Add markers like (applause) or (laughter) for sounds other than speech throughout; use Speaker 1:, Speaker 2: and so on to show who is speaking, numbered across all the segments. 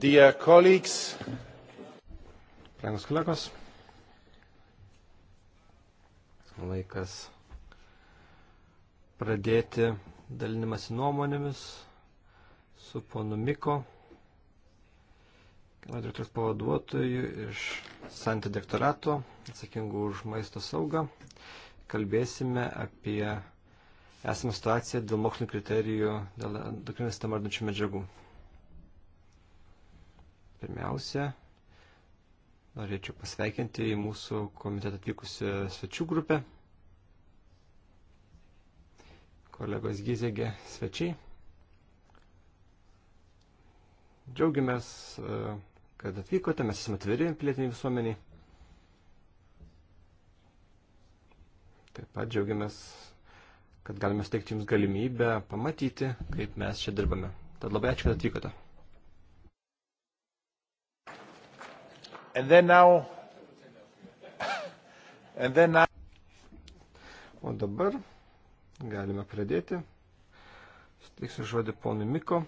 Speaker 1: Dear colleagues. Brangus kolegos. Laikas pradėti dalinimąsi nuomonėmis su ponu Miko, direktorius pavaduotoju iš Santė direktorato, atsakingų už maisto saugą. Kalbėsime apie esamą situaciją dėl mokslinių kriterijų, dėl endokrinės temardinčių medžiagų. Pirmiausia, norėčiau pasveikinti į mūsų komitetą atvykusią svečių grupę. Kolegos Gizegė svečiai. Džiaugiamės, e, kad atvykote, mes esame atviri pilietiniai visuomeniai. Taip pat džiaugiamės, kad galime steigti jums galimybę pamatyti, kaip mes čia dirbame. Tad labai ačiū, kad atvykote. And then now. And then now. O dabar galime pradėti. Suteiksiu žodį ponui Miko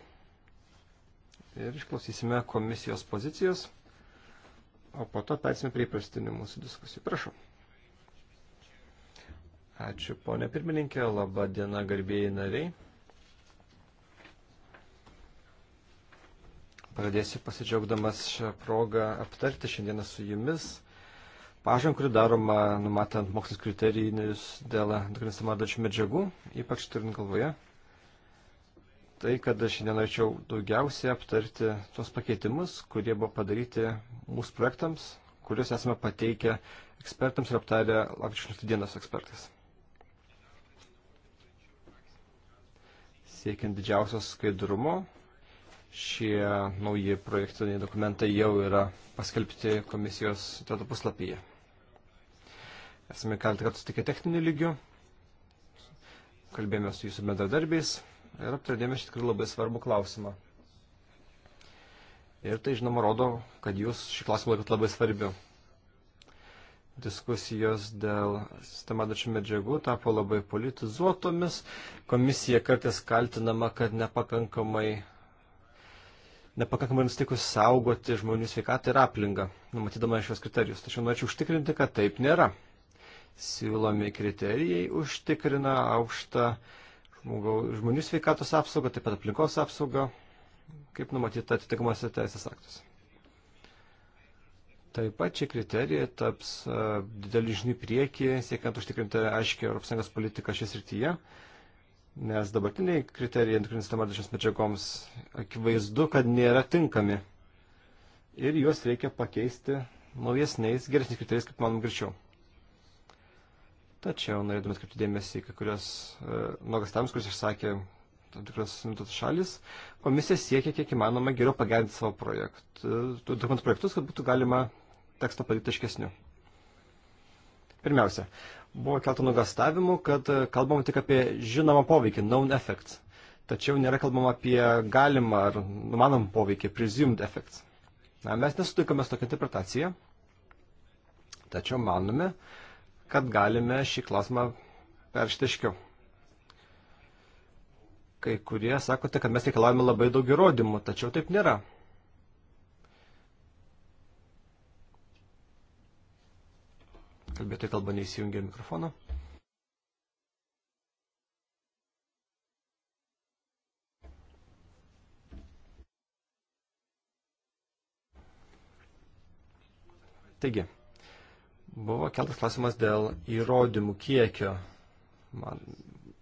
Speaker 1: ir išklausysime komisijos pozicijos, o po to persime prie įprastinių mūsų diskusijų. Prašau. Ačiū, ponė pirmininkė, laba diena, garbėjai nariai. Pradėsiu pasidžiaugdamas šią progą aptarti šiandieną su jumis pažangą, kuri daroma numatant mokslinis kriterijus dėl endokrinis samadočių medžiagų, ypač turint galvoje. Tai, kad šiandien norėčiau daugiausiai aptarti tuos pakeitimus, kurie buvo padaryti mūsų projektams, kuriuos esame pateikę ekspertams ir aptarę lakčių dienos ekspertais. Siekiant didžiausios skaidrumo Šie nauji projektiniai dokumentai jau yra paskelbti komisijos teto puslapyje. Esame keletą kartų sutikę techninių lygių, kalbėjome su jūsų bendradarbiais ir aptardėme šį tikrai labai svarbų klausimą. Ir tai, žinoma, rodo, kad jūs šį klausimą laikot labai svarbiu. Diskusijos dėl sistemadočių medžiagų tapo labai politizuotomis. Komisija kartais kaltinama, kad nepakankamai nepakankamai nusteikus saugoti žmonių sveikatą ir aplinką, numatydama šios kriterijus. Tačiau norėčiau užtikrinti, kad taip nėra. Siūlomi kriterijai užtikrina aukštą žmogau, žmonių sveikatos apsaugą, taip pat aplinkos apsaugą, kaip numatyta atitinkamuose teisės aktuose. Taip pat šie kriterijai taps e, didelį žinių priekį, siekiant užtikrinti aiškiai ES politiką šis rytyje. Uh, nes dabartiniai kriterijai endokrinis stambardišiams medžiagoms akivaizdu, kad nėra tinkami. Ir juos reikia pakeisti naujesniais, geresniais kriterijais, kaip manom greičiau. Tačiau norėtume atkreipti dėmesį į kai kurios e, nuogastams, kuris išsakė tam tikros nutos šalis. Komisija siekia, kiek įmanoma, geriau pagerinti savo projektų, e, dokumentų projektus, kad būtų galima tekstą padaryti aiškesniu. Pirmiausia, Buvo keltų nugastavimų, kad e, kalbam tik apie žinomą poveikį, known effects. Tačiau nėra kalbama apie galimą ar numanomą poveikį, presumed effects. Na, mes nesutikame su tokia interpretacija, tačiau manome, kad galime šį klausimą perštiškiau. Kai kurie sakote, kad mes reikalavome labai daug įrodymų, tačiau taip nėra. Kalbėtojai kalba neįsijungia mikrofoną. Taigi, buvo keltas klausimas dėl įrodymų kiekio. Man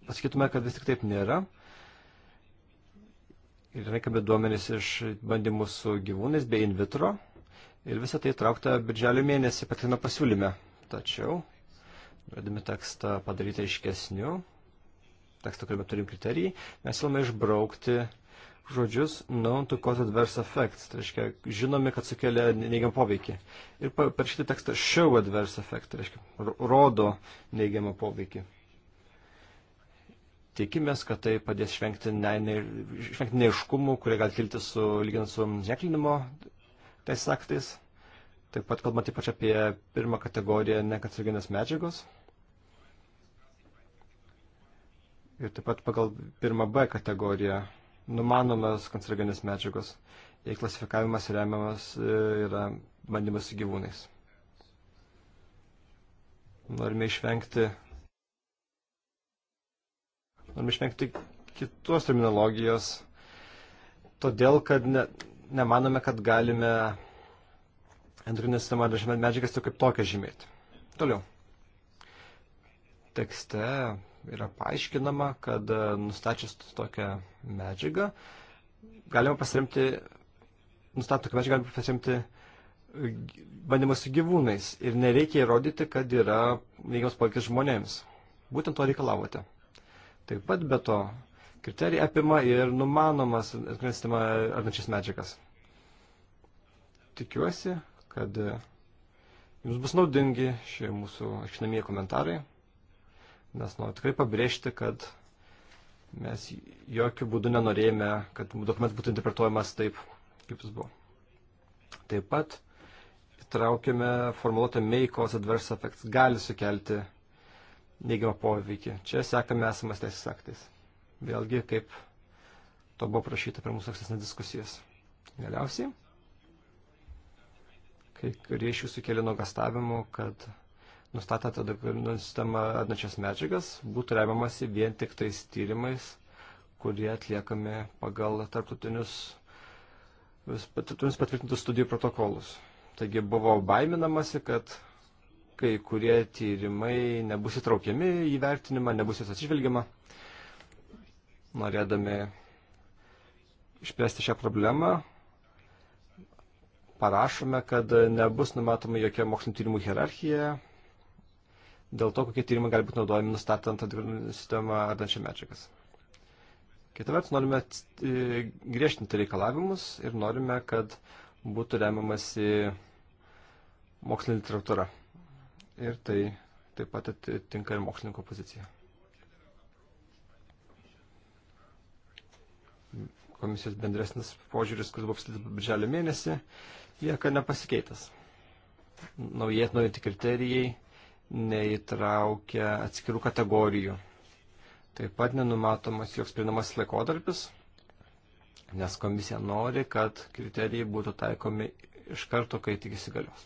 Speaker 1: pasakytume, kad vis tik taip nėra. Ir renkame duomenys iš bandymų su gyvūnais bei in vitro. Ir visą tai traukta birželio mėnesį patino pasiūlyme tačiau, norėdami tekstą padaryti aiškesniu, tekstą, kuriame turim kriterijai, mes siūlome išbraukti žodžius known to cause adverse effects, tai reiškia žinomi, kad sukelia neigiamą poveikį. Ir parašyti tekstą show adverse effect, tai reiškia rodo neigiamą poveikį. Tikimės, kad tai padės išvengti, ne, ne, išvengti neiškumų, kurie gali kilti su, lyginant su ženklinimo teisės aktais. Taip pat kalbant ypač apie pirmą kategoriją nekancerogenės medžiagos. Ir taip pat pagal pirmą B kategoriją numanomas kancerogenės medžiagos. Jei klasifikavimas remiamas e, yra bandymas su gyvūnais. Norime išvengti, norime išvengti kitos terminologijos, todėl kad ne, nemanome, kad galime endokrinė sistema ir žemė medžiagas tik kaip tokią žymėti. Toliau. Tekste yra paaiškinama, kad e, nustačius tokią medžiagą, galima pasiremti, nustatant tokią medžiagą, galima pasiremti e, bandymus su gyvūnais ir nereikia įrodyti, kad yra neigiamas poveikis žmonėms. Būtent to reikalavote. Taip pat be to, kriterijai apima ir numanomas, atkristama e, ardančias medžiagas. Tikiuosi, kad e, jums bus naudingi šie mūsų aiškinamieji komentarai, nes noriu tikrai pabrėžti, kad mes jokių būdų nenorėjome, kad dokumentas būtų interpretuojamas taip, kaip jis buvo. Taip pat įtraukėme formuluotę may cause adverse effects, gali sukelti neigiamą poveikį. Čia sekame esamas teisės aktais. Vėlgi, kaip to buvo prašyta per mūsų ankstesnės diskusijas. Galiausiai, Kai kurie iš jų sukėlė nuogastavimų, kad nustatant sistemą atnačias medžiagas būtų remiamasi vien tik tais tyrimais, kurie atliekami pagal tarptautinius patvirtintus studijų protokolus. Taigi buvo baiminamasi, kad kai kurie tyrimai nebus įtraukiami į vertinimą, nebus jis atsižvelgiama. Norėdami išspręsti šią problemą, parašome, kad nebus numatoma jokia mokslinio tyrimų hierarchija dėl to, kokie tyrimai gali būti naudojami nustatant antikrinų sistemą ardančią medžiagas. Kita vertus, norime e, griežtinti reikalavimus ir norime, kad būtų remiamasi mokslinė literatūra. Ir tai taip pat atitinka ir mokslininko poziciją. Komisijos bendresnis požiūris, kuris buvo apskaitytas birželio mėnesį, lieka nepasikeitas. Naujai atnaujinti kriterijai neįtraukia atskirų kategorijų. Taip pat nenumatomas joks prinamas laikotarpis, nes komisija nori, kad kriterijai būtų taikomi iš karto, kai tik įsigalios.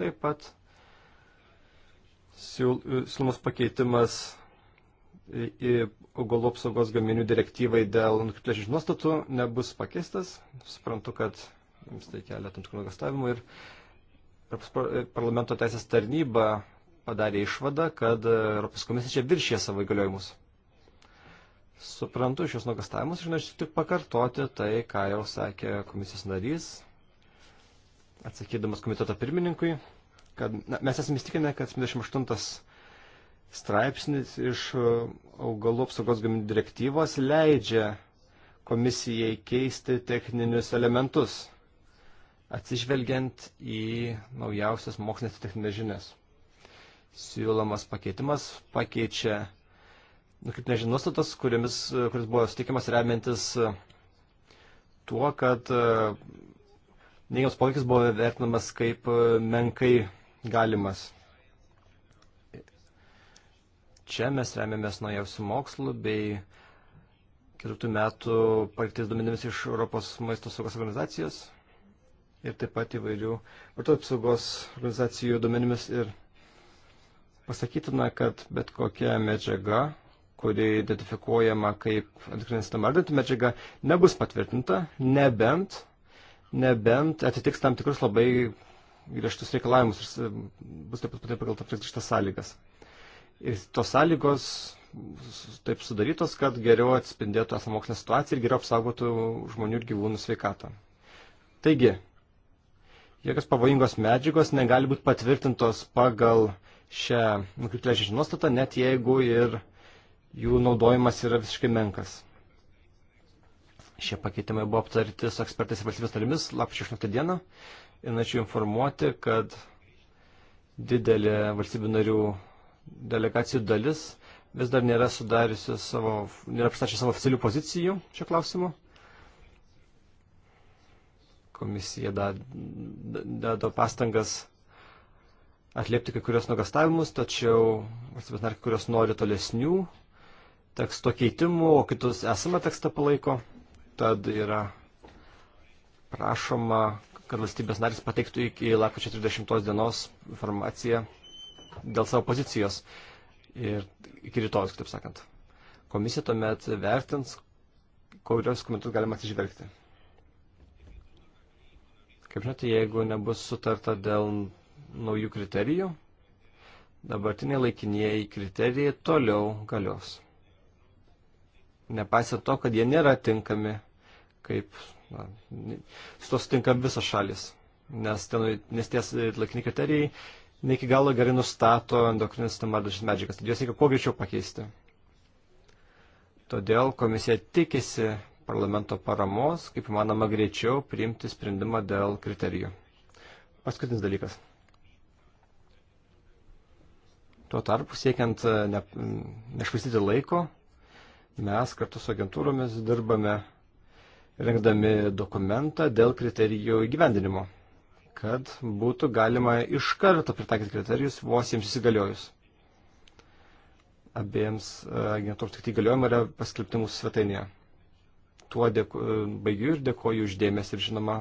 Speaker 1: Taip pat siūlomas pakeitimas augalų apsaugos gaminių direktyvai dėl nukreiptiešių nuostatų nebus pakeistas. Suprantu, kad jums tai kelia tam tikrų nuogastavimų ir parlamento teisės tarnyba padarė išvadą, kad Europos komisija čia viršė savo įgaliojimus. Suprantu šios nuogastavimus ir norėčiau tik pakartoti tai, ką jau sakė komisijos narys, atsakydamas komiteto pirmininkui, kad na, mes esame įstikinę, kad 78 straipsnis iš e, augalų apsaugos gaminių direktyvos leidžia komisijai keisti techninius elementus, atsižvelgiant į naujausias mokslinės techninės žinias. Siūlomas pakeitimas pakeičia, nu kaip nežinau, nuostatas, e, kuris buvo sutikimas remiantis e, tuo, kad neigiamas poveikis buvo vertinamas kaip menkai galimas. Čia mes remiamės naujausių mokslų bei ketvirtų metų paliktais duomenimis iš Europos maisto saugos organizacijos ir taip pat įvairių vartotojų apsaugos organizacijų duomenimis ir pasakytina, kad bet kokia medžiaga, kuri identifikuojama kaip antikrinistinė maldinti medžiaga, nebus patvirtinta, nebent, nebent atitiks tam tikrus labai griežtus reikalavimus ir bus taip pat pagal tam tikras sąlygas. Ir tos sąlygos taip sudarytos, kad geriau atspindėtų esamą mokslinę situaciją ir geriau apsaugotų žmonių ir gyvūnų sveikatą. Taigi, jokios pavojingos medžiagos negali būti patvirtintos pagal šią nukryptelėžiančią nuostatą, net jeigu ir jų naudojimas yra visiškai menkas. Šie pakeitimai buvo aptarti su ekspertais ir valstybės narimis lapkričio 8 dieną ir norėčiau informuoti, kad didelė valstybių narių delegacijų dalis vis dar nėra sudariusi savo, nėra pristačiusi savo oficialių pozicijų šio klausimu. Komisija dado pastangas atliepti kai kurios nuogastavimus, tačiau valstybės narkai, kurios nori tolesnių teksto keitimų, o kitus esamą tekstą palaiko, tad yra prašoma, kad valstybės narys pateiktų iki lapkričio 30 dienos informaciją dėl savo pozicijos ir iki rytojus, kitaip sakant. Komisija tuomet vertins, kurios komentus galima atsižvelgti. Kaip žinote, jeigu nebus sutarta dėl naujų kriterijų, dabartiniai laikinieji kriterijai toliau galios. Nepaisant to, kad jie nėra tinkami, kaip na, su to sutinka visos šalis, nes, ten, nes ties laikiniai kriterijai ne iki galo gerai nustato endokrinis stimulatorius medžiagas, tad juos reikia kuo greičiau pakeisti. Todėl komisija tikisi parlamento paramos, kaip įmanoma greičiau priimti sprendimą dėl kriterijų. Paskutinis dalykas. Tuo tarpu, siekiant e, ne, mm, nešvaistyti laiko, mes kartu su agentūromis dirbame rengdami dokumentą dėl kriterijų įgyvendinimo kad būtų galima iš karto pritaikyti kriterijus vos jiems įsigaliojus. Abiems e, agentūrų tik tai įgaliojimai yra paskelbti mūsų svetainėje. Tuo dėku, e, baigiu ir dėkoju uždėmės ir žinoma,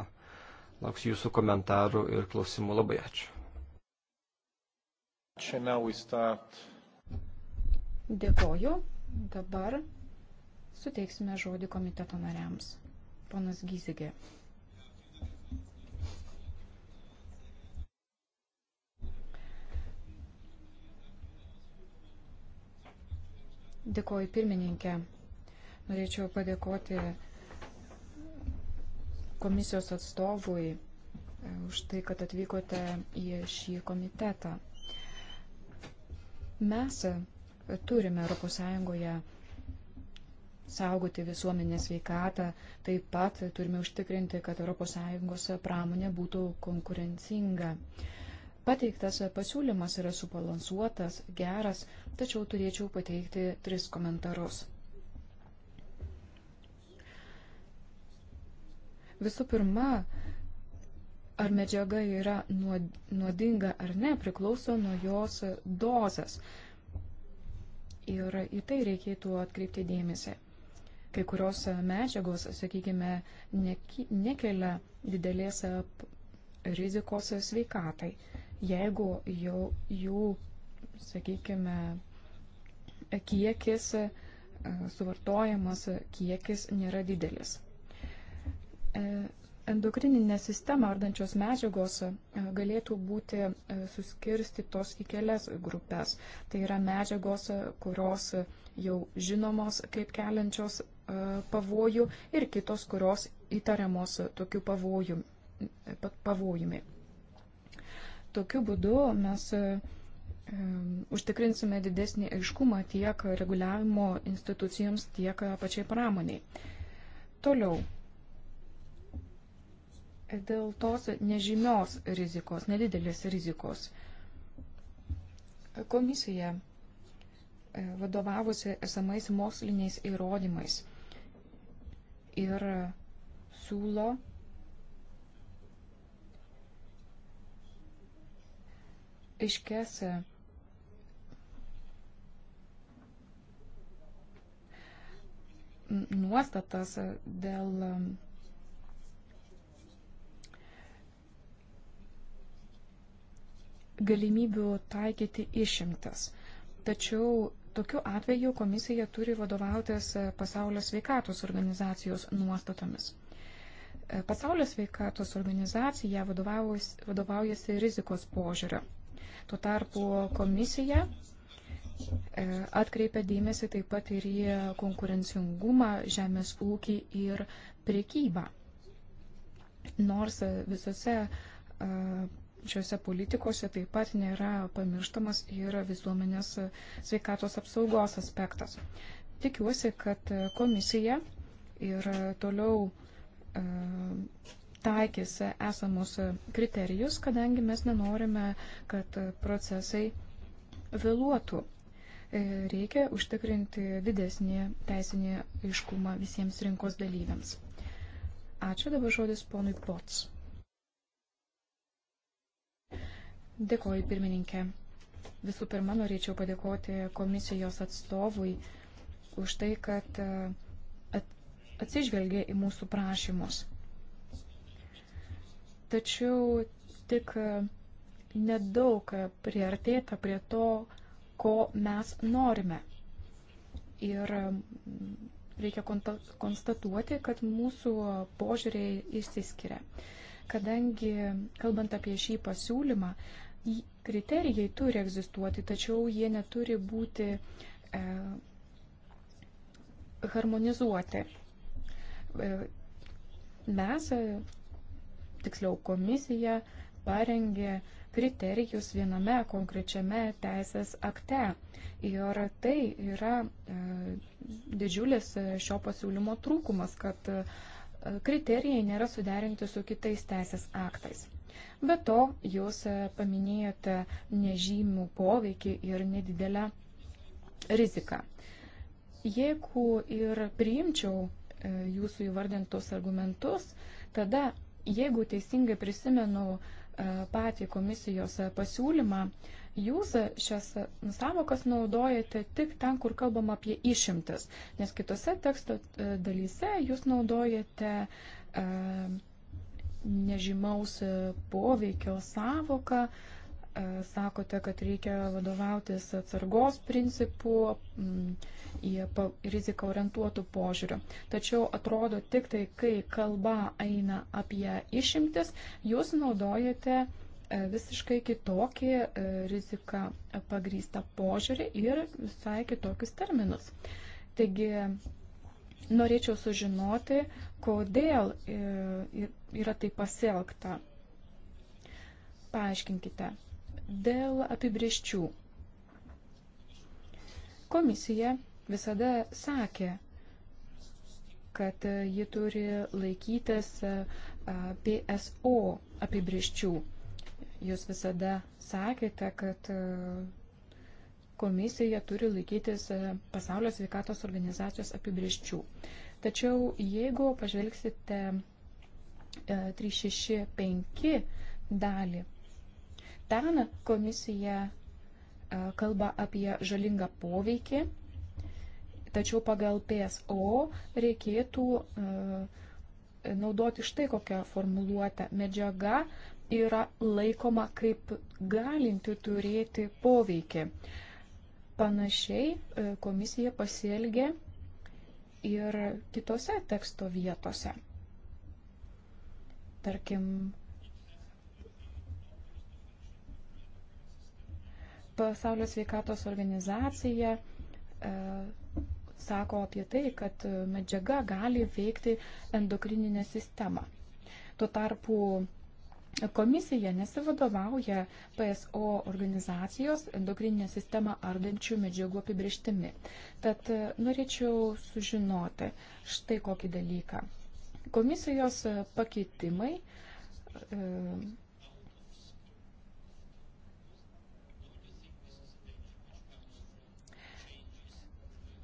Speaker 1: lauksiu jūsų komentarų ir klausimų. Labai ačiū.
Speaker 2: Dėkoju. Dabar suteiksime žodį komiteto nariams. Ponas Gyzigė. Dėkoju pirmininkė. Norėčiau padėkoti komisijos atstovui e, už tai, kad atvykote į šį komitetą. Mes e, turime ES saugoti visuomenės veikatą, taip pat turime užtikrinti, kad ES pramonė būtų konkurencinga. Pateiktas pasiūlymas yra subalansuotas, geras, tačiau turėčiau pateikti tris komentarus. Visų pirma, ar medžiaga yra nuodinga ar ne, priklauso nuo jos dozas. Ir į tai reikėtų atkreipti dėmesį. Kai kurios medžiagos, sakykime, nekelia didelės rizikos sveikatai jeigu jau jų, sakykime, kiekis, e, suvartojamas kiekis nėra didelis. E, Endokrininę sistemą ardančios medžiagos e, galėtų būti suskirstytos į kelias grupės. Tai yra medžiagos, kurios jau žinomos kaip keliančios pavojų ir kitos, kurios įtariamos tokiu pavojumi. Tokiu būdu mes e, e, užtikrinsime didesnį aiškumą tiek reguliavimo institucijoms, tiek pačiai pramoniai. Toliau. Dėl tos nežymios rizikos, nedidelės rizikos. Komisija e, vadovavusi esamais moksliniais įrodymais ir siūlo aiškes e, nuostatas e, dėl e, galimybių taikyti išimtas. Tačiau tokiu atveju komisija turi vadovautis pasaulio sveikatos organizacijos nuostatomis. Pasaulio sveikatos organizacija vadovaujasi rizikos požiūrio. Tuo tarpu komisija e, atkreipia dėmesį taip pat ir į konkurencingumą, žemės ūkį ir priekybą. Nors visose e, šiuose politikose taip pat nėra pamirštamas ir visuomenės sveikatos apsaugos aspektas. Tikiuosi, kad komisija ir toliau e, taikys esamus kriterijus, kadangi mes nenorime, kad procesai vėluotų. E, reikia užtikrinti didesnį teisinį aiškumą visiems rinkos dalyviams. Ačiū dabar žodis ponui Pots. Dėkoju pirmininkė. Visų pirma, norėčiau padėkoti komisijos atstovui už tai, kad e, atsižvelgė į mūsų prašymus tačiau tik e, nedaug priartėta prie to, ko mes norime. Ir mm, reikia konstatuoti, kad mūsų požiūriai išsiskiria. Kadangi, kalbant apie šį pasiūlymą, kriterijai turi egzistuoti, tačiau jie neturi būti e, harmonizuoti. E, mes tiksliau komisija parengė kriterijus viename konkrečiame teisės akte. Ir tai yra e, didžiulis e, šio pasiūlymo trūkumas, kad e, kriterijai nėra suderinti su kitais teisės aktais. Be to, jūs e, paminėjote nežymų poveikį ir nedidelę riziką. Jeigu ir priimčiau e, jūsų įvardintus argumentus, tada Jeigu teisingai prisimenu e, patį komisijos pasiūlymą, jūs šias savokas naudojate tik ten, kur kalbam apie išimtis, nes kitose teksto e, dalyse jūs naudojate e, nežymaus poveikio savoką, E, sakote, kad reikia vadovautis atsargos principų mm, į riziką orientuotų požiūrių. Tačiau atrodo tik tai, kai kalba eina apie išimtis, jūs naudojate e, visiškai kitokį e, riziką pagrįstą požiūrį ir visai kitokius terminus. Taigi, norėčiau sužinoti, kodėl yra tai pasielgta. Paaiškinkite. Dėl apibrieščių. Komisija visada sakė, kad ji turi laikytis PSO apibrieščių. Jūs visada sakėte, kad komisija turi laikytis pasaulio sveikatos organizacijos apibrieščių. Tačiau jeigu pažvelgsite 365 dalį, Ten komisija e, kalba apie žalingą poveikį, tačiau pagal PSO reikėtų e, naudoti štai kokią formuluotę medžiaga yra laikoma kaip galinti turėti poveikį. Panašiai e, komisija pasielgė ir kitose teksto vietose. Tarkim, Pasaulio sveikatos organizacija e, sako apie tai, kad medžiaga gali veikti endokrininę sistemą. Tuo tarpu komisija nesivadovauja PSO organizacijos endokrininę sistemą ardančių medžiagų apibrieštimi. Tad e, norėčiau sužinoti štai kokį dalyką. Komisijos pakeitimai e,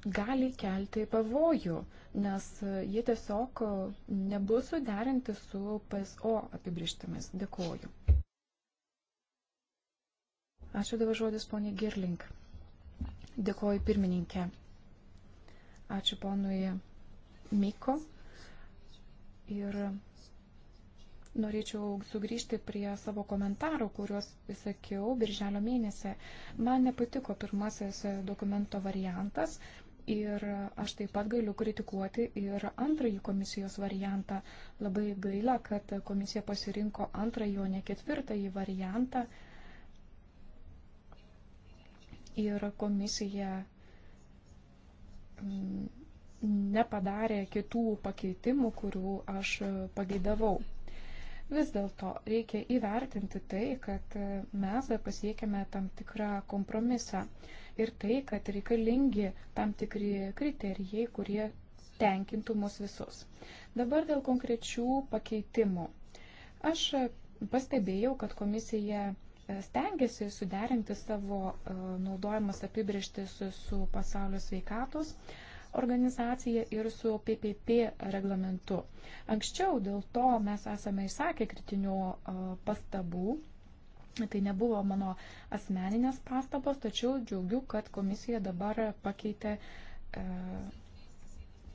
Speaker 2: gali kelti pavojų, nes jie tiesiog nebus suderinti su PSO apibrištimis. Dėkuoju. Ačiū dabar žodis ponė Girlink. Dėkuoju pirmininkė. Ačiū ponui Miko. Ir norėčiau sugrįžti prie savo komentarų, kuriuos sakiau birželio mėnesį. Man nepatiko pirmasis dokumento variantas, Ir aš taip pat galiu kritikuoti ir antrąjį komisijos variantą. Labai gaila, kad komisija pasirinko antrąjį, o ne ketvirtąjį variantą. Ir komisija mm, nepadarė kitų pakeitimų, kurių aš pageidavau. Vis dėlto reikia įvertinti tai, kad e, mes pasiekėme tam tikrą kompromisą ir tai, kad reikalingi tam tikri kriterijai, kurie tenkintų mus visus. Dabar dėl konkrečių pakeitimų. Aš e, pastebėjau, kad komisija e, stengiasi suderinti savo naudojimas apibrieštis su pasaulio sveikatos. Uh, organizacija ir su PPP reglamentu. Anksčiau dėl to mes esame išsakę kritinių pastabų. Tai nebuvo mano asmeninės pastabos, tačiau džiaugiu, kad komisija dabar pakeitė e,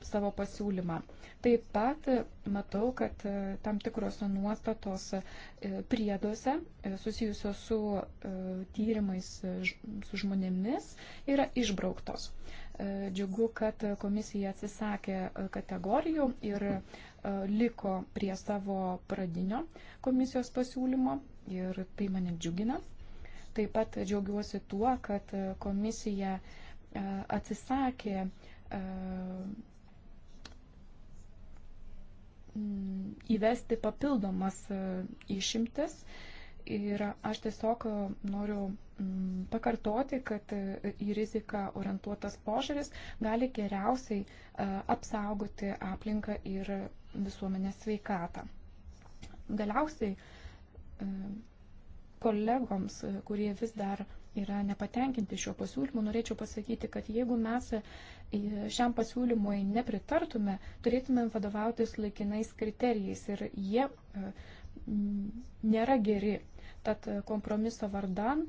Speaker 2: savo pasiūlymą. Taip pat matau, kad e, tam tikros nuostatos e, prieduose e, susijusios su tyrimais su žmonėmis yra išbrauktos. Džiugu, kad komisija atsisakė e, kategorijų ir e, liko prie savo pradinio komisijos pasiūlymo ir tai mane džiugina. Taip pat džiaugiuosi tuo, kad e, komisija atsisakė įvesti papildomas išimtis Ir aš tiesiog e, noriu mm, pakartoti, kad e, į riziką orientuotas požiūris gali geriausiai e, apsaugoti aplinką ir visuomenės sveikatą. Galiausiai kolegoms, kurie vis dar yra nepatenkinti šiuo pasiūlymu, norėčiau pasakyti, kad jeigu mes šiam pasiūlymui nepritartume, turėtume vadovautis laikinais kriterijais ir jie nėra geri. Tad kompromiso vardan,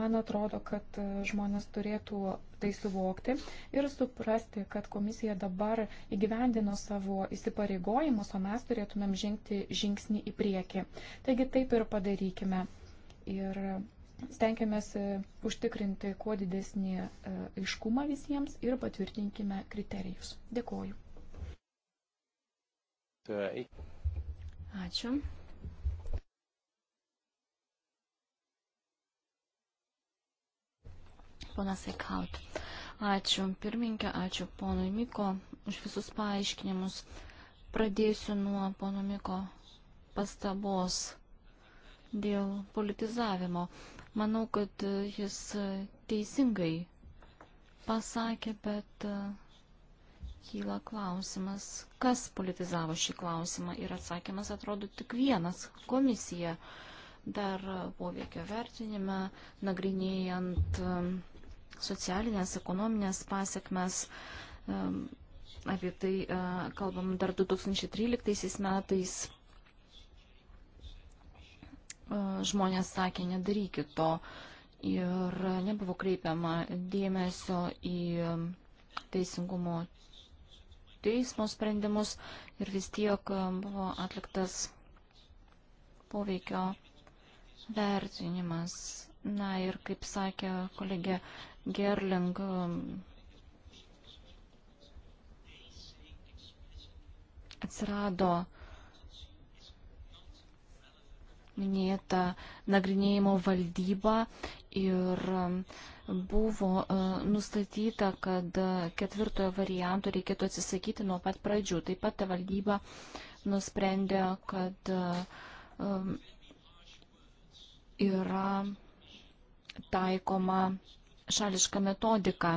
Speaker 2: man atrodo, kad žmonės turėtų tai suvokti ir suprasti, kad komisija dabar įgyvendino savo įsipareigojimus, o mes turėtumėm žengti žingsnį į priekį. Taigi taip ir padarykime. Ir stengiamės e, užtikrinti kuo didesnį e, aiškumą visiems ir patvirtinkime kriterijus. Dėkoju.
Speaker 3: Ačiū. ponas Ekaut. Ačiū pirmininkė, ačiū ponui Miko už visus paaiškinimus. Pradėsiu nuo pono Miko pastabos dėl politizavimo. Manau, kad jis teisingai pasakė, bet e, kyla klausimas, kas politizavo šį klausimą ir atsakymas atrodo tik vienas - komisija. Dar poveikio vertinime, nagrinėjant socialinės, ekonominės pasiekmes. Apie tai e, kalbam dar 2013 metais. E, žmonės sakė, nedarykit to. Ir nebuvo kreipiama dėmesio į teisingumo teismo sprendimus ir vis tiek e, buvo atliktas poveikio vertinimas. Na ir kaip sakė kolegė Gerling um,
Speaker 4: atsirado
Speaker 3: minėta nagrinėjimo valdyba ir um, buvo uh, nustatyta, kad uh, ketvirtojo varianto reikėtų atsisakyti nuo pat pradžių. Taip pat ta valdyba nusprendė, kad uh, um, yra taikoma šališką metodiką,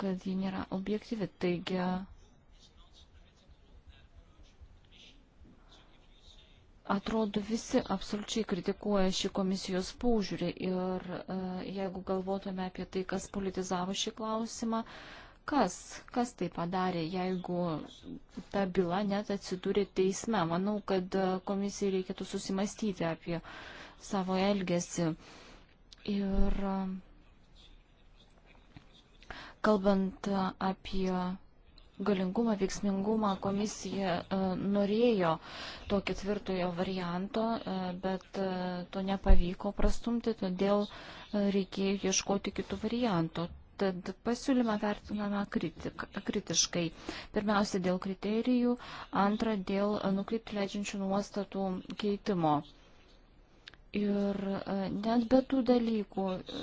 Speaker 3: kad ji nėra objektyvi. Taigi, atrodo, visi absoliučiai kritikuoja šį komisijos paužiūrį ir e, jeigu galvotume apie tai, kas politizavo šį klausimą, kas, kas tai padarė, jeigu ta byla net atsidūrė teisme. Manau, kad e, komisijai reikėtų susimastyti apie savo elgesį. Ir e, Kalbant apie galingumą, veiksmingumą komisija e, norėjo to ketvirtojo varianto, e, bet e, to nepavyko prastumti, todėl reikėjo ieškoti kitų variantų. Tad pasiūlymą vertiname kritik, kritiškai. Pirmiausia, dėl kriterijų, antra, dėl nukrypti leidžiančių nuostatų keitimo. Ir e, net be tų dalykų e,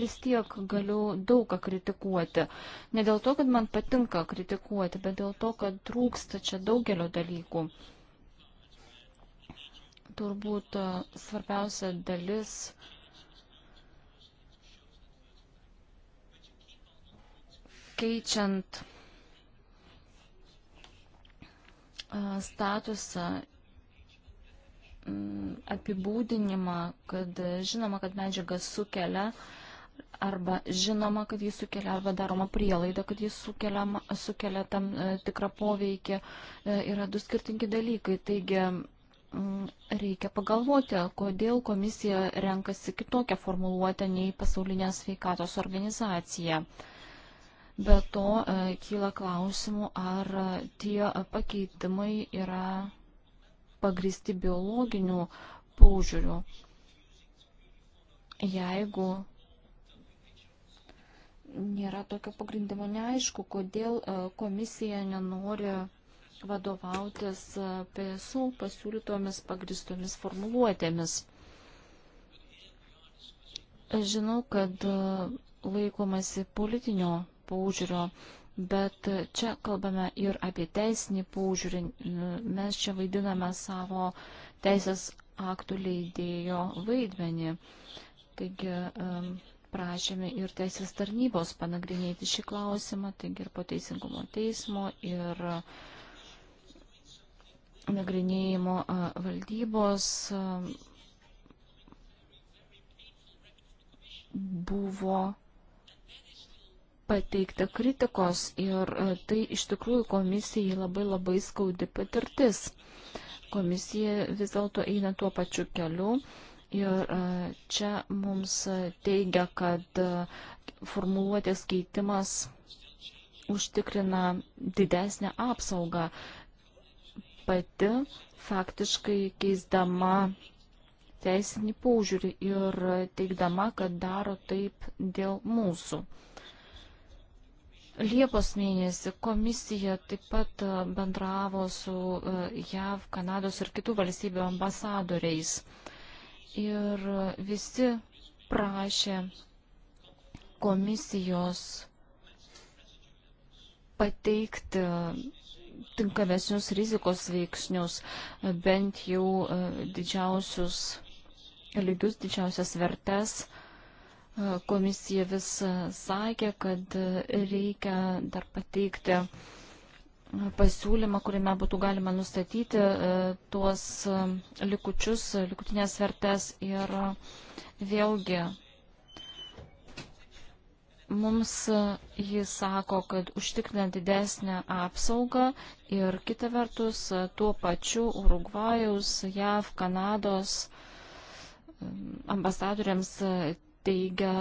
Speaker 3: vis tiek galiu daug ką kritikuoti. Ne dėl to, kad man patinka kritikuoti, bet dėl to, kad trūksta čia daugelio dalykų. Turbūt e, svarbiausia dalis keičiant statusą Mm, apibūdinimą, kad žinoma, kad medžiaga sukelia arba žinoma, kad jis sukelia, arba daroma prielaida, kad jis sukelia, sukelia tam e, tikrą poveikį, e, yra du skirtingi dalykai. Taigi mm, reikia pagalvoti, kodėl komisija renkasi kitokią formuluotę nei pasaulinė sveikatos organizacija. Be to e, kyla klausimų, ar tie pakeitimai yra pagristi biologinių požiūrių. Jeigu nėra tokio pagrindimo, neaišku, kodėl e, komisija nenori vadovautis e, PSU pasiūlytomis pagristomis formuluotėmis. Žinau, kad e, laikomasi politinio paužiūrio bet čia kalbame ir apie teisinį paužiūrį. Mes čia vaidiname savo teisės aktų leidėjo vaidmenį. Taigi prašėme ir teisės tarnybos panagrinėti šį klausimą, taigi ir po teisingumo teismo, ir nagrinėjimo valdybos buvo pateikta kritikos ir e, tai iš tikrųjų komisijai labai labai skaudi patirtis. Komisija vis dėlto eina tuo pačiu keliu ir e, čia mums teigia, kad e, formuluotės keitimas užtikrina didesnę apsaugą. Pati faktiškai keisdama teisinį paužiūrį ir teikdama, kad daro taip dėl mūsų. Liepos mėnesį komisija taip pat e, bendravo su e, JAV, Kanados ir kitų valstybių ambasadoriais. Ir e, visi prašė komisijos pateikti tinkamesnius rizikos veiksnius, bent jau didžiausius lygius, didžiausias vertes Komisija vis e, sakė, kad e, reikia dar pateikti e, pasiūlymą, kuriame būtų galima nustatyti tuos likučius, likutinės vertės ir vėlgi mums jis sako, kad užtikrinant didesnę apsaugą ir kita vertus tuo pačiu Urugvajaus, JAV, Kanados ambasadoriams teigia,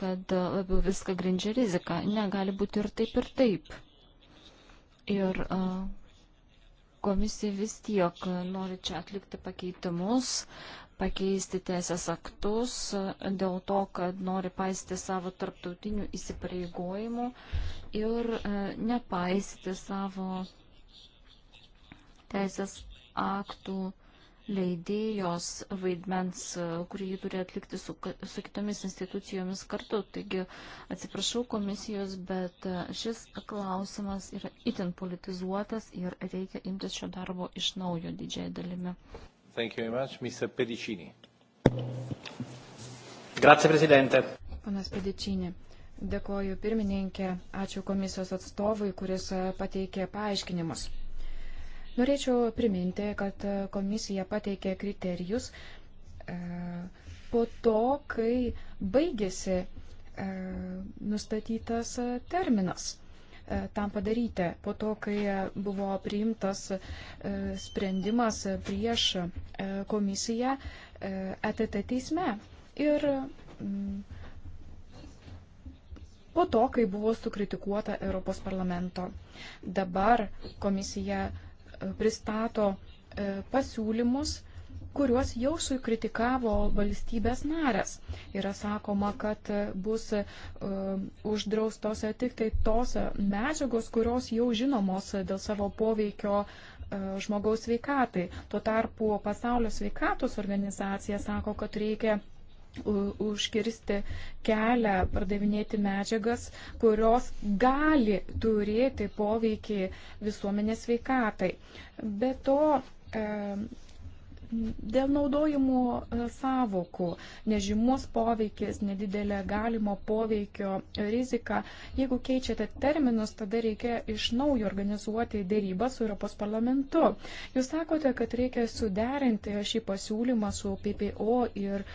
Speaker 3: kad labiau viską grindžia rizika. Negali būti ir taip, ir taip. Ir komisija vis tiek nori čia atlikti pakeitimus, pakeisti teisės aktus dėl to, kad nori paisyti savo tarptautinių įsipareigojimų ir nepaisyti savo teisės aktų uh, leidėjos vaidmens, e, kurį jį turi atlikti su, su kitomis institucijomis kartu. Taigi atsiprašau komisijos, bet e, šis klausimas yra itin politizuotas ir reikia imtis šio darbo iš naujo didžiai dalimi.
Speaker 4: Much,
Speaker 5: Grazie, Presidente.
Speaker 2: Panas Pedičinė. Dėkoju pirmininkė, ačiū komisijos atstovui, kuris e, pateikė paaiškinimus. Norėčiau priminti, kad komisija pateikė kriterijus e, po to, kai baigėsi e, nustatytas terminas e, tam padaryti. Po to, kai buvo priimtas sprendimas prieš komisiją ETT teisme. Ir mm, po to, kai buvo sukritikuota Europos parlamento. Dabar komisija pristato e, pasiūlymus, kuriuos jau sukritikavo valstybės narės. Yra sakoma, kad bus e, uždraustos tik tai tos medžiagos, kurios jau žinomos dėl savo poveikio e, žmogaus sveikatai. Tuo tarpu pasaulio sveikatos organizacija sako, kad reikia užkirsti kelią pardavinėti medžiagas, kurios gali turėti poveikį visuomenės veikatai. Be to, Dėl naudojimų e, savokų, nežymus poveikis, nedidelė galimo poveikio rizika, jeigu keičiate terminus, tada reikia iš naujo organizuoti dėrybą su Europos parlamentu. Jūs sakote, kad reikia suderinti šį pasiūlymą su PPO ir e,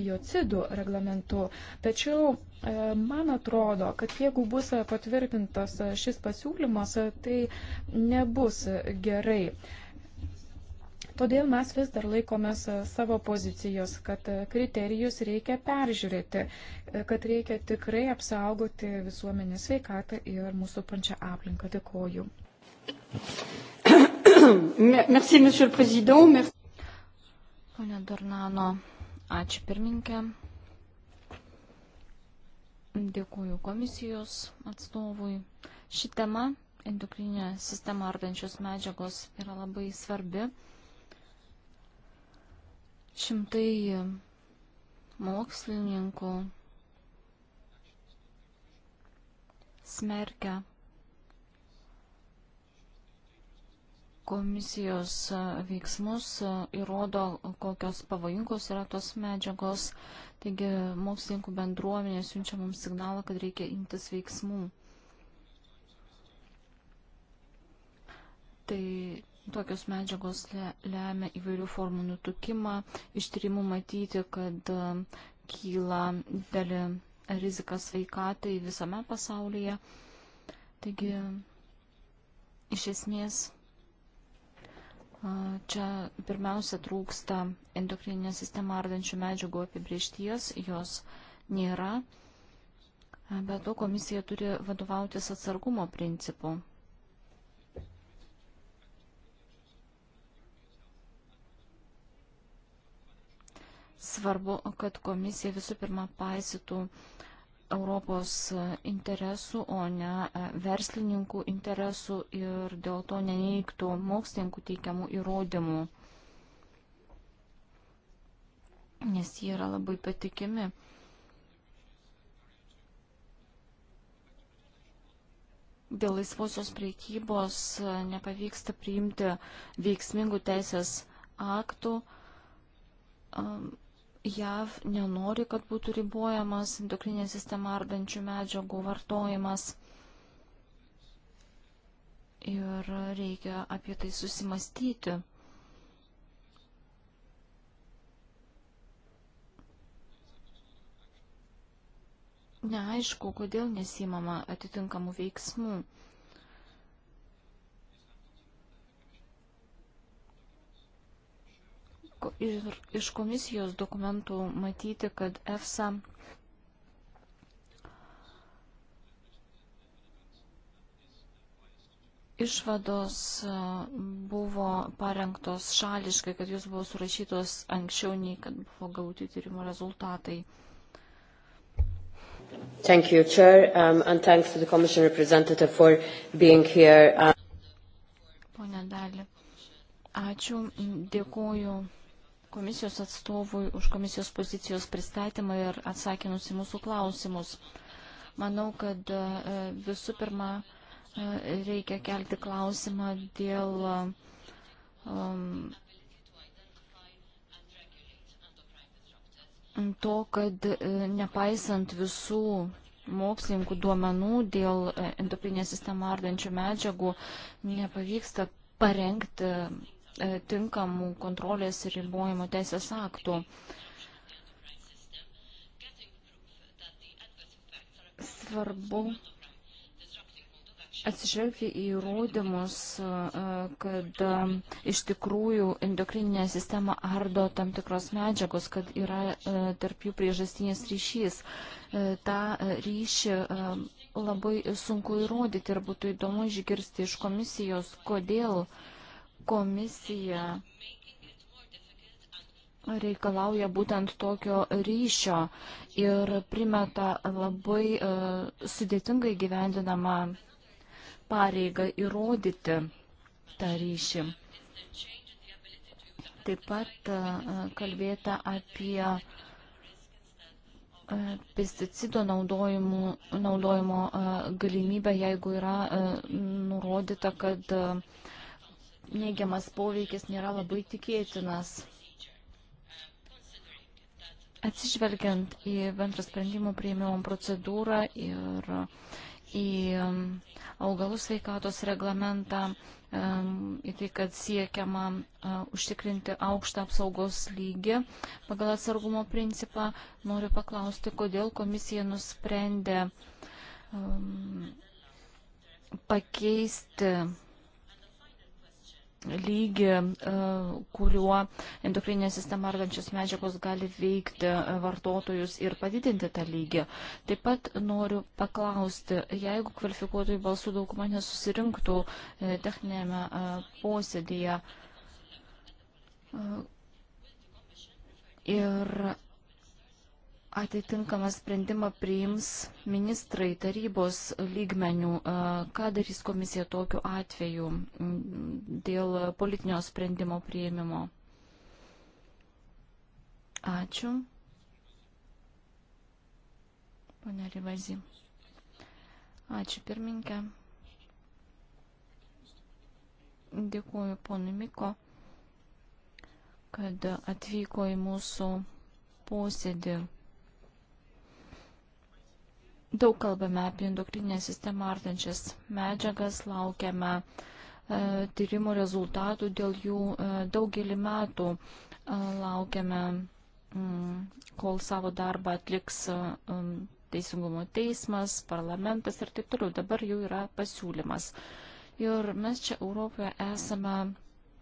Speaker 2: biocidų reglamentu. Tačiau e, Man atrodo, kad jeigu bus patvirtintas šis pasiūlymas, tai nebus gerai. Todėl mes vis dar laikomės e, savo pozicijos, kad e, kriterijus reikia peržiūrėti, e, kad reikia tikrai apsaugoti visuomenės sveikatą ir mūsų pančią aplinką. Dėkoju. (coughs) Merci, monsieur le président.
Speaker 3: Merci. Pone Dornano, ačiū pirmininkė. Dėkuoju komisijos atstovui. Ši tema, endokrininė sistema ardančios medžiagos, yra labai svarbi. Šimtai mokslininkų smerkia komisijos veiksmus įrodo, kokios pavojingos yra tos medžiagos. Taigi mokslininkų bendruomenė siunčia mums signalą, kad reikia imtis veiksmų. Tai Tokios medžiagos lemia įvairių formų nutukimą. Iš tyrimų matyti, kad e, kyla didelė rizika sveikatai visame pasaulyje. Taigi, iš esmės, e, Čia pirmiausia trūksta endokrininę sistemą ardančių medžiagų apibriešties, jos nėra, bet to komisija turi vadovautis atsargumo principu. Svarbu, kad komisija visų pirma paisytų Europos interesų, o ne e, verslininkų interesų ir dėl to neneiktų mokslininkų teikiamų įrodymų, nes jie yra labai patikimi. Dėl laisvosios priekybos e, nepavyksta priimti veiksmingų teisės aktų. Um, JAV nenori, kad būtų ribojamas endokrinė sistema ardančių medžiagų vartojimas. Ir reikia apie tai susimastyti. Neaišku, kodėl nesimama atitinkamų veiksmų. Ir iš komisijos dokumentų matyti, kad EFSA išvados buvo parengtos šališkai, kad jūs buvo surašytos anksčiau nei kad buvo gauti tyrimo rezultatai.
Speaker 5: Thank you, Chair, um, and thanks to the Commission representative for being here. Um...
Speaker 3: Pone Dali, ačiū, dėkuoju komisijos atstovui už komisijos pozicijos pristatymą ir atsakymus į mūsų klausimus. Manau, kad e, visų pirma e, reikia kelti klausimą dėl um, to, kad e, nepaisant visų mokslininkų duomenų dėl endoprinę sistemą ardančių medžiagų nepavyksta parengti E, tinkamų kontrolės ir ribojimo teisės aktų. Svarbu atsižvelgti į įrodymus, e, kad e, iš tikrųjų endokrininę sistemą ardo tam tikros medžiagos, kad yra tarp jų priežastinės ryšys. Ta ryšį labai sunku įrodyti ir būtų įdomu išgirsti iš komisijos, kodėl uh, komisija reikalauja būtent tokio ryšio ir primeta labai e, sudėtingai gyvendinamą pareigą įrodyti tą ryšį. Taip pat e, kalbėta apie e, pesticido naudojimo, naudojimo galimybę, jeigu yra nurodyta, kad neigiamas poveikis nėra labai tikėtinas. Atsižvelgiant į bendrą sprendimų prieimimo procedūrą ir į um, augalų sveikatos reglamentą, um, į tai, kad siekiama uh, užtikrinti aukštą apsaugos lygį pagal atsargumo principą, noriu paklausti, kodėl komisija nusprendė um, pakeisti lygį, e, kuriuo endokrininė sistema argančios medžiagos gali veikti e, vartotojus ir padidinti tą lygį. Taip pat noriu paklausti, jeigu kvalifikuotojų balsų dauguma nesusirinktų e, techninėme posėdėje ir Atitinkamą sprendimą priims ministrai tarybos lygmenių. Ką darys komisija tokiu atveju dėl politinio sprendimo priėmimo? Ačiū. Pane Rivazi. Ačiū pirminkė. Dėkuoju ponui Miko, kad atvyko į mūsų posėdį. Daug kalbame apie endokrininę sistemą artančias medžiagas, laukiame e, tyrimų rezultatų, dėl jų e, daugelį metų e, laukiame, mm, kol savo darbą atliks mm, Teisingumo teismas, parlamentas ir taip toliau. Dabar jau yra pasiūlymas. Ir mes čia Europoje esame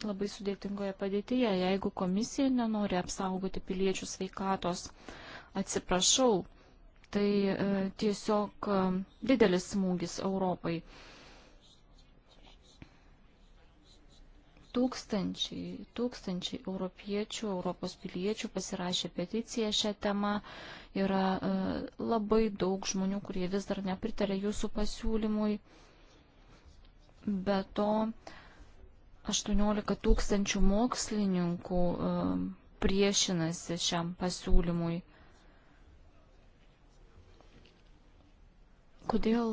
Speaker 3: labai sudėtingoje padėtyje, jeigu komisija nenori apsaugoti piliečių sveikatos. Atsiprašau, Tai e, tiesiog e, didelis smūgis Europai. Tūkstančiai, tūkstančiai europiečių, Europos piliečių pasirašė peticiją šią temą. Yra e, labai daug žmonių, kurie vis dar nepritarė jūsų pasiūlymui. Be to, 18 tūkstančių mokslininkų priešinasi šiam pasiūlymui. Kodėl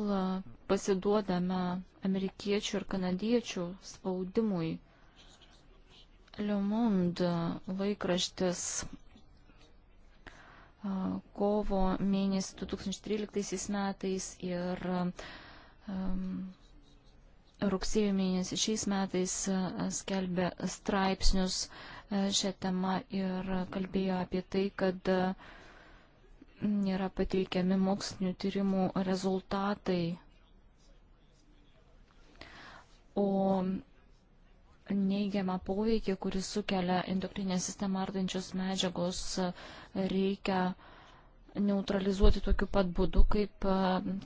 Speaker 3: pasiduodame amerikiečių ir kanadiečių spaudimui? Le Monde laikraštis kovo mėnesį 2013 metais ir rugsėjo mėnesį šiais metais skelbė straipsnius šią temą ir kalbėjo apie tai, kad yra pateikiami mokslinių tyrimų rezultatai, o neigiamą poveikį, kuris sukelia endokrinę sistemą ardančios medžiagos, reikia neutralizuoti tokiu pat būdu, kaip e,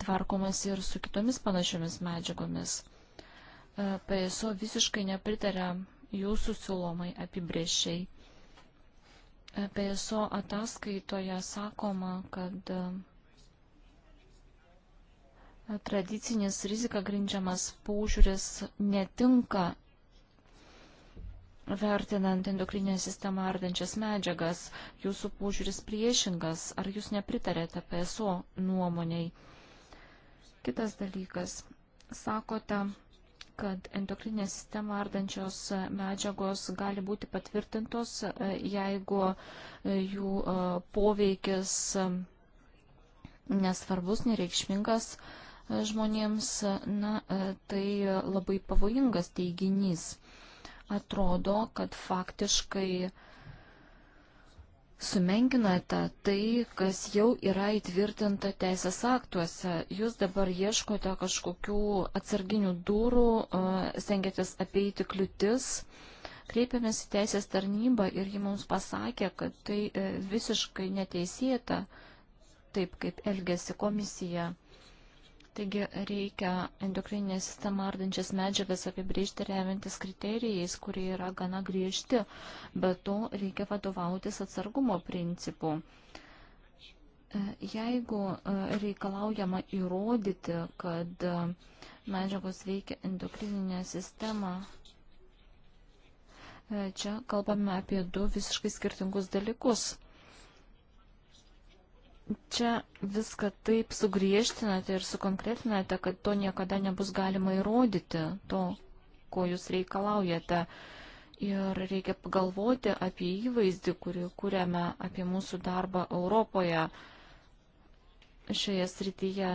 Speaker 3: tvarkomas ir su kitomis panašiomis medžiagomis. E, PSO visiškai nepritarė jūsų siūlomai apibrėžčiai PSO ataskaitoje sakoma, kad e, tradicinis rizika grindžiamas paužiūris netinka vertinant endokrinę sistemą ardančias medžiagas, jūsų požiūris priešingas, ar jūs nepritarėte PSO nuomoniai? Kitas dalykas. Sakote, kad endokrinę sistemą ardančios medžiagos gali būti patvirtintos, e, jeigu e, jų e, poveikis nesvarbus, nereikšmingas žmonėms, na, tai labai pavojingas teiginys. Atrodo, kad faktiškai sumenkinate tai, kas jau yra įtvirtinta teisės aktuose. Jūs dabar ieškote kažkokių atsarginių durų, stengiatės apeiti kliūtis. Kreipėmės į teisės tarnybą ir ji mums pasakė, kad tai e, visiškai neteisėta, taip kaip elgesi komisija. Taigi reikia endokrininę sistemą ardančias medžiagas apibrėžti remiantis kriterijais, kurie yra gana griežti, bet to reikia vadovautis atsargumo principu. E, jeigu e, reikalaujama įrodyti, kad e, medžiagos veikia endokrininę sistemą, čia kalbame apie du visiškai skirtingus dalykus čia viską taip sugriežtinate ir sukonkretinate, kad to niekada nebus galima įrodyti, to, ko jūs reikalaujate. Ir reikia pagalvoti apie įvaizdį, kurį kūrėme, apie mūsų darbą Europoje šioje srityje.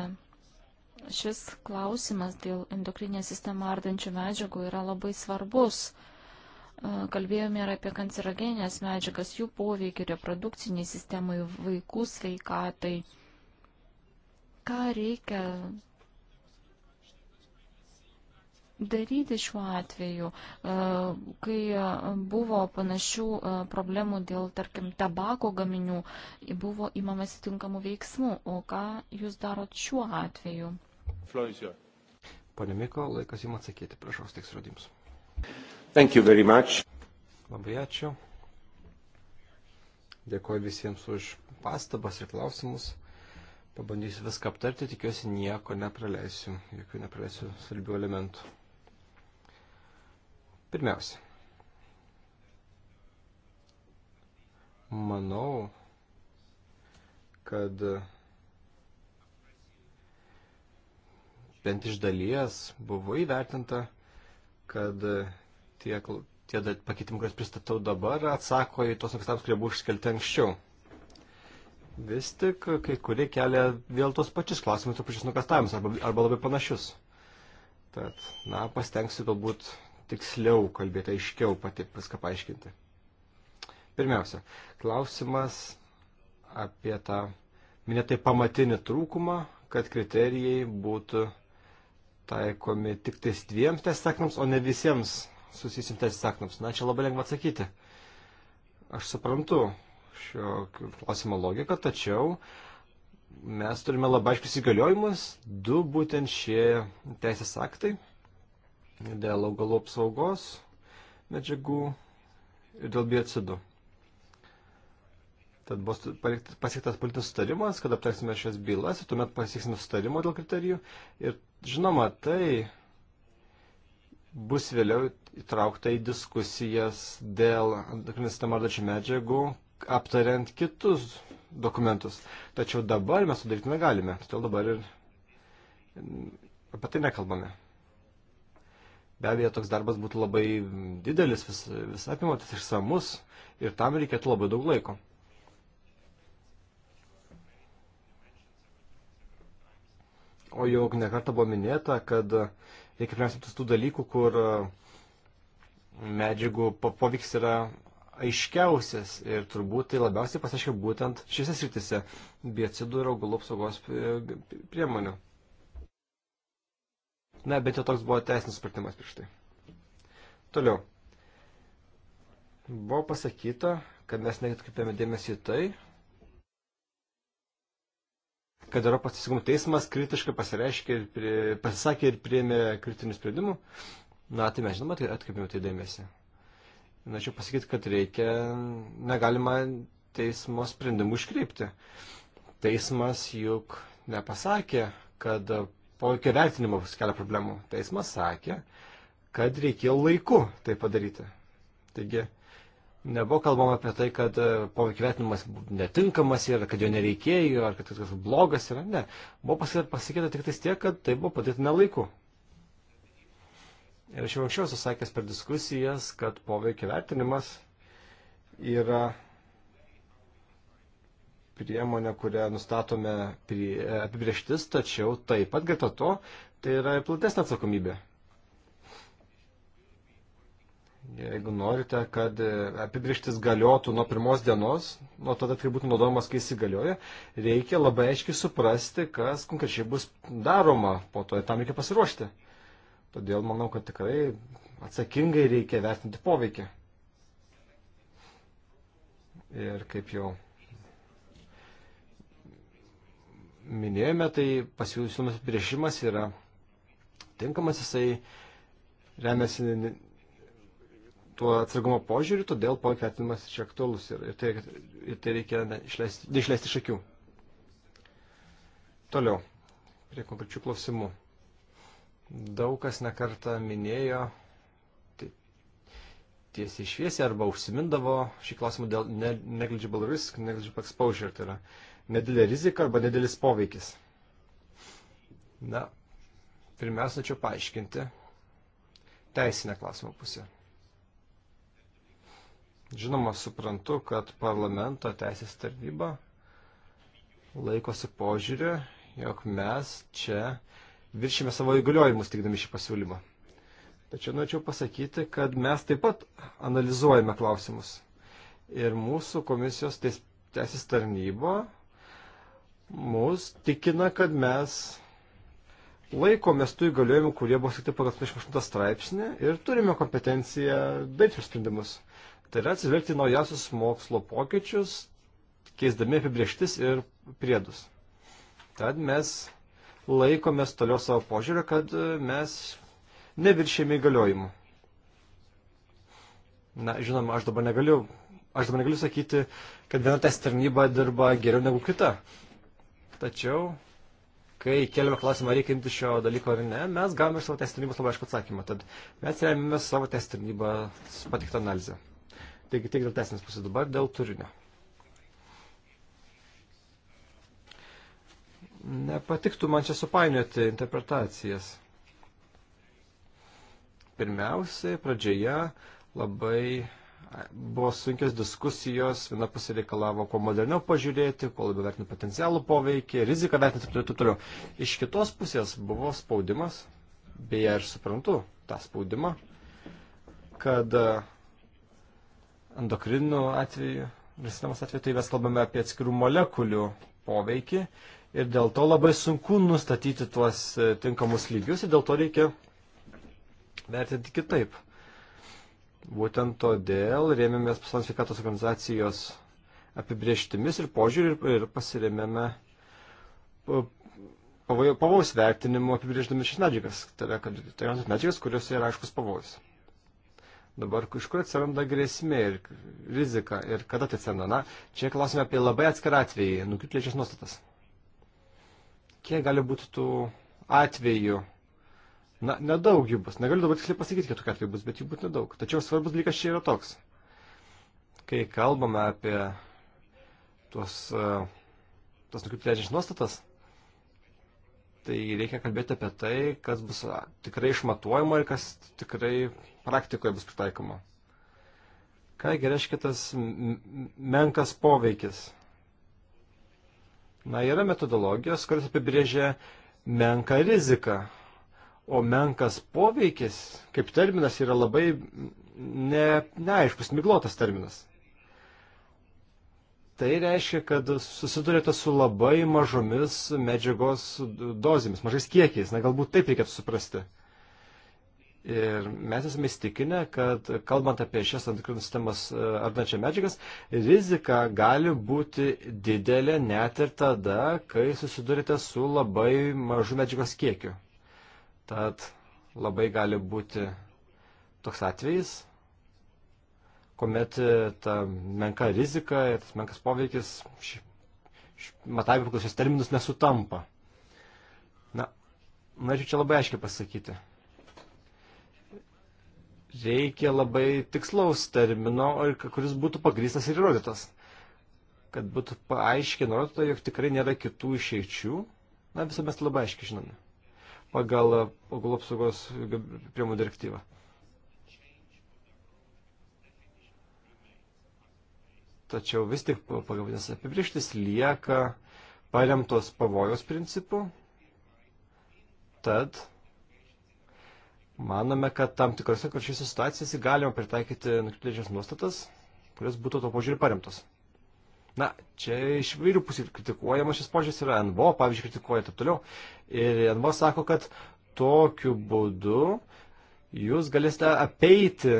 Speaker 3: Šis klausimas dėl endokrinę sistemą ardančių medžiagų yra labai svarbus. Kalbėjome ir apie kancerogenės medžiagas, jų poveikį reprodukciniai sistemai, vaikų sveikatai. Ką reikia daryti šiuo atveju, kai buvo panašių problemų dėl, tarkim, tabako gaminių, buvo įmamasi tinkamų veiksmų, o ką jūs darot šiuo atveju?
Speaker 4: Florencija.
Speaker 1: Pane Miko, laikas jums atsakyti, prašau, stiks rodims.
Speaker 4: Thank you very much.
Speaker 1: Labai ačiū. Dėkuoju visiems už pastabas ir klausimus. Pabandysiu viską aptarti, tikiuosi nieko nepraleisiu, jokių nepraleisiu svarbių elementų. Pirmiausia, manau, kad bent iš dalies buvo įvertinta, kad tie, tie pakeitimai, kuriuos pristatau dabar, atsako į tos akstams, kurie buvo iškelti anksčiau. Vis tik uh, kai kurie kelia vėl tos pačius klausimus, tos pačius nukastavimus arba, arba labai panašius. Tad, na, pastengsiu galbūt tiksliau kalbėti, aiškiau pati viską paaiškinti. Pirmiausia, klausimas apie tą minėtai pamatinį trūkumą, kad kriterijai būtų taikomi tik tais dviems testams, o ne visiems susijusim teisės aktams? Na, čia labai lengva atsakyti. Aš suprantu šio klausimo logiką, tačiau mes turime labai aiškius įgaliojimus, du būtent šie teisės aktai dėl augalų apsaugos medžiagų ir dėl biocidų. Tad bus pasiektas politinis sutarimas, kad aptarsime šias bylas ir tuomet pasieksime sutarimo dėl kriterijų. Ir žinoma, tai bus vėliau įtraukta į diskusijas dėl endokrinų sistemą ardačių medžiagų, aptariant kitus dokumentus. Tačiau dabar mes to daryti negalime, todėl dabar ir apie tai nekalbame. Be abejo, toks darbas būtų labai didelis, vis, vis apimantis išsamus ir tam reikėtų labai daug laiko. O jau nekartą buvo minėta, kad reikia pirmiausia tų dalykų, kur uh, medžiagų poveiks yra aiškiausias ir turbūt tai labiausiai pasiaiškia būtent šiose sritise - biocidų ir augalų apsaugos priemonių. Na, bet jau toks buvo teisinis supratimas prieš tai. Toliau. Buvo pasakyta, kad mes netkreipėme dėmesį į tai, kad Europos teisingumo teismas kritiškai pasireiškė ir prie, pasisakė ir priėmė kritinių sprendimų. Uh, Na, tai mes žinoma, tai atkreipėme tai dėmesį. Norėčiau pasakyti, kad reikia, negalima teismo sprendimų iškreipti. Teismas juk nepasakė, kad poveikio vertinimo kelia problemų. Teismas sakė, kad reikėjo laiku tai padaryti. Taigi, nebuvo kalbama apie tai, kad poveikio vertinimas netinkamas yra, kad jo nereikėjo, ar kad kažkas blogas yra. Ne. Buvo pasakyta tik tais tiek, kad tai buvo padaryta nelaiku. Ir aš jau anksčiau esu sakęs per diskusijas, kad poveikio vertinimas yra priemonė, kurią nustatome apibrieštis, tačiau taip pat greta to, tai yra platesnė atsakomybė. Jeigu norite, kad apibrieštis galiotų nuo pirmos dienos, nuo tada, kai būtų naudojamas, kai įsigalioja, reikia labai aiškiai suprasti, kas konkrečiai bus daroma, po to tam reikia pasiruošti. Todėl manau, kad tikrai atsakingai reikia vertinti poveikį. Ir kaip jau minėjome, tai pasiūlymas apibrėžimas yra tinkamas, jisai remiasi tuo atsargumo požiūriu, todėl poveikio vertinimas čia aktualus ir, ir, tai, ir tai reikia neišleisti iš akių. Toliau, prie konkrečių klausimų daug kas nekarta minėjo tiesiai šviesiai arba užsimindavo šį klausimą dėl negligible risk, negligible exposure, tai yra nedidelė rizika arba nedidelis poveikis. Na, pirmiausia, norėčiau paaiškinti teisinę klausimo pusę. Žinoma, suprantu, kad parlamento teisės tarnyba laikosi požiūrį, jog mes čia viršime savo įgaliojimus teikdami šį pasiūlymą. Tačiau norėčiau pasakyti, kad mes taip pat analizuojame klausimus. Ir mūsų komisijos teisės tarnyba mus tikina, kad mes laikomės tų įgaliojimų, kurie buvo sakyti pagal 28 straipsnį ir turime kompetenciją daryti sprendimus. Tai yra atsižvelgti naujasius mokslo pokyčius, keisdami apibrieštis ir priedus. Tad mes laikomės toliau savo požiūrį, kad e, mes neviršėme įgaliojimų. Na, žinoma, aš dabar negaliu, aš dabar negaliu sakyti, kad viena teisės tarnyba dirba geriau negu kita. Tačiau, kai keliame klausimą, reikia imti šio dalyko ar ne, mes gavome iš savo teisės tarnybos labai aišku atsakymą. Tad mes remiamės savo teisės tarnybą patiktą analizę. Taigi tiek dėl teisinės pusės dabar, dėl turinio. Nepatiktų man čia supainioti interpretacijas. Pirmiausia, pradžioje labai buvo sunkios diskusijos, viena pusė reikalavo kuo moderniau pažiūrėti, kuo labiau vertinti potencialų poveikį, riziką vertinti ir taip toliau. Iš kitos pusės buvo spaudimas, beje ir suprantu tą spaudimą, kad endokrinų atveju, sistemos atveju, tai mes kalbame apie atskirų molekulių poveikį ir dėl to labai sunku nustatyti tuos e, tinkamus lygius ir dėl to reikia vertinti kitaip. Būtent todėl rėmėmės pasaulio sveikatos organizacijos apibrieštimis ir požiūrį ir, ir pasirėmėme e, pavojaus vertinimu apibrėždami šias medžiagas. Tai yra, kad tai yra medžiagas, kuriuose yra aiškus pavojus. Dabar iš kur atsiranda grėsmė ir rizika ir kada tai atsiranda? Na, čia klausime apie labai atskirą atvejį, nukryplėčias nuostatas kiek gali būti tų atvejų. Na, nedaug jų bus. Negaliu dabar tiksliai pasakyti, kiek tokių atvejų bus, bet jų būtų nedaug. Tačiau svarbus dalykas čia yra toks. Kai kalbame apie tuos, e, tas tokių plečiančias nuostatas, tai reikia kalbėti apie tai, kas bus tikrai išmatuojama ir kas tikrai praktikoje bus pritaikoma. Kągi reiškia tas menkas poveikis Na, yra metodologijos, kurios apibrėžia menką riziką, o menkas poveikis, kaip terminas, yra labai ne, neaiškus, miglotas terminas. Tai reiškia, kad susidurėte su labai mažomis medžiagos dozėmis, mažais kiekiais, na galbūt taip reikėtų suprasti. Ir mes esame įstikinę, kad kalbant apie šias antikrinų sistemas e, ardančią medžiagas, rizika gali būti didelė net ir tada, kai susidurite su labai mažu medžiagos kiekiu. Tad labai gali būti toks atvejis, kuomet e, ta menka rizika ir tas menkas poveikis matavimo kokius terminus nesutampa. Na, norėčiau čia labai aiškiai pasakyti reikia labai tikslaus termino, kuris būtų pagrįstas ir įrodytas. Kad būtų paaiškiai nurodyta, jog tikrai nėra kitų išeičių. Na, visą mes labai aiškiai žinome. Pagal e, augalų apsaugos priemonių direktyvą. Tačiau vis tik pagavadinės apibrieštis lieka paremtos pavojos principu. Tad Manome, kad tam tikrose konkrečiose situacijose galima pritaikyti nukreiptėčias nuostatas, kurios būtų to požiūrį paremtos. Na, čia iš vairių pusių kritikuojamas šis požiūris yra NVO, pavyzdžiui, kritikuoja taip toliau. Ir NVO sako, kad tokiu būdu jūs galėsite apeiti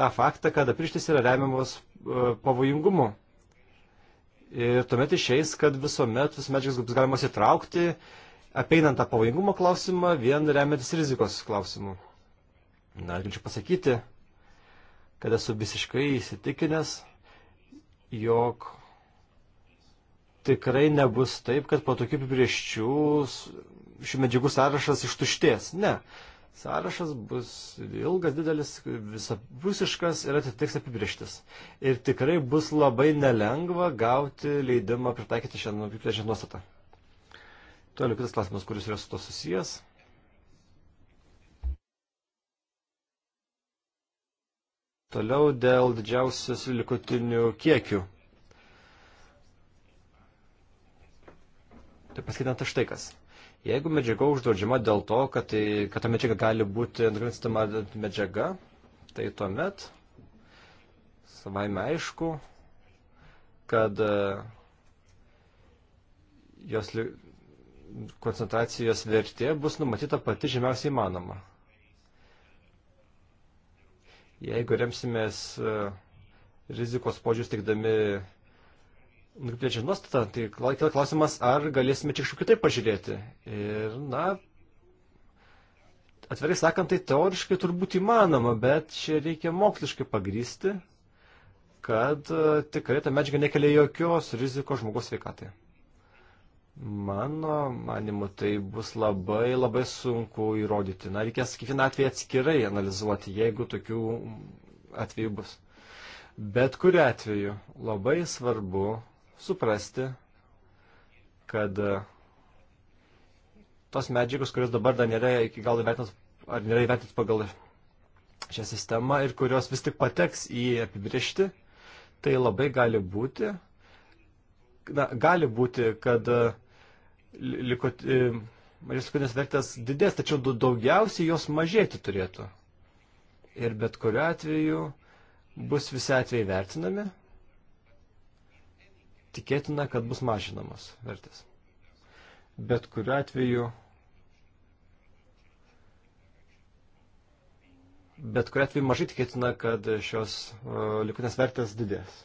Speaker 1: tą faktą, kad aprištis yra remiamas e, pavojingumu. Ir tuomet išeis, kad visuomet vis medžiagas bus galima sitraukti apeinant tą pavojingumo klausimą, vien remiantis rizikos klausimu. Na, galčiau pasakyti, kad esu visiškai įsitikinęs, jog tikrai nebus taip, kad po tokių apibrieščių šių medžiagų sąrašas ištuštės. Ne. Sąrašas bus ilgas, didelis, visapusiškas ir atitiks apibrieštis. Ir tikrai bus labai nelengva gauti leidimą pritaikyti šią nu, apibrieštą nuostatą. Toliau kitas klausimas, kuris yra su to susijęs. Toliau dėl didžiausios likutinių kiekių. Tai paskaitant štai kas. Jeigu medžiaga uždraudžiama dėl to, kad, tai, kad ta medžiaga gali būti nugrinstama medžiaga, tai tuomet savaime aišku, kad e, jos li koncentracijos vertė bus numatyta pati žemiausiai įmanoma. Jeigu remsimės e, rizikos požiūrės teikdami nukreiptiečią nuostatą, tai kila klausimas, ar galėsime čia kažkaip kitaip pažiūrėti. Ir, na, atvirai sakant, tai teoriškai turbūt įmanoma, bet čia reikia moksliškai pagrysti, kad e, tikrai ta medžiaga nekelia jokios rizikos žmogaus sveikatai. Mano manimu, tai bus labai labai sunku įrodyti. Na, reikės kiekvieną atvejį atskirai analizuoti, jeigu tokių atvejų bus. Bet kuriu atveju labai svarbu suprasti, kad tos medžiagos, kurios dabar dar nėra iki galo įvertintos, ar nėra įvertintos pagal šią sistemą ir kurios vis tik pateks į apibriešti, tai labai gali būti, na, gali būti, kad e, likot, e, mažesnės vertės didės, tačiau daugiausiai jos mažėti turėtų. Ir bet kuriu atveju bus visi atvejai vertinami. Tikėtina, kad bus mažinamos vertės. Bet kuriu atveju. Bet kuriu atveju mažai tikėtina, kad šios uh, e, likutinės vertės didės.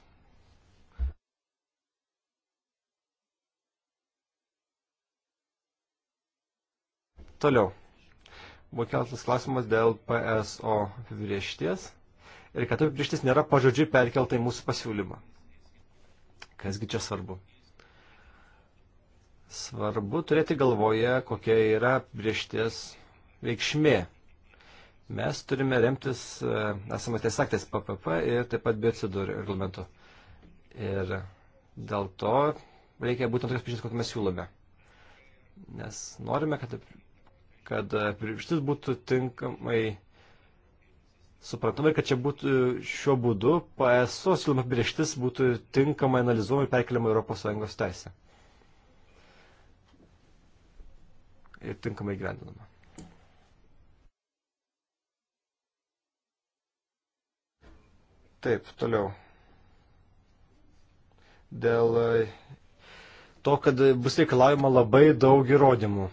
Speaker 1: Toliau. Buvo keltas klausimas dėl PSO apibriešties ir kad apibrieštis nėra pažodžiui perkelta į mūsų pasiūlymą. Kasgi čia svarbu? Svarbu turėti galvoje, kokia yra apibriešties reikšmė mes turime remtis e, esamą tiesaktės PPP ir taip pat biocidų reglamentu. Ir dėl to reikia būtent tokios pažymės, kokią mes siūlome. Nes norime, kad kad apibrieštis e, būtų tinkamai suprantama ir kad čia būtų šiuo būdu PSO siūloma apibrieštis būtų tinkamai analizuojama ir perkeliama ES teisė. Ir tinkamai gyvendinama. Taip, toliau. Dėl e, to, kad bus reikalavima labai daug įrodymų.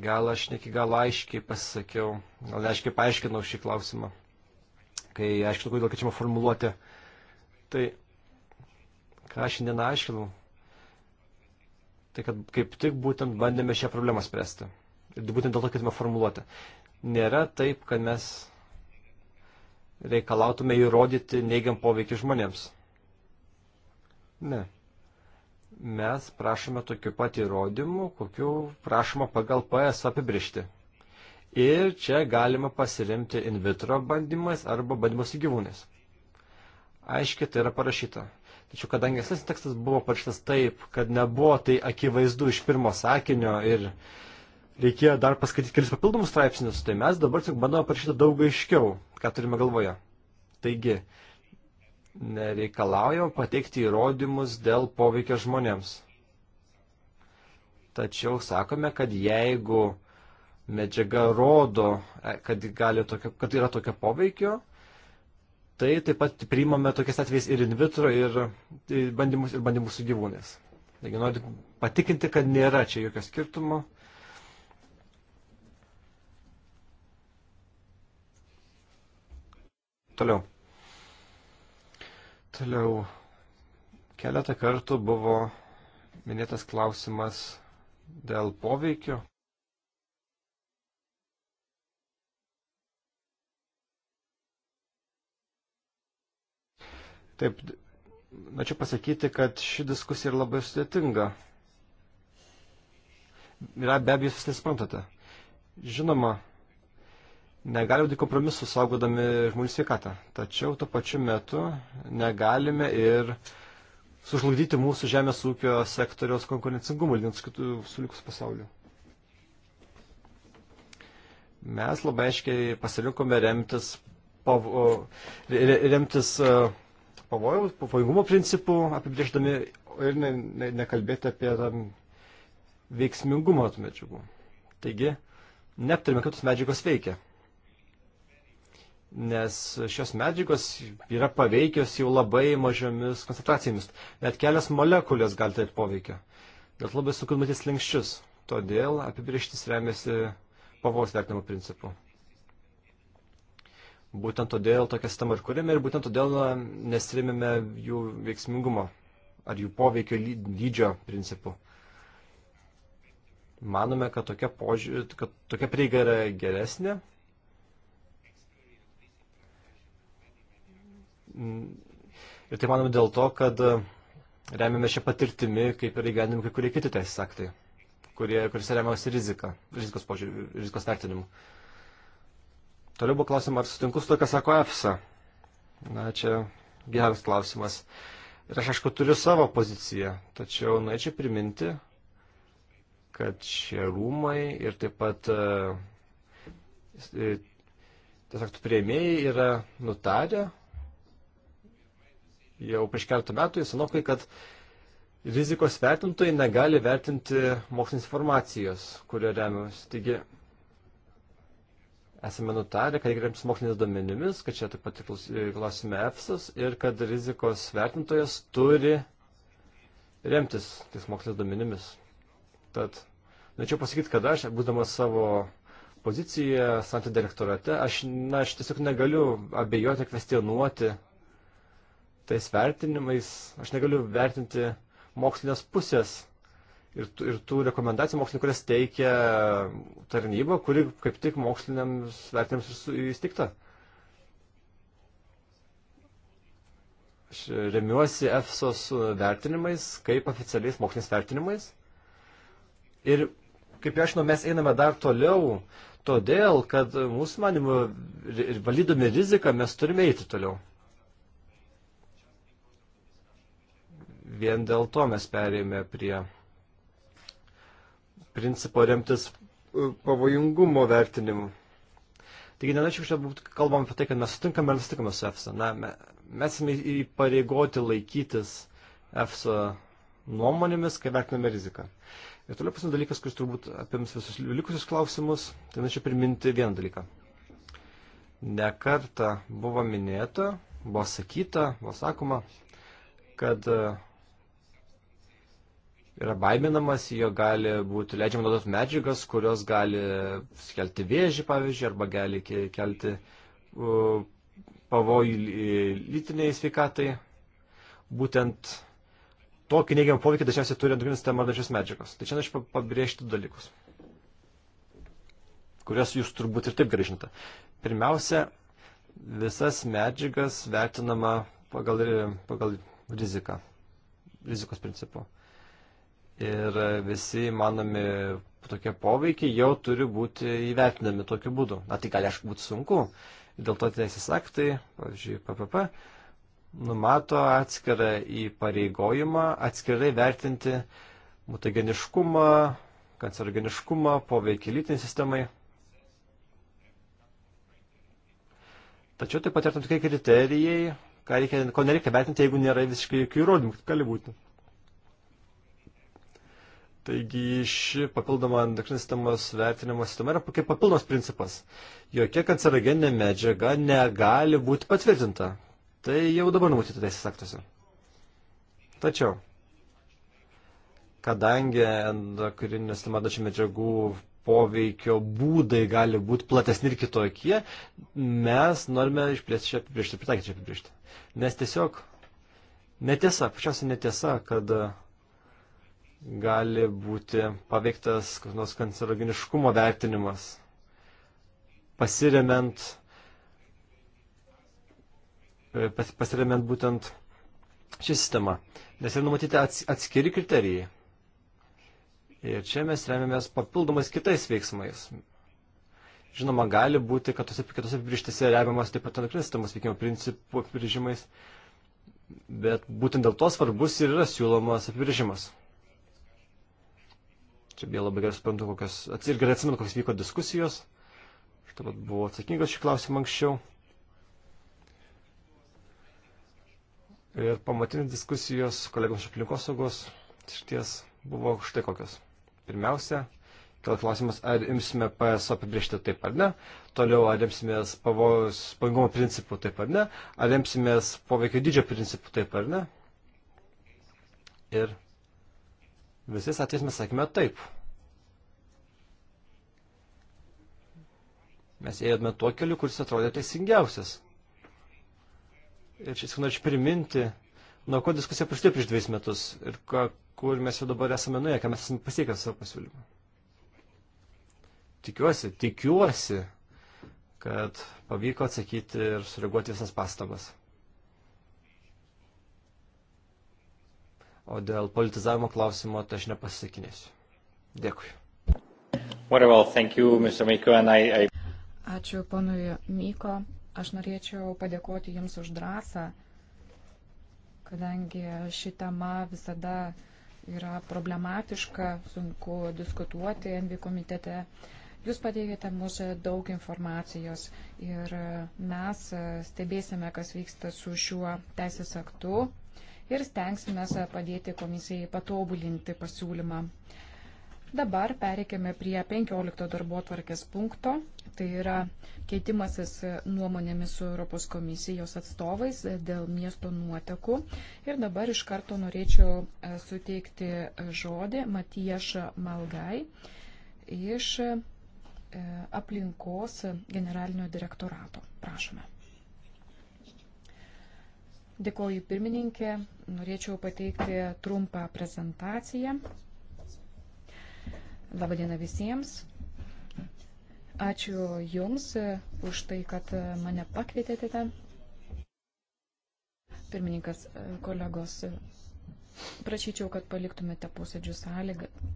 Speaker 1: Gal aš ne iki galo aiškiai pasakiau, gal aiškiai paaiškinau šį klausimą, kai aiškinau, kodėl kečiama formuluoti. Tai, ką aš šiandien aiškinau, tai kad kaip tik būtent bandėme šią problemą spręsti. Ir būtent dėl to ketime formuluoti. Nėra taip, kad mes reikalautume įrodyti neigiam poveikį žmonėms. Ne mes prašome tokių pat įrodymų, kokių prašoma pagal PS apibrišti. Ir čia galima pasirimti in vitro bandymais arba bandymus į gyvūnės. Aiškiai tai yra parašyta. Tačiau kadangi esas tekstas buvo parašytas taip, kad nebuvo tai akivaizdu iš pirmo sakinio ir reikėjo dar paskaityti kelis papildomus straipsnius, tai mes dabar tik bandome parašyti daug aiškiau, ką turime galvoje. Taigi, nereikalauja pateikti įrodymus dėl poveikio žmonėms. Tačiau sakome, kad jeigu medžiaga rodo, e, kad, tokio, kad yra tokio poveikio, tai taip pat priimame tokiais atvejais ir in vitro, ir, ir bandymus, ir bandymus su gyvūnais. Taigi noriu patikinti, kad nėra čia jokio skirtumo. Toliau. Toliau keletą kartų buvo minėtas klausimas dėl poveikio. Taip, norėčiau pasakyti, kad ši diskusija yra labai sudėtinga. Yra be abejo, jūs nesuprantate. Tai Žinoma, Negalime būti kompromisų saugodami žmonių sveikatą, tačiau tuo pačiu metu negalime ir sužlugdyti mūsų žemės ūkio sektoriaus konkurencingumą lyginant su kitų sulikus pasauliu. Mes labai aiškiai pasirinkome remtis, pavo, remtis e, pavojų, pavojingumo principų, apibrėždami ir ne, ne, nekalbėti apie tam veiksmingumą tų medžiagų. Taigi, neaptarime, kaip tos medžiagos veikia nes šios medžiagos yra paveikios jau labai mažomis koncentracijomis. Net kelias molekulės gali turėti poveikio, bet labai sunku matyti linkščius. Todėl apibrieštis remiasi pavojus vertinimo principu. Būtent todėl tokią sistemą ir kūrėme ir būtent todėl nesirėmėme jų veiksmingumo ar jų poveikio dydžio principu. Manome, kad tokia, požiūrė, kad tokia prieiga yra geresnė Mm. Ir tai manome dėl to, kad e, remiame šią patirtimį, kaip yra įgyvendinami kai kurie kiti teisės aktai, kurie, kuriuose remiamasi rizika, rizikos požiūrį, rizikos vertinimu. Toliau buvo klausimas, ar sutinku su to, ką sako EFSA. Na, čia geras klausimas. Ir aš, aišku, turiu savo poziciją, tačiau norėčiau priminti, kad šie rūmai ir taip pat e, e, tiesiog prieimėjai yra nutarę, jau prieš keletą metų, jau senokai, kad rizikos vertintojai negali vertinti mokslinės informacijos, kurio remiamasi. Taigi, esame nutarę, kad remtis mokslinės duomenimis, kad čia taip pat klausime EFSAS ir kad rizikos vertintojas turi remtis tais mokslinės duomenimis. Tad, norėčiau pasakyti, kad aš, būdamas savo poziciją santykių direktorate, aš, na, aš tiesiog negaliu abejoti, kvestionuoti tais vertinimais, aš negaliu vertinti mokslinės pusės ir, ir tų rekomendacijų mokslinio, kurias teikia tarnyba, kuri kaip tik moksliniams vertinimams ir įstikta. Aš remiuosi EFSOS vertinimais, kaip oficialiais moksliniais vertinimais. Ir kaip aš žinau, mes einame dar toliau, todėl, kad mūsų manimų ir valydami riziką mes turime eiti toliau. Vien dėl to mes perėjome prie principo remtis e, pavojingumo vertinimu. Taigi nenorėčiau, kad būtų kalbam apie tai, kad mes sutinkame ar nesutinkame su EFSA. Na, me, mes esame įpareigoti laikytis EFSA nuomonėmis, kai vertiname riziką. Ir toliau pasinas dalykas, kuris turbūt apims visus likusius klausimus, tai norėčiau priminti vieną dalyką. Nekarta buvo minėta, buvo sakyta, buvo sakoma, kad e, yra baiminamas, jo gali būti leidžiama naudoti medžiagas, kurios gali sukelti vėžį, pavyzdžiui, arba gali kelti pavojų lytiniai sveikatai. Būtent tokį neigiamą poveikį dažniausiai turi endokrinis sistema ardančios medžiagos. Tai čia aš pabrėžti dalykus, kurias jūs turbūt ir taip gražinta. Pirmiausia, visas medžiagas vertinama pagal, pagal riziką, rizikos principu ir visi manomi tokie poveikiai jau turi būti įvertinami tokiu būdu. Na, tai gali, aišku, būti sunku. Dėl to teisės aktai, pavyzdžiui, PPP, numato atskirą įpareigojimą, atskirai vertinti mutageniškumą, kancerogeniškumą, poveikį lytinį sistemai. Tačiau taip pat yra tam tikrai kriterijai, ką reikia, ko nereikia vertinti, jeigu nėra visiškai jokių įrodymų, kad gali būti. Taigi ši papildoma endokrininės sistemos vertinimo sistema yra kaip papildomas principas. Jokia kancerogeninė medžiaga negali būti patvirtinta. Tai jau dabar numatyta teisės aktuose. Tačiau, kadangi endokrininė sistema dačių medžiagų poveikio būdai gali būti platesni ir kitokie, mes norime išplėsti šią apibriežtį, pritaikyti šią apibriežtį. Nes tiesiog netiesa, pačiausiai netiesa, kad uh, gali būti paveiktas koks nors kancerogeniškumo vertinimas, pasiremiant, e, pas, pasiremiant būtent ši sistema, nes yra numatyti ats, atskiri kriterijai. Ir čia mes remiamės papildomais kitais veiksmais. Žinoma, gali būti, kad tose kitose apibrištėse remiamas taip pat endokrinės sistemos veikimo principų apibrėžimais, bet būtent dėl to svarbus ir yra siūlomas apibrėžimas. Čia beje labai gerai suprantu, kokias, ir gerai atsimenu, kokios vyko diskusijos. Aš taip pat buvau atsakingas šį klausimą anksčiau. Ir pamatinės diskusijos kolegams iš aplinkosaugos išties buvo štai kokios. Pirmiausia, kėl klausimas, ar imsime PSO apibriežti taip ar ne, toliau ar imsimės pavojus pajungumo principų taip ar ne, ar imsimės poveikio dydžio principų taip ar ne. Ir Visais atvejais mes sakėme taip. Mes ėjome tuo keliu, kuris atrodė teisingiausias. Ir čia norėčiau priminti, nuo ko diskusija prasidėjo prieš dviejus metus ir ką, kur mes jau dabar esame nuėję, ką mes esame pasiekę savo pasiūlymu. Tikiuosi, tikiuosi, kad pavyko atsakyti ir sureaguoti visas pastabas. O dėl politizavimo klausimo, tai aš nepasisakinėsiu. Dėkui. Well, thank you, Mr. Miko,
Speaker 5: and I, I...
Speaker 2: Ačiū ponui Myko. Aš norėčiau padėkoti Jums už drąsą, kadangi ši tema visada yra problematiška, sunku diskutuoti NV komitete. Jūs pateikėte mums daug informacijos ir mes stebėsime, kas vyksta su šiuo teisės aktu ir stengsime padėti komisijai patobulinti pasiūlymą. Dabar pereikime prie 15 darbo tvarkės punkto. Tai yra keitimasis nuomonėmis su Europos komisijos atstovais dėl miesto nuotekų. Ir dabar iš karto norėčiau e, suteikti žodį Matijaš Malgai iš e, aplinkos generalinio direktorato. Prašome. Dėkoju pirmininkė, norėčiau pateikti trumpą prezentaciją. Labadiena visiems. Ačiū Jums už tai, kad mane pakvietėte. Pirmininkas, kolegos, prašyčiau, kad paliktumėte posėdžių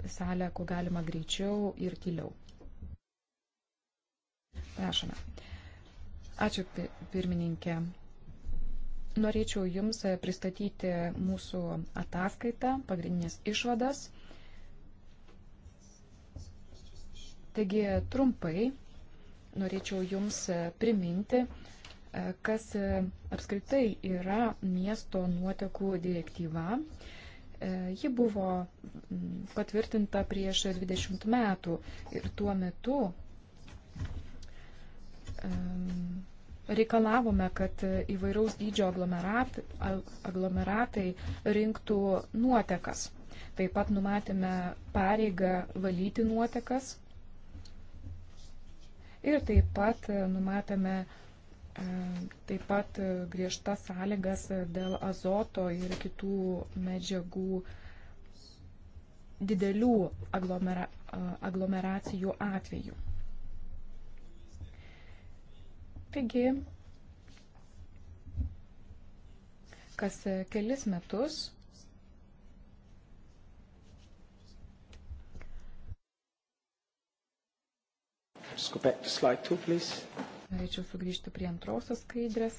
Speaker 2: salę, kuo galima greičiau ir tyliau. Prašome. Ačiū pirmininkė. Norėčiau Jums e, pristatyti mūsų ataskaitą, pagrindinės išvadas. Taigi trumpai norėčiau Jums e, priminti, e, kas apskritai yra miesto nuotekų direktyva. Ji buvo patvirtinta prieš 20 metų ir tuo metu reikalavome, kad įvairaus dydžio aglomeratai rinktų nuotekas. Taip pat numatėme pareigą valyti nuotekas. Ir taip pat numatėme e, taip pat griežtas sąlygas dėl azoto ir kitų medžiagų didelių aglomera, aglomeracijų atveju. Taigi, kas kelis metus
Speaker 5: Just go back to slide two, please.
Speaker 2: Norėčiau sugrįžti prie antrosios skaidrės.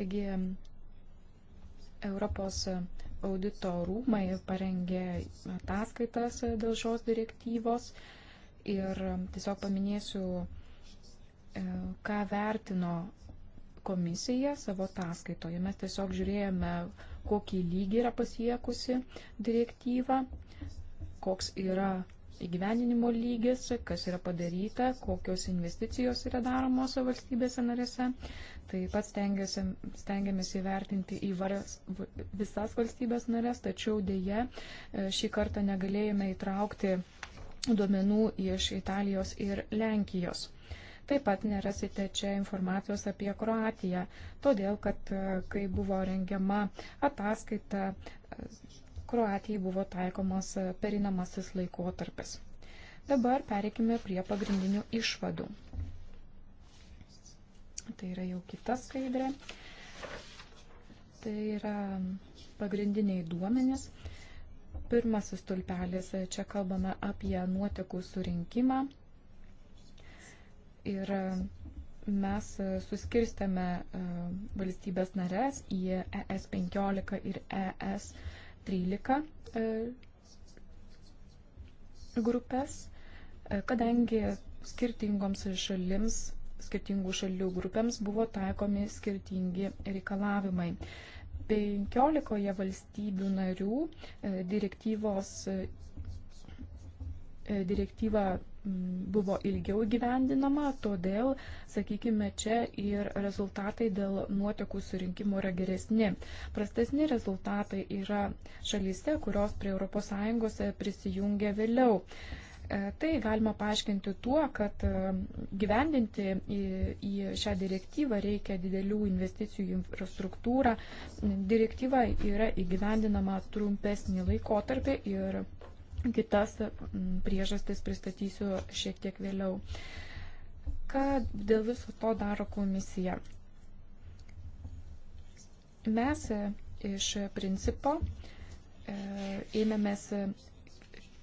Speaker 2: Taigi, Europos audito rūmai parengė ataskaitas dėl šios direktyvos ir tiesiog paminėsiu, e, ką vertino komisija savo ataskaitoje. Mes tiesiog žiūrėjome, kokį lygį yra pasiekusi direktyva, koks yra įgyveninimo lygis, kas yra padaryta, kokios investicijos yra daromos valstybėse narėse. Taip pat stengiamės įvertinti į varės, visas valstybės narės, tačiau dėje e, šį kartą negalėjome įtraukti duomenų iš Italijos ir Lenkijos. Taip pat nerasite čia informacijos apie Kroatiją, todėl kad e, kai buvo rengiama ataskaita e, Kroatijai buvo taikomas perinamasis laikotarpis. Dabar pereikime prie pagrindinių išvadų. Tai yra jau kita skaidrė. Tai yra pagrindiniai duomenys. Pirmasis tulpelis, čia kalbame apie nuotekų surinkimą. Ir mes suskirstame e, valstybės narės į ES 15 ir ES 20 13 e, grupės, e, kadangi skirtingoms šalims, skirtingų šalių grupėms buvo taikomi skirtingi reikalavimai. 15 valstybių narių e, direktyvos direktyva buvo ilgiau gyvendinama, todėl, sakykime, čia ir rezultatai dėl nuotekų surinkimo yra geresni. Prastesni rezultatai yra šalyse, kurios prie ES prisijungia vėliau. E, tai galima paaiškinti tuo, kad e, gyvendinti į, į šią direktyvą reikia didelių investicijų į infrastruktūrą. Direktyva yra įgyvendinama trumpesnį laikotarpį ir Kitas mm, priežastis pristatysiu šiek tiek vėliau. Ką dėl viso to daro komisija? Mes e, iš principo e, ėmėmės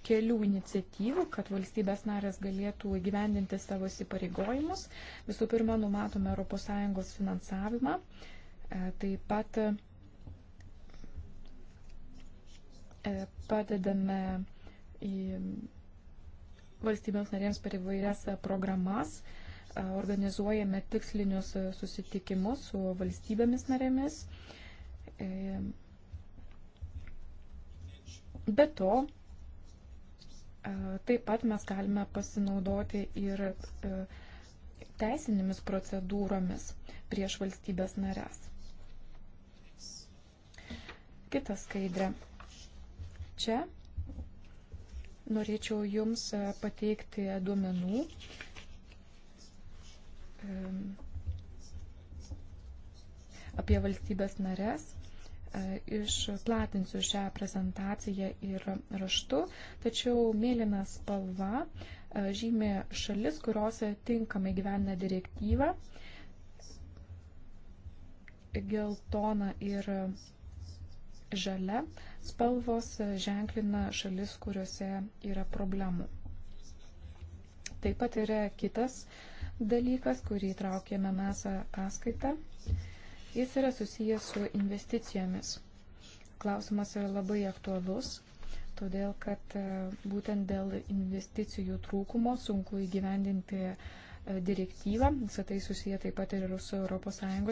Speaker 2: kelių iniciatyvų, kad valstybės narės galėtų įgyvendinti savo įsipareigojimus. Visų pirma, numatome ES finansavimą. E, taip pat padedame į valstybėms narėms per įvairias e, programas. E, organizuojame tikslinius e, susitikimus su valstybėmis narėmis. Be to, taip pat mes galime pasinaudoti ir teisinėmis procedūromis prieš valstybės narės. Kita skaidrė. Čia Norėčiau Jums e, pateikti duomenų. apie valstybės narės. E, išplatinsiu šią prezentaciją ir raštu, tačiau mėlyna spalva e, žymė šalis, kurios tinkamai gyvena direktyvą. Geltona ir Žalia spalvos ženklina šalis, kuriuose yra problemų. Taip pat yra kitas dalykas, kurį traukėme mes ataskaitą. Jis yra susijęs su investicijomis. Klausimas yra labai aktualus, todėl kad e, būtent dėl investicijų trūkumo sunku įgyvendinti e, direktyvą. Visą tai susiję taip pat ir su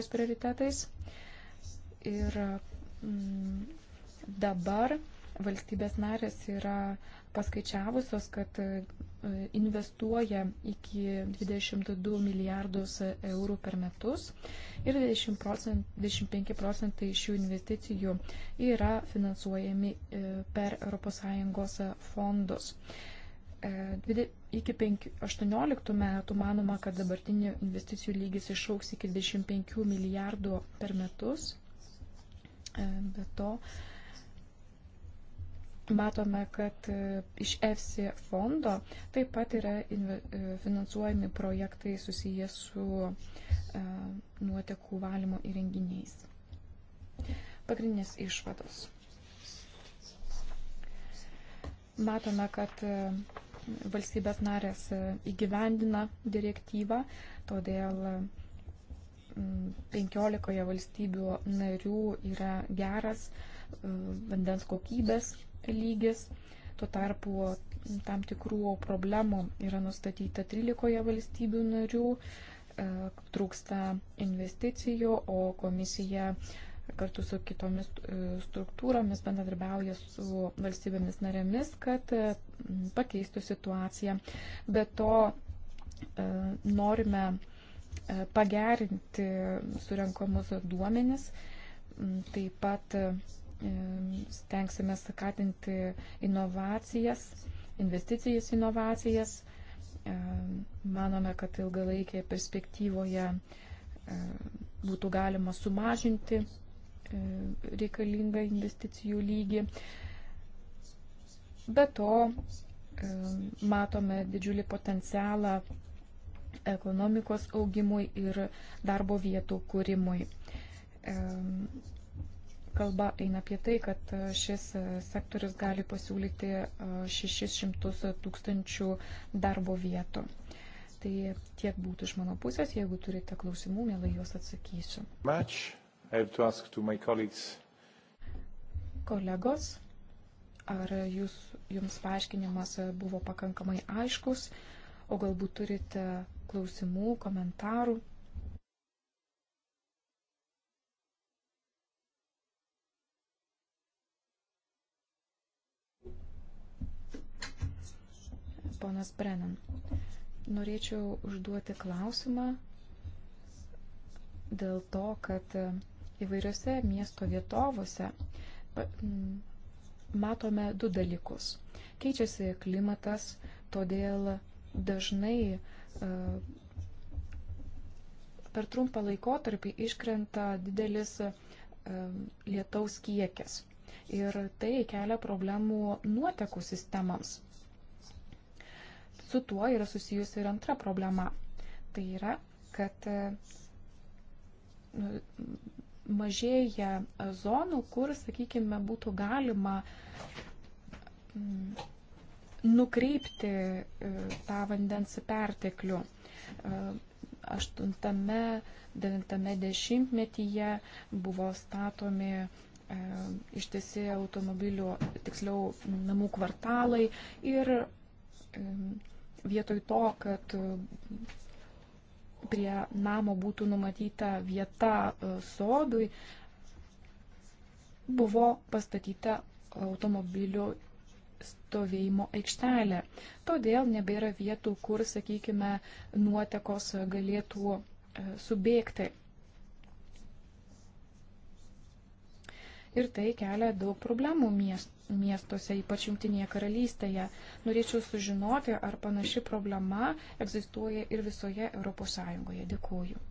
Speaker 2: ES prioritetais. Ir Mm, dabar valstybės narės yra paskaičiavusios, kad e, investuoja iki 22 milijardus eurų per metus ir 20 procent, 25 procentai šių investicijų yra finansuojami e, per ES fondus. E, iki 2018 metų manoma, kad dabartinio investicijų lygis išauks iki 25 milijardų per metus E, be to, matome, kad e, iš EFSI fondo taip pat yra e, finansuojami projektai susiję su nuotekų valymo įrenginiais. Pagrindinės išvados. Matome, kad valstybės narės įgyvendina direktyvą, todėl 15 valstybių narių yra geras e, vandens kokybės lygis, tuo tarpu tam tikrų problemų yra nustatyta 13 valstybių narių, e, trūksta investicijų, o komisija kartu su kitomis e, struktūromis bendradarbiauja su valstybėmis narėmis, kad pakeistų situaciją. Be to norime E, pagerinti surinkamus duomenis, mm, taip pat e, stengsime skatinti inovacijas, investicijas inovacijas. E, manome, kad ilgalaikėje perspektyvoje būtų galima sumažinti reikalingą investicijų lygį. Be to, matome didžiulį potencialą ekonomikos augimui ir darbo vietų kūrimui. Kalba eina apie tai, kad e, šis e, sektorius gali pasiūlyti 600 e, tūkstančių darbo vietų. Tai tiek būtų iš mano pusės, jeigu turite klausimų, mielai juos atsakysiu. Kolegos, ar jūs, jums paaiškinimas buvo pakankamai aiškus, o galbūt turite klausimų, komentarų. Ponas Brennan, norėčiau užduoti klausimą dėl to, kad įvairiose miesto vietovose matome du dalykus. Keičiasi klimatas, todėl dažnai E, per trumpą laikotarpį iškrenta didelis e, lietaus kiekis. Ir tai kelia problemų nuotekų sistemams. Su tuo yra susijusi ir antra problema. Tai yra, kad e, mažėja zonų, kur, sakykime, būtų galima nukreipti e, tą vandens perteklių. 8-9 e, metyje buvo statomi e, ištisi automobilių, tiksliau namų kvartalai ir vietoj to, kad prie namo būtų numatyta vieta sodui, buvo pastatyta automobilių stovėjimo aikštelė. Todėl nebėra vietų, kur, sakykime, nuotekos galėtų e, subėgti. Ir tai kelia daug problemų miestuose, ypač Junktinėje karalystėje. Norėčiau sužinoti, ar panaši problema egzistuoja ir visoje ES. Dėkuoju.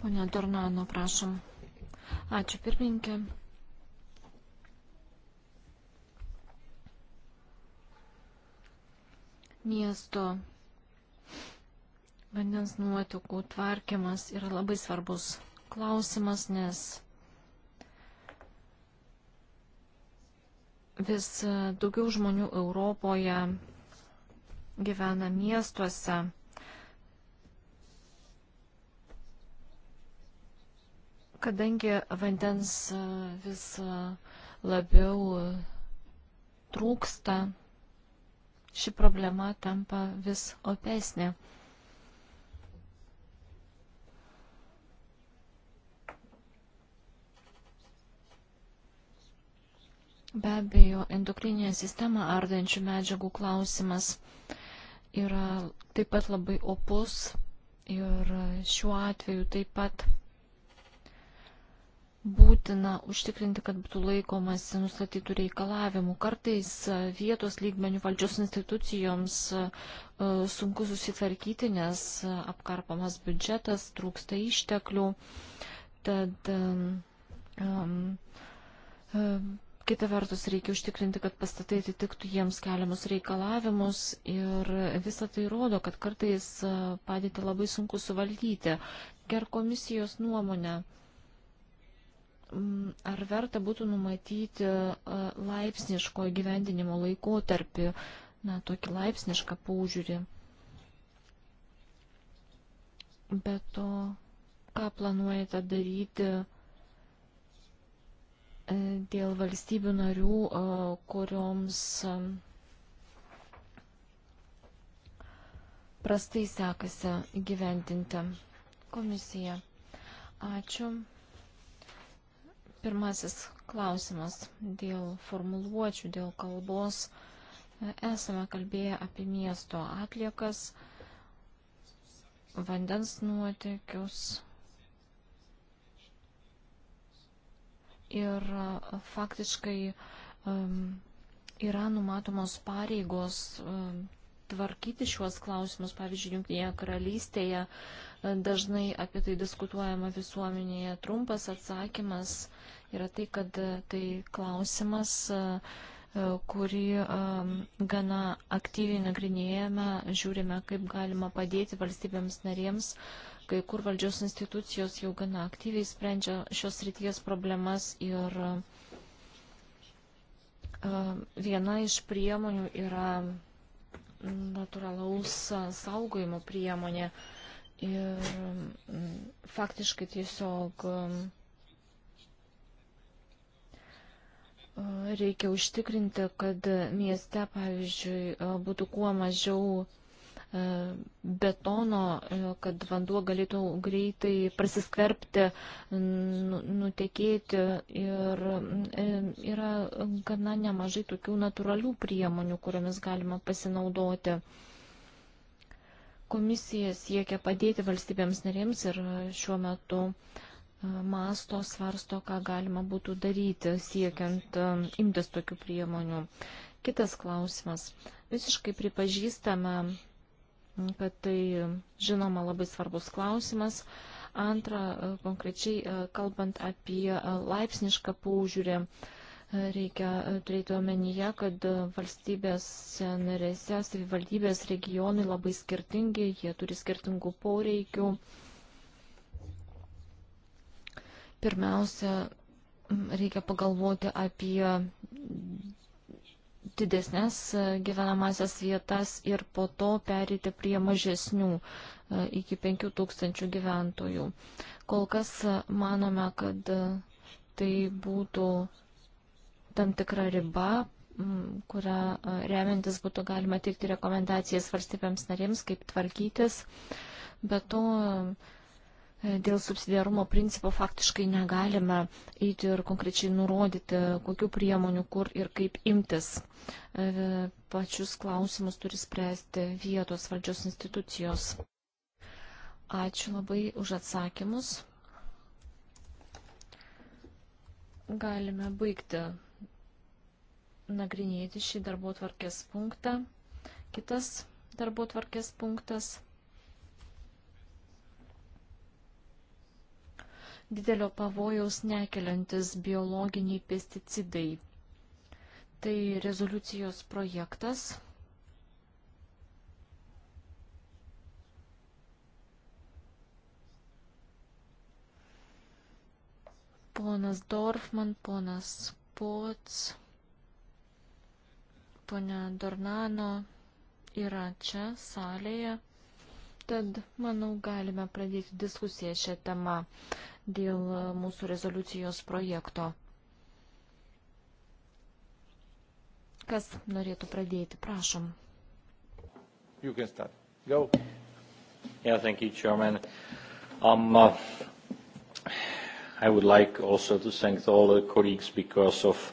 Speaker 3: Pone Dornano, prašom. Ačiū pirmininkė. Miesto vandens nuotekų tvarkymas yra labai svarbus klausimas, nes vis daugiau žmonių Europoje gyvena miestuose Kadangi vandens e, vis e, labiau e, trūksta, ši problema tampa vis opesnė. Be abejo, endokrininė sistema ardančių medžiagų klausimas yra taip pat labai opus ir šiuo atveju taip pat būtina užtikrinti, kad būtų laikomasi nustatytų reikalavimų. Kartais e, vietos lygmenių valdžios institucijoms e, e, sunku susitvarkyti, nes apkarpamas biudžetas, trūksta išteklių. Tad um, um, Kita vertus, reikia užtikrinti, kad pastatai atitiktų jiems keliamus reikalavimus ir visą tai rodo, kad kartais padėti labai sunku suvaldyti. Ger komisijos nuomonė. Uh, Mm, ar verta būtų numatyti e, laipsniško gyvendinimo laikotarpį, na, tokį laipsnišką paužiūrį. Be to, ką planuojate daryti e, dėl valstybių narių, e, kurioms prastai sekasi gyventinti komisiją. Ačiū. Pirmasis klausimas dėl formuluočių, dėl kalbos. Esame kalbėję apie miesto atliekas, vandens nuotekius ir e, faktiškai um, yra numatomos pareigos um, tvarkyti šiuos klausimus. Pavyzdžiui, Junktinėje karalystėje e, dažnai apie tai diskutuojama visuomenėje. Trumpas atsakymas yra tai, kad e, tai klausimas, e, kurį gana aktyviai nagrinėjame, žiūrime, kaip galima padėti valstybėms narėms. Kai kur valdžios institucijos jau gana aktyviai sprendžia šios ryties problemas ir viena iš priemonių yra natūralaus saugojimo priemonė. Ir mm, faktiškai tiesiog mm, reikia užtikrinti, kad mieste, pavyzdžiui, būtų kuo mažiau E, betono, e, kad vanduo galėtų greitai prasiskverbti, nu, nutekėti. Ir e, yra gana nemažai tokių natūralių priemonių, kuriomis galima pasinaudoti. Komisija siekia padėti valstybėms narėms ir šiuo metu masto, svarsto, ką galima būtų daryti, siekiant imtis tokių priemonių. Kitas klausimas. Visiškai pripažįstame kad tai žinoma labai svarbus klausimas. Antra, e, konkrečiai e, kalbant apie e, laipsnišką paužiūrį, reikia turėti omenyje, kad valstybės narėse, savivaldybės regionai labai skirtingi, jie turi skirtingų poreikių. Pirmiausia, reikia pagalvoti apie didesnės e, gyvenamasias vietas ir po to perėti prie mažesnių e, iki 5000 gyventojų. Kol kas e, manome, kad tai būtų tam tikra riba, kurią remiantis būtų galima teikti rekomendacijas valstybėms narėms, kaip tvarkytis. Bet to Dėl subsidiarumo principo faktiškai negalime eiti ir konkrečiai nurodyti, kokiu priemoniu, kur ir kaip imtis. E, pačius klausimus turi spręsti vietos valdžios institucijos. Ačiū labai už atsakymus. Galime baigti nagrinėti šį darbo tvarkės punktą. Kitas darbo tvarkės punktas didelio pavojaus nekeliantis biologiniai pesticidai. Tai rezoliucijos projektas. Ponas Dorfman, ponas Pots, ponia Dornano yra čia salėje. Tad, manau, galime pradėti diskusiją šią temą dėl mūsų rezoliucijos projekto. Kas norėtų pradėti? Prašom.
Speaker 4: You can start. Go.
Speaker 1: Yeah, thank you, Chairman. Um, uh, I would like also to thank all the colleagues because of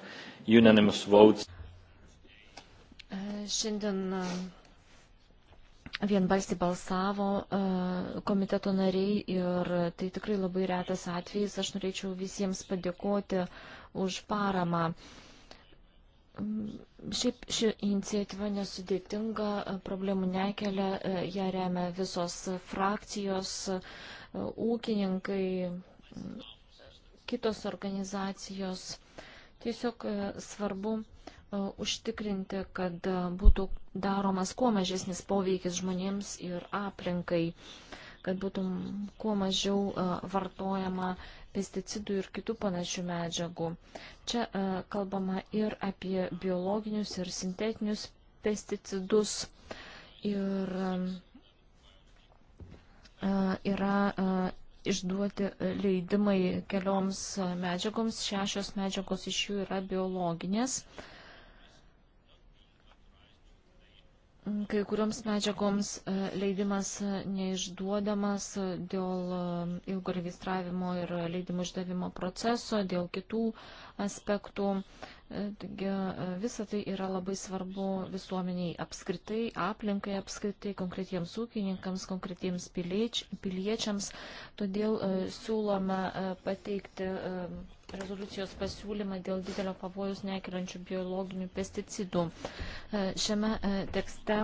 Speaker 1: unanimous
Speaker 3: votes. Šiandien vienbalsiai balsavo e, komiteto nariai ir tai tikrai labai retas atvejis. Aš norėčiau visiems padėkoti už paramą. Mm, šiaip ši iniciatyva nesudėtinga, e, problemų nekelia, e, ją remia visos frakcijos, ūkininkai, mm, kitos organizacijos. Tiesiog svarbu užtikrinti, kad būtų daromas kuo mažesnis poveikis žmonėms ir aplinkai, kad būtų kuo mažiau vartojama pesticidų ir kitų panašių medžiagų. Čia kalbama ir apie biologinius ir sintetinius pesticidus. Ir yra išduoti leidimai kelioms medžiagoms. Šešios medžiagos iš jų yra biologinės. Uh, kai kurioms medžiagoms e, leidimas e, neišduodamas e, dėl ilgo registravimo ir leidimų išdavimo proceso, dėl kitų aspektų. Taigi e, visa tai yra labai svarbu visuomeniai apskritai, aplinkai apskritai, konkretiems ūkininkams, konkretiems piliečiams. Todėl e, siūlome e, pateikti rezoliucijos pasiūlymą dėl didelio pavojus nekeliančių biologinių pesticidų. Šiame tekste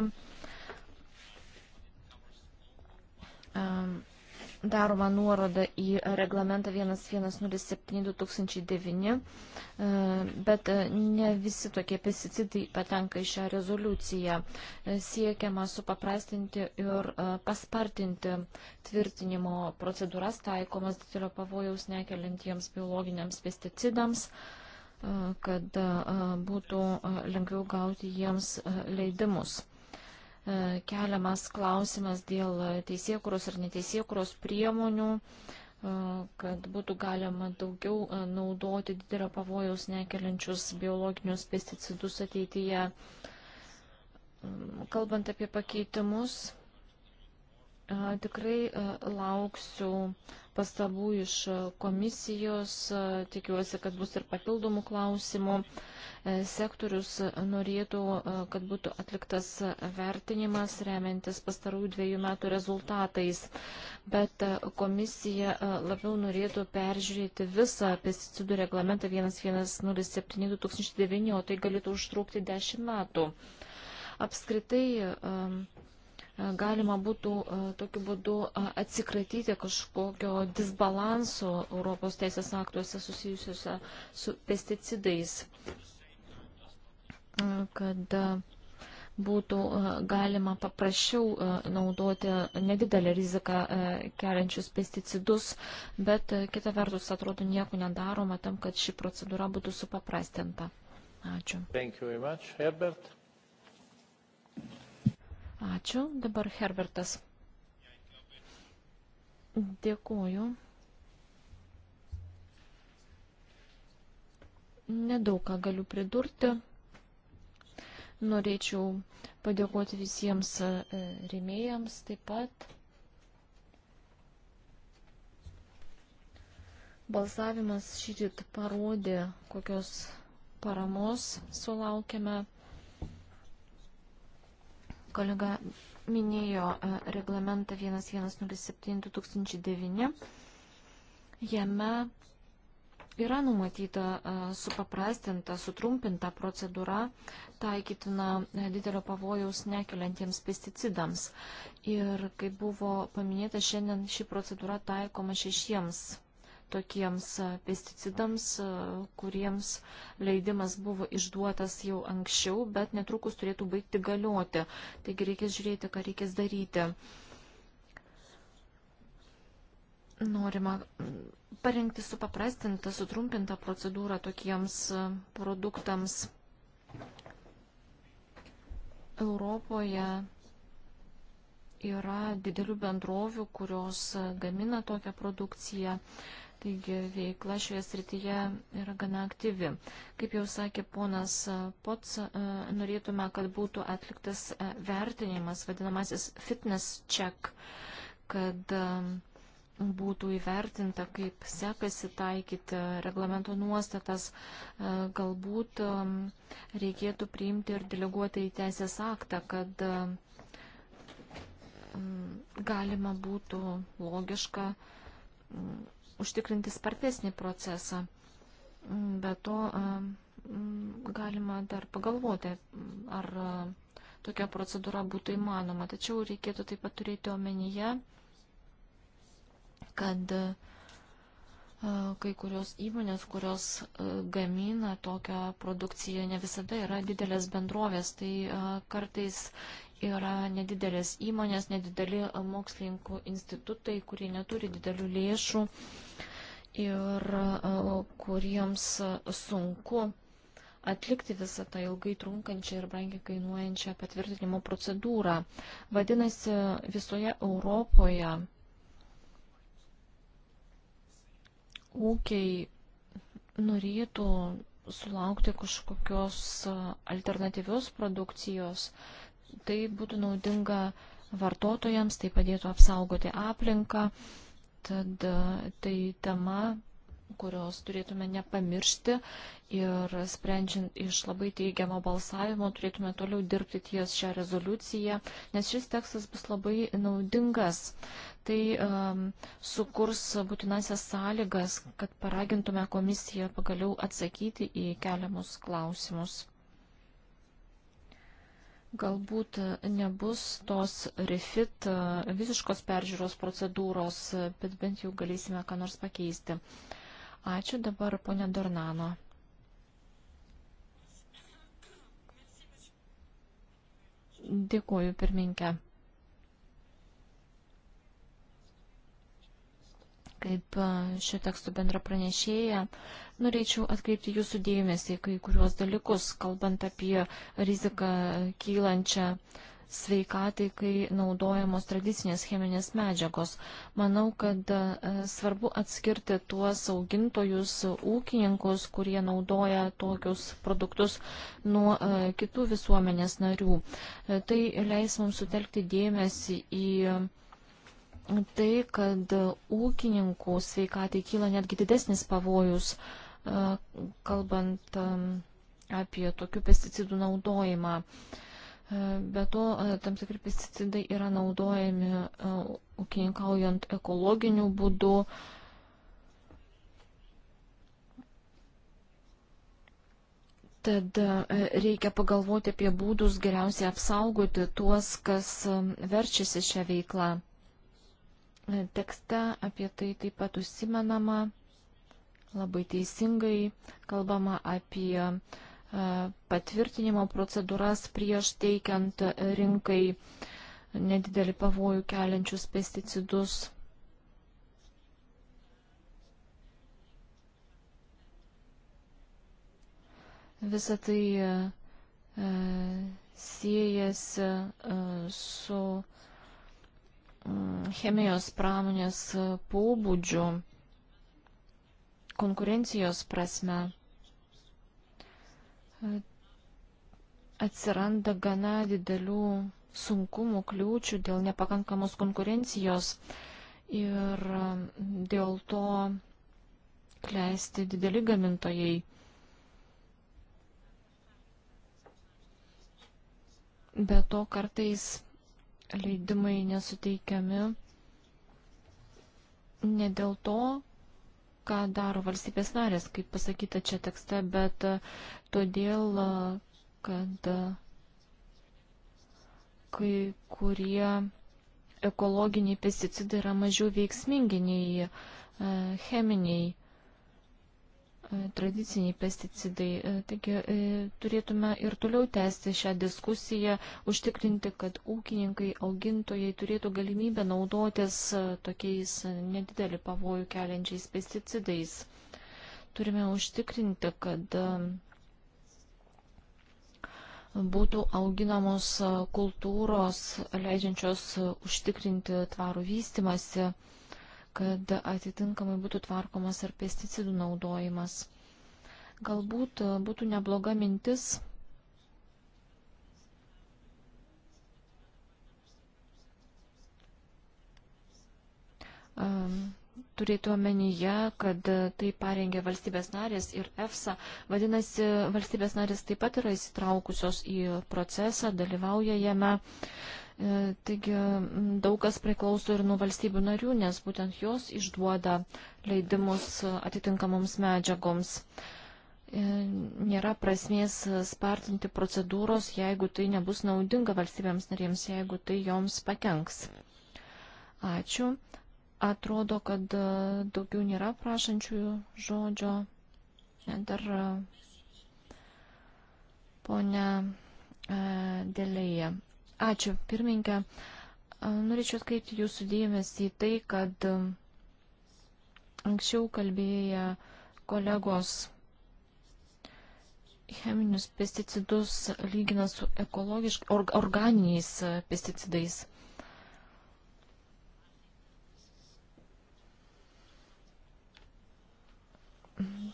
Speaker 3: daroma nuoroda į reglamentą 1107-2009, e, bet e, ne visi tokie pesticidai patenka į šią rezoliuciją. E, siekiama supaprastinti ir paspartinti tvirtinimo procedūras taikomas didelio pavojaus nekeliantiems biologiniams pesticidams kad būtų lengviau gauti jiems leidimus. E, keliamas klausimas dėl teisėkuros ir neteisėkuros priemonių, e, kad būtų galima daugiau e, naudoti didelio pavojaus nekeliančius biologinius pesticidus ateityje. Mm, kalbant apie pakeitimus, Tikrai lauksiu pastabų iš komisijos, tikiuosi, kad bus ir papildomų klausimų. Sektorius norėtų, kad būtų atliktas vertinimas remiantis pastarųjų dviejų metų rezultatais, bet komisija labiau norėtų peržiūrėti visą pesticidų reglamentą 1107-2009, o tai galėtų užtrukti 10 metų. Apskritai, E, galima būtų e, tokiu būdu e, atsikratyti kažkokio disbalanso Europos teisės aktuose susijusiuose su pesticidais, kad būtų galima paprasčiau naudoti nedidelę riziką keliančius pesticidus, bet kita vertus atrodo nieko nedaroma tam, kad ši procedūra būtų supaprastinta. Ačiū.
Speaker 2: Thank you very much, Herbert.
Speaker 3: Ačiū. Dabar Herbertas. Dėkuoju. Nedaug ką galiu pridurti. Norėčiau padėkoti visiems e, rėmėjams taip pat. Balsavimas šįryt parodė, kokios paramos sulaukėme. Kolega minėjo e, reglamentą 1107-2009. Jame yra numatyta e, supaprastinta, sutrumpinta procedūra taikytina e, didelio pavojaus nekeliantiems pesticidams. Ir kaip buvo paminėta, šiandien ši procedūra taikoma šešiems tokiems pesticidams, kuriems leidimas buvo išduotas jau anksčiau, bet netrukus turėtų baigti galioti. Taigi reikės žiūrėti, ką reikės daryti. Norima parengti supaprastintą, sutrumpintą procedūrą tokiems produktams. Europoje yra didelių bendrovių, kurios gamina tokią produkciją. Taigi veikla šioje srityje yra gana aktyvi. Kaip jau sakė ponas Pots, norėtume, kad būtų atliktas vertinimas, vadinamasis fitness check, kad būtų įvertinta, kaip sekasi taikyti reglamento nuostatas, galbūt reikėtų priimti ir deleguotą į teisės aktą, kad galima būtų logiška užtikrinti spartesnį procesą. Be to galima dar pagalvoti, ar tokia procedūra būtų įmanoma. Tačiau reikėtų taip pat turėti omenyje, kad kai kurios įmonės, kurios gamina tokią produkciją, ne visada yra didelės bendrovės, tai kartais yra nedidelės įmonės, nedideli e, mokslininkų institutai, kurie neturi didelių lėšų ir e, kuriems e, sunku atlikti visą tą ilgai trunkančią ir brangiai kainuojančią patvirtinimo procedūrą. Vadinasi, visoje Europoje ūkiai norėtų sulaukti kažkokios alternatyvios produkcijos, uh, Tai būtų naudinga vartotojams, tai padėtų apsaugoti aplinką. Tad e, tai tema, kurios turėtume nepamiršti ir sprendžiant iš labai teigiamo balsavimo turėtume toliau dirbti ties šią rezoliuciją, nes šis tekstas bus labai naudingas. Tai um, sukurs būtinasias sąlygas, kad paragintume komisiją pagaliau atsakyti į keliamus klausimus. Galbūt e, nebus tos refit e, visiškos peržiūros procedūros, e, bet bent jau galėsime ką nors pakeisti. Ačiū dabar ponė Dornano. Dėkuoju pirminkę. kaip šio teksto bendra pranešėja, norėčiau atkreipti jūsų dėmesį kai kuriuos dalykus, kalbant apie riziką kylančią sveikatai, kai naudojamos tradicinės cheminės medžiagos. Manau, kad svarbu atskirti tuos augintojus, ūkininkus, kurie naudoja tokius produktus nuo kitų visuomenės narių. Tai leis mums sutelkti dėmesį į tai, kad ūkininkų sveikatai kyla netgi didesnis pavojus, e, kalbant e, apie tokių pesticidų naudojimą. E, be to, tam tikri pesticidai yra naudojami ūkininkaujant ekologiniu būdu. Tad reikia pagalvoti apie būdus geriausiai apsaugoti tuos, kas verčiasi šią veiklą. Tekste apie tai taip pat užsimenama, labai teisingai kalbama apie e, patvirtinimo procedūras prieš teikiant rinkai nedidelį pavojų keliančius pesticidus. Visą tai e, siejasi e, su e, Mm, chemijos pramonės pobūdžių, konkurencijos prasme e, atsiranda gana didelių sunkumų, kliūčių dėl nepakankamos konkurencijos ir mm, dėl to klesti dideli gamintojai. Be to kartais leidimai nesuteikiami ne dėl to, ką daro valstybės narės, kaip pasakyta čia tekste, bet todėl, kad kai kurie ekologiniai pesticidai yra mažiau veiksmingi nei e, cheminiai E, tradiciniai pesticidai. E, taigi e, turėtume ir toliau tęsti šią diskusiją, užtikrinti, kad ūkininkai, augintojai turėtų galimybę naudotis tokiais nedidelį pavojų keliančiais pesticidais. Turime užtikrinti, kad būtų auginamos kultūros, leidžiančios užtikrinti tvarų vystimasi kad atitinkamai būtų tvarkomas ir pesticidų naudojimas. Galbūt e, būtų nebloga mintis um, turėti omenyje, kad tai parengė valstybės narės ir EFSA. Vadinasi, valstybės narės taip pat yra įsitraukusios į procesą, dalyvauja jame. E, taigi daug kas priklauso ir nuo valstybių narių, nes būtent jos išduoda leidimus atitinkamoms medžiagoms. E, nėra prasmės spartinti procedūros, jeigu tai nebus naudinga valstybėms narėms, jeigu tai joms pakenks. Ačiū. Atrodo, kad e, daugiau nėra prašančiųjų žodžio. E, dar e, ponia Dėlėje. Ačiū, pirmininkė. Norėčiau skaityti jūsų dėmesį į tai, kad anksčiau kalbėję kolegos cheminius pesticidus lygina su ekologiškai or, organiniais pesticidais.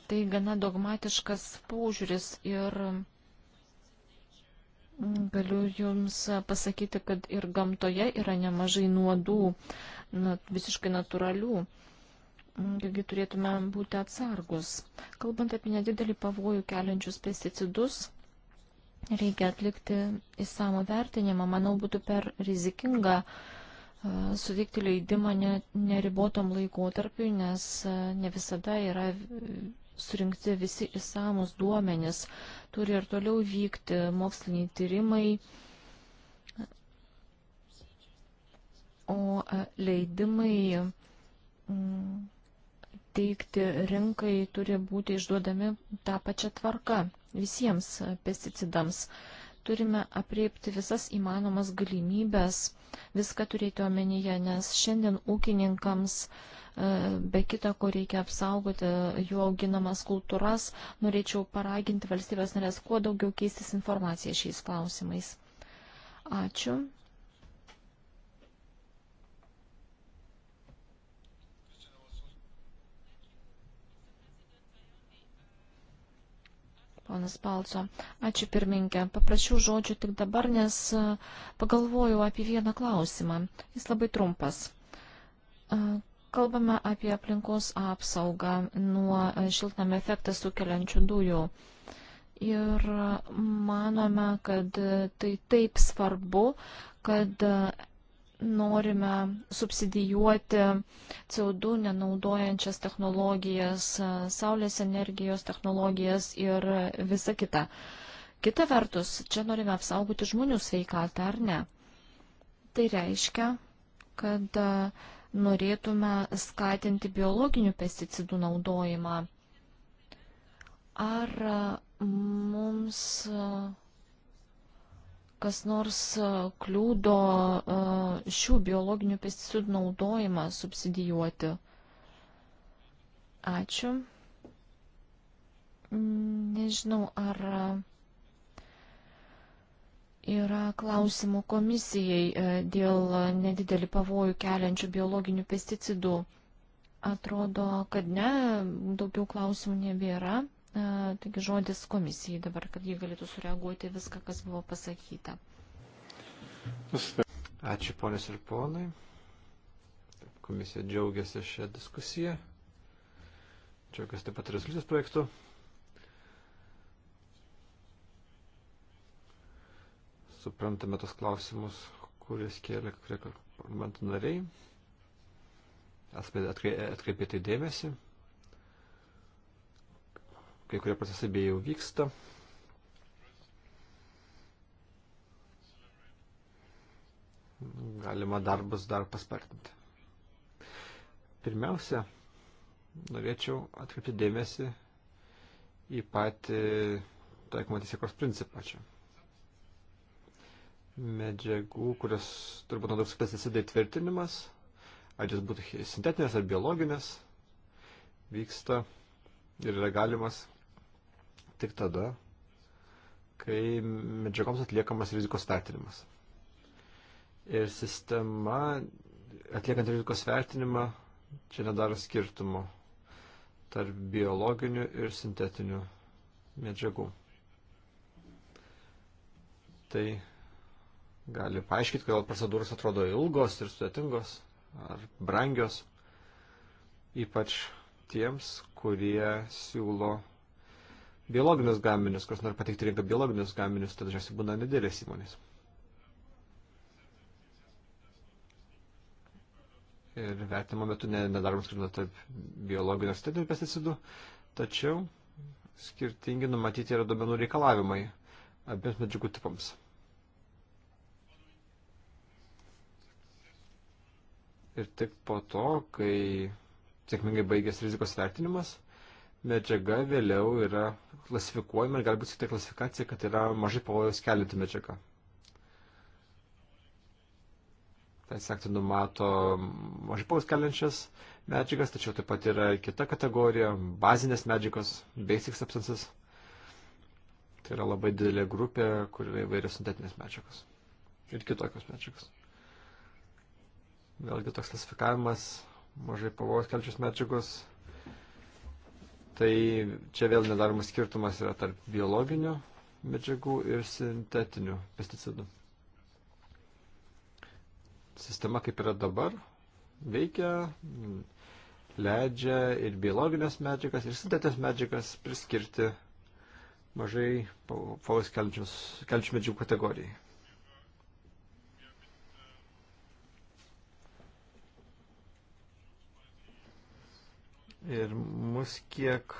Speaker 3: tai gana dogmatiškas paužiūris ir galiu Jums pasakyti, kad ir gamtoje yra nemažai nuodų, na, visiškai natūralių. Taigi turėtume būti atsargus. Kalbant apie nedidelį pavojų keliančius pesticidus, reikia atlikti įsamą vertinimą. Manau, būtų per rizikinga suteikti leidimą neribotam laikotarpiui, nes ne visada yra surinkti visi įsamus duomenis, turi ir toliau vykti moksliniai tyrimai, o e, leidimai mm, teikti rinkai turi būti išduodami tą pačią tvarką visiems pesticidams. Turime apriepti visas įmanomas galimybės, viską turėti omenyje, nes šiandien ūkininkams uh, E, be kita, ko reikia apsaugoti jų auginamas kultūras, norėčiau paraginti valstybės narės kuo daugiau keistis informaciją šiais klausimais. Ačiū. Ponas Palco, ačiū pirminkė. Paprašiau žodžių tik dabar, nes e, pagalvojau apie vieną klausimą. Jis labai trumpas. E, Kalbame apie aplinkos apsaugą nuo šiltnamio efektą sukeliančių dujų. Ir manome, kad tai taip svarbu, kad norime subsidijuoti CO2 nenaudojančias technologijas, saulės energijos technologijas ir visa kita. Kita vertus, čia norime apsaugoti žmonių sveikatą, ar ne? Tai reiškia, kad uh, norėtume skatinti biologinių pesticidų naudojimą. Ar mums kas nors kliūdo e, šių biologinių pesticidų naudojimą subsidijuoti. Ačiū. Nežinau, ar Yra klausimų komisijai e, dėl nedidelį pavojų keliančių biologinių pesticidų. Atrodo, kad ne, daugiau klausimų nebėra. E, taigi žodis komisijai dabar, kad jie galėtų sureaguoti viską, kas buvo pasakyta.
Speaker 1: Ačiū ponės ir ponai. Komisija džiaugiasi šią diskusiją. Džiaugiasi taip pat rezoliucijos projektu. suprantame tos klausimus, kurias kėlė kurie parlamento nariai. Esame atkreipė tai dėmesį. Kai kurie procesai bei jau vyksta. Galima darbus dar paspartinti. Pirmiausia, norėčiau atkreipti dėmesį į patį taikomą teisėkos principą čia medžiagų, kurias turbūt naudos pesticidai tvirtinimas, ar jis būtų sintetinės ar biologinės, vyksta ir yra galimas tik tada, kai medžiagoms atliekamas rizikos vertinimas. Ir sistema, atliekant rizikos vertinimą, čia nedaro skirtumo tarp biologinių ir sintetinių medžiagų. Tai gali paaiškinti, kodėl procedūros atrodo ilgos ir sudėtingos ar brangios, ypač tiems, kurie siūlo biologinius gaminius, kas nori pateikti rinką biologinius gaminius, tai dažniausiai būna nedėlės įmonės. Ir vertimo metu nedarbams skirtumą tarp biologinių ir statinių pesticidų, tačiau skirtingi numatyti yra duomenų reikalavimai abiems medžiagų tipams. ir tik po to, kai sėkmingai baigės rizikos vertinimas, medžiaga vėliau yra klasifikuojama ir galbūt tik tai klasifikacija, kad yra mažai pavojus kelinti medžiaga. Teisės aktai numato mažai pavojus keliančias medžiagas, tačiau taip pat yra kita kategorija - bazinės medžiagos, basic substances. Tai yra labai didelė grupė, kur yra įvairios sintetinės medžiagos ir kitokios medžiagos. Vėlgi toks klasifikavimas, mažai pavojus kelčius medžiagos. Tai čia vėl nedaromas skirtumas yra tarp biologinių medžiagų ir sintetinių pesticidų. Sistema kaip yra dabar veikia, leidžia ir biologinės medžiagas, ir sintetinės medžiagas priskirti mažai pavojus kelčių medžiagų kategorijai. Ir mus kiek,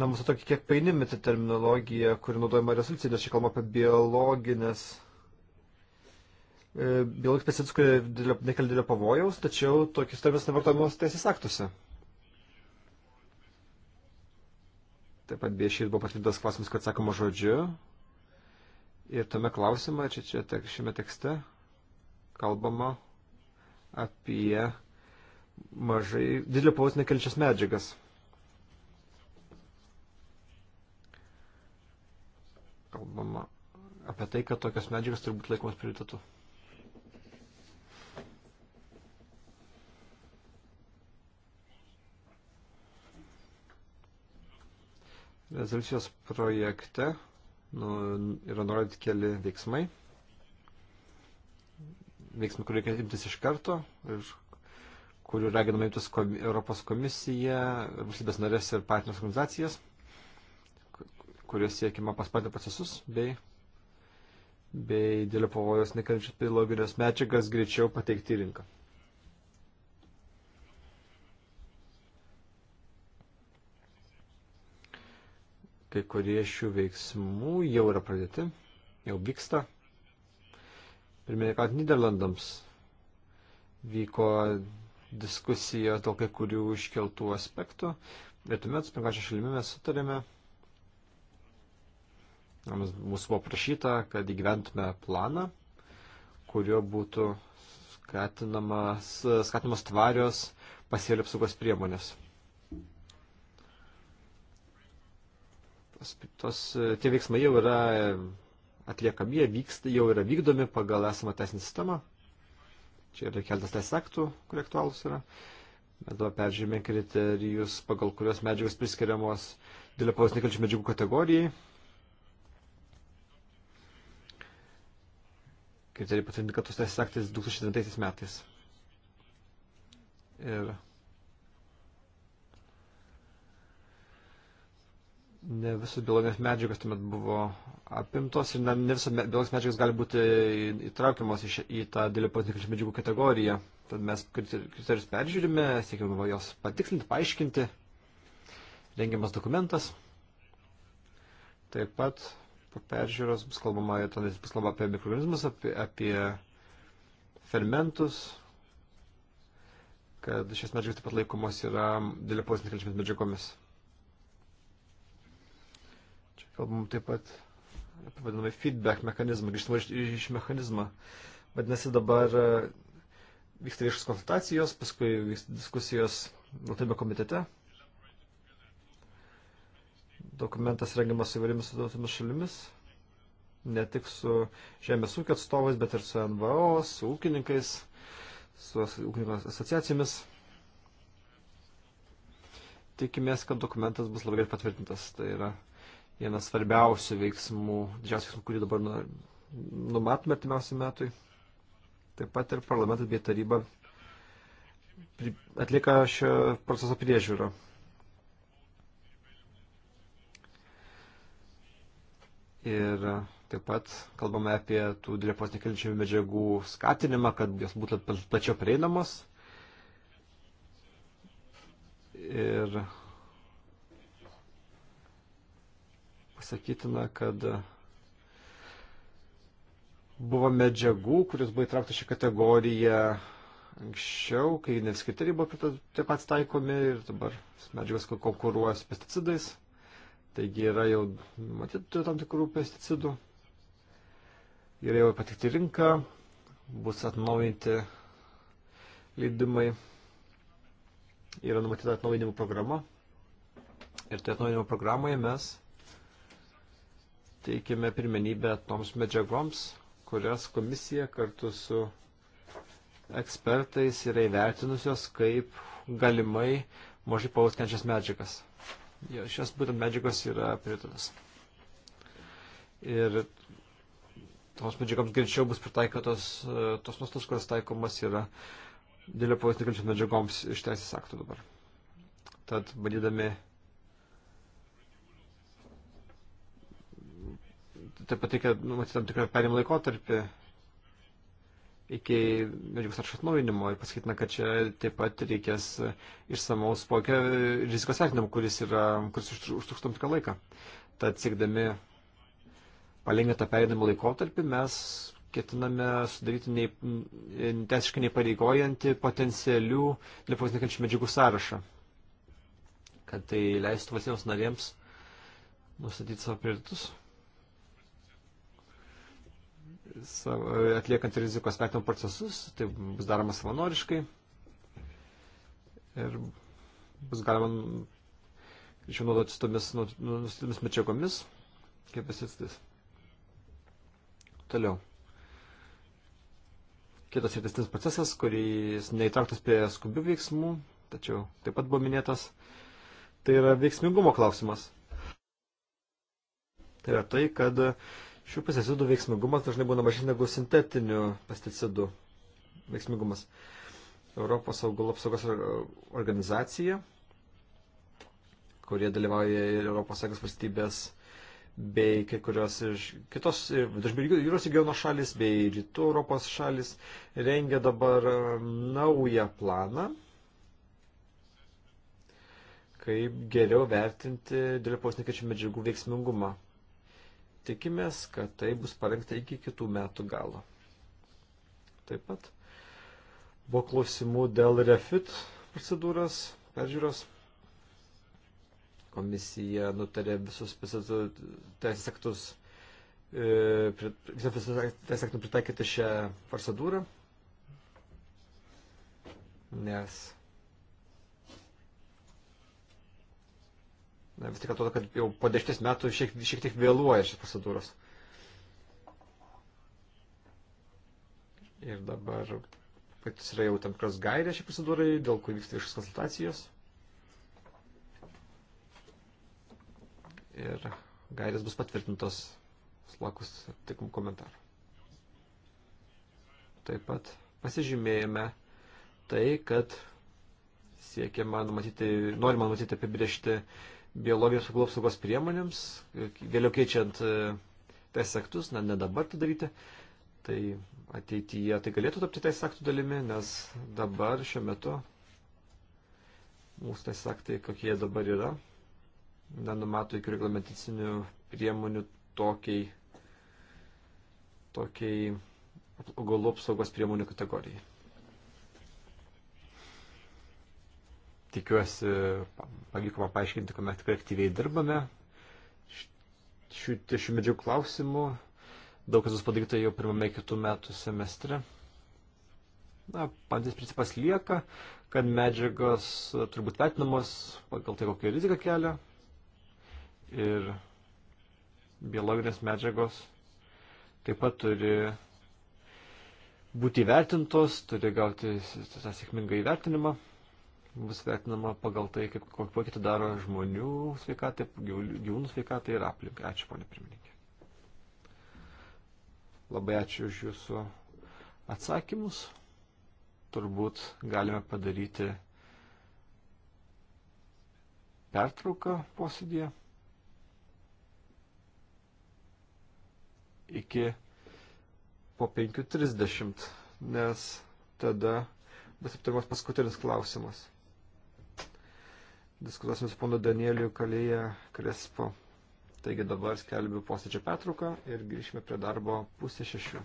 Speaker 1: na, mūsų tokia kiek painimi ta terminologija, kuri naudojama rezoliucija, nes čia kalbama apie biologinės, e, biologinės pesticidus, kurie nekelia didelio pavojaus, tačiau tokius terminus nevartojamos teisės aktuose. Taip pat biešiai buvo patvirtintas klausimas, kad sakoma žodžiu. Ir tame klausime, čia, čia šiame tekste kalbama apie mažai, didelio pavos nekeliančias medžiagas. Kalbama apie tai, kad tokios medžiagas turi būti laikomas prioritetu. Rezoliucijos projekte nu, yra nurodyti keli veiksmai. Veiksmai, kur reikia imtis iš karto ir kurių raginama imtis komi, Europos komisija, valstybės narės ir partnerių organizacijas, kurios siekima paspartinti procesus bei, bei dėlio pavojos nekeliančias biologinės medžiagas greičiau pateikti į rinką. Kai kurie šių veiksmų jau yra pradėti, jau vyksta. Pirmininkai, Niderlandams vyko diskusijas dėl kai kurių iškeltų aspektų. Ir tuomet su penkačia šalimi mes sutarėme. Mūsų buvo prašyta, kad įgyventume planą, kurio būtų skatinamas, skatinamas tvarios pasėlio apsaugos priemonės. Tos, tos, tie veiksmai jau yra atliekami, jie vyksta, jau yra vykdomi pagal esamą teisinį sistemą. Čia yra keltas teisės aktų, kurie aktualūs yra. Mes dabar peržiūrime kriterijus, pagal kurios medžiagos priskiriamos dėl pavos nekalčių medžiagų kategorijai. Kriterijai patvirtinti, kad tos teisės aktais 2009 metais. Ir ne visos biologinės medžiagos tuomet buvo apimtos ir ne, ne visos biologinės medžiagos gali būti įtraukiamos į, į tą dėlį patinkančių medžiagų kategoriją. Tad mes kriterijus peržiūrime, siekime jos patikslinti, paaiškinti. Rengiamas dokumentas. Taip pat po peržiūros bus kalbama, bus kalbama apie mikroorganizmus, apie, apie fermentus, kad šias medžiagas taip pat laikomos yra dėlį patinkančiamis medžiagomis. Kalbam taip pat apie vadinamą feedback mechanizmą, grįžtamą iš, iš mechanizmą. Vadinasi, dabar e, vyksta viešas konsultacijos, paskui vyksta diskusijos nuotame komitete. Dokumentas rengiamas su įvairiomis sudotomis šalimis, ne tik su žemės ūkio atstovais, bet ir su NVO, su ūkininkais, su ūkininkų asociacijomis. Tikimės, kad dokumentas bus labai patvirtintas. Tai yra vienas svarbiausių veiksmų, didžiausių veiksmų, kurį dabar nu, numatome artimiausiam metui. Taip pat ir parlamentas bei taryba atlieka šio proceso priežiūrą. Ir taip pat kalbame apie tų drėpos nekelčių medžiagų skatinimą, kad jos būtų plačiau prieinamos. Ir pasakytina, kad buvo medžiagų, kuris buvo įtraukta šią kategoriją anksčiau, kai nes kriterijai buvo taip pat taikomi ir dabar medžiagos konkuruoja su pesticidais. Taigi yra jau, matyt, tam tikrų pesticidų. Yra jau patikti rinka, bus atnaujinti leidimai. Yra numatyta atnaujinimo programa. Ir tai atnaujinimo programoje mes teikėme pirmenybę toms medžiagoms, kurias komisija kartu su ekspertais yra įvertinusios kaip galimai mažai pavaskenčias medžiagas. Ja, šias būtent medžiagos yra pritartas. Ir toms medžiagoms greičiau bus pritaikytos e, tos nuostos, kurios taikomas yra dėlio pavaskenčių medžiagoms iš teisės aktų dabar. Tad bandydami taip pat reikia numatyti tam tikrą perim laikotarpį iki medžiagos taršos atnaujinimo ir pasakytina, kad čia taip pat reikės išsamaus poveikio rizikos vertinimo, kuris, yra, kuris užtruks tam tikrą laiką. Tad siekdami palengvintą pereinamą laikotarpį mes ketiname sudaryti nei, teisiškai nepareigojantį potencialių liepos nekančių medžiagų sąrašą, kad tai leistų valstybėms narėms nustatyti savo prioritus atliekant rizikos vertinimo procesus, tai bus daroma savanoriškai ir bus galima greičiau naudotis tomis, nu, nu, tomis medžiagomis, kaip besitstis. Toliau. Kitas rytesnis procesas, kuris neįtrauktas prie skubių veiksmų, tačiau taip pat buvo minėtas, tai yra veiksmingumo klausimas. Tai yra tai, kad Šių pesticidų veiksmingumas dažnai būna mažesnis negu sintetinių pesticidų veiksmingumas. Europos augalų apsaugos organizacija, kurie dalyvauja ir Europos Sąjungos valstybės bei kai kurios iš kitos jūros regiono šalis bei rytų Europos šalis rengia dabar um, naują planą, kaip geriau vertinti dėlio pausnikėčių medžiagų veiksmingumą. Tikimės, kad tai bus parengta iki kitų metų galo. Taip pat buvo klausimų dėl refit procedūros, peržiūros. Komisija nutarė visus teisės aktus e, teisės aktų pritaikyti šią procedūrą, nes Na, vis tik atrodo, kad jau po dešimties metų šiek, šiek tiek vėluoja šis procedūros. Ir dabar patys yra jau tam tikras gairė šiai procedūrai, dėl kur vyksta viešas konsultacijos. Ir gairės bus patvirtintos slakus tik komentarų. Taip pat pasižymėjome tai, kad siekiama numatyti, norima numatyti apibriežti biologijos apsaugos priemonėms, vėliau keičiant e, teisės aktus, na, ne dabar tai daryti, tai ateityje tai galėtų tapti teisės aktų dalimi, nes dabar šiuo metu mūsų teisės aktai, kokie jie dabar yra, nenumato jokių reglamenticinių priemonių tokiai, tokiai augalų apsaugos priemonių kategorijai. tikiuosi, pavyko man paaiškinti, kuomet tikrai aktyviai dirbame šių, šių medžių klausimų. Daug kas bus padaryta jau pirmame kitų metų semestre. Na, patys principas lieka, kad medžiagos turbūt vertinamos pagal tai, kokią riziką kelia. Ir biologinės medžiagos taip pat turi būti įvertintos, turi gauti tą sėkmingą įvertinimą bus vertinama pagal tai, kaip kokį pokytį daro žmonių sveikatai, gyvūnų sveikatai ir aplinkai. Ačiū, ponė pirmininkė. Labai ačiū už jūsų atsakymus. Turbūt galime padaryti pertrauką posėdėje. Iki po 5.30, nes tada bus aptarimas paskutinis klausimas diskutuosime su ponu Danieliu Kalėje Krespo. Taigi dabar skelbiu posėdžio petruką ir grįšime prie darbo pusė šešių.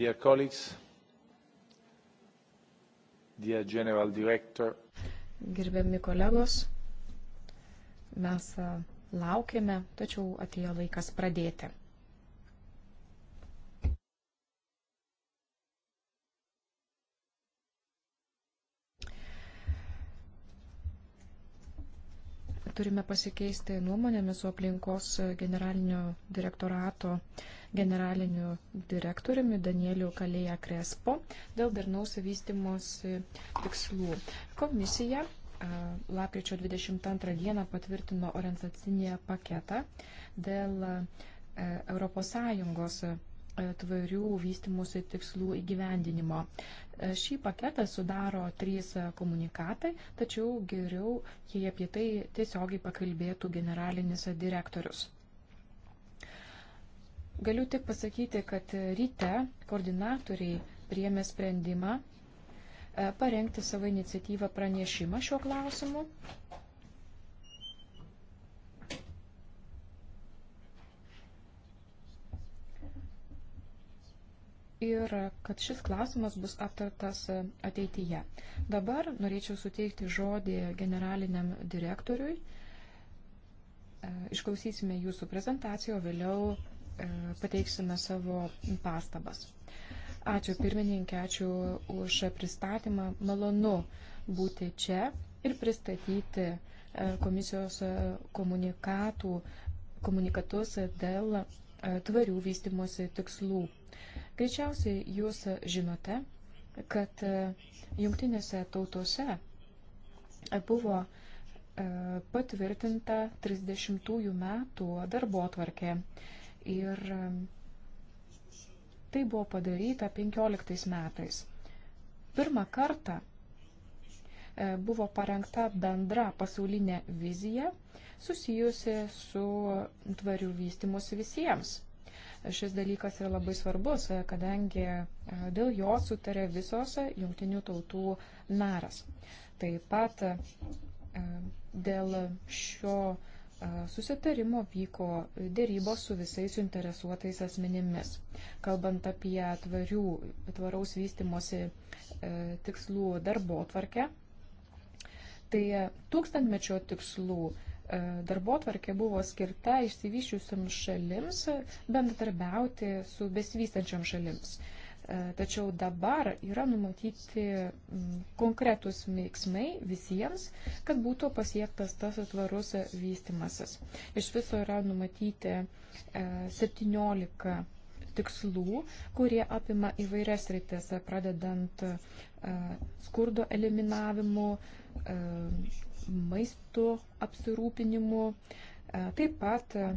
Speaker 4: Dear colleagues, dear General Director.
Speaker 2: Gerbiami kolegos, mes laukiame, tačiau atėjo laikas pradėti. turime pasikeisti nuomonėmis su aplinkos generalinio direktorato generaliniu direktoriumi Danieliu Kalėja Krespo dėl darnaus vystimosi tikslų. Komisija lapkričio 22 dieną patvirtino orientacinį paketą dėl ES tvarių vystimusi tikslų įgyvendinimo. E, šį paketą sudaro trys komunikatai, tačiau geriau, jei apie tai tiesiogiai pakalbėtų generalinis direktorius. Galiu tik pasakyti, kad ryte koordinatoriai priėmė sprendimą e, parengti savo iniciatyvą pranešimą šiuo klausimu ir kad šis klausimas bus aptartas ateityje. Dabar norėčiau suteikti žodį generaliniam direktoriui. Išklausysime jūsų prezentaciją, o vėliau e, pateiksime savo pastabas. Ačiū pirmininkė, ačiū už pristatymą. Malonu būti čia ir pristatyti e, komisijos e, komunikatų, komunikatus dėl tvarių vystimosi tikslų Greičiausiai jūs žinote, kad e, jungtinėse tautose buvo e, patvirtinta 30-ųjų metų darbo tvarkė. Ir e, tai buvo padaryta 15 metais. Pirmą kartą buvo parengta bendra pasaulinė vizija susijusi su tvariu vystimus visiems. Šis dalykas yra labai svarbus, e, kadangi e, dėl jo sutarė visos e, jungtinių tautų naras. Taip pat dėl šio susitarimo vyko dėrybos su visais suinteresuotais asmenimis. Kalbant apie tvarių, tvaraus vystimosi tikslų darbo tvarkę, tai tūkstantmečio tikslų E, darbo tvarkė buvo skirta išsivyščiusiams šalims bendradarbiauti su besivystančiam šalims. E, tačiau dabar yra numatyti konkretus veiksmai visiems, kad būtų pasiektas tas tvarus vystimasis. Iš viso yra numatyti 17 e, tikslų, kurie apima įvairias rytis, pradedant skurdo eliminavimu, maisto apsirūpinimu. E, taip pat e,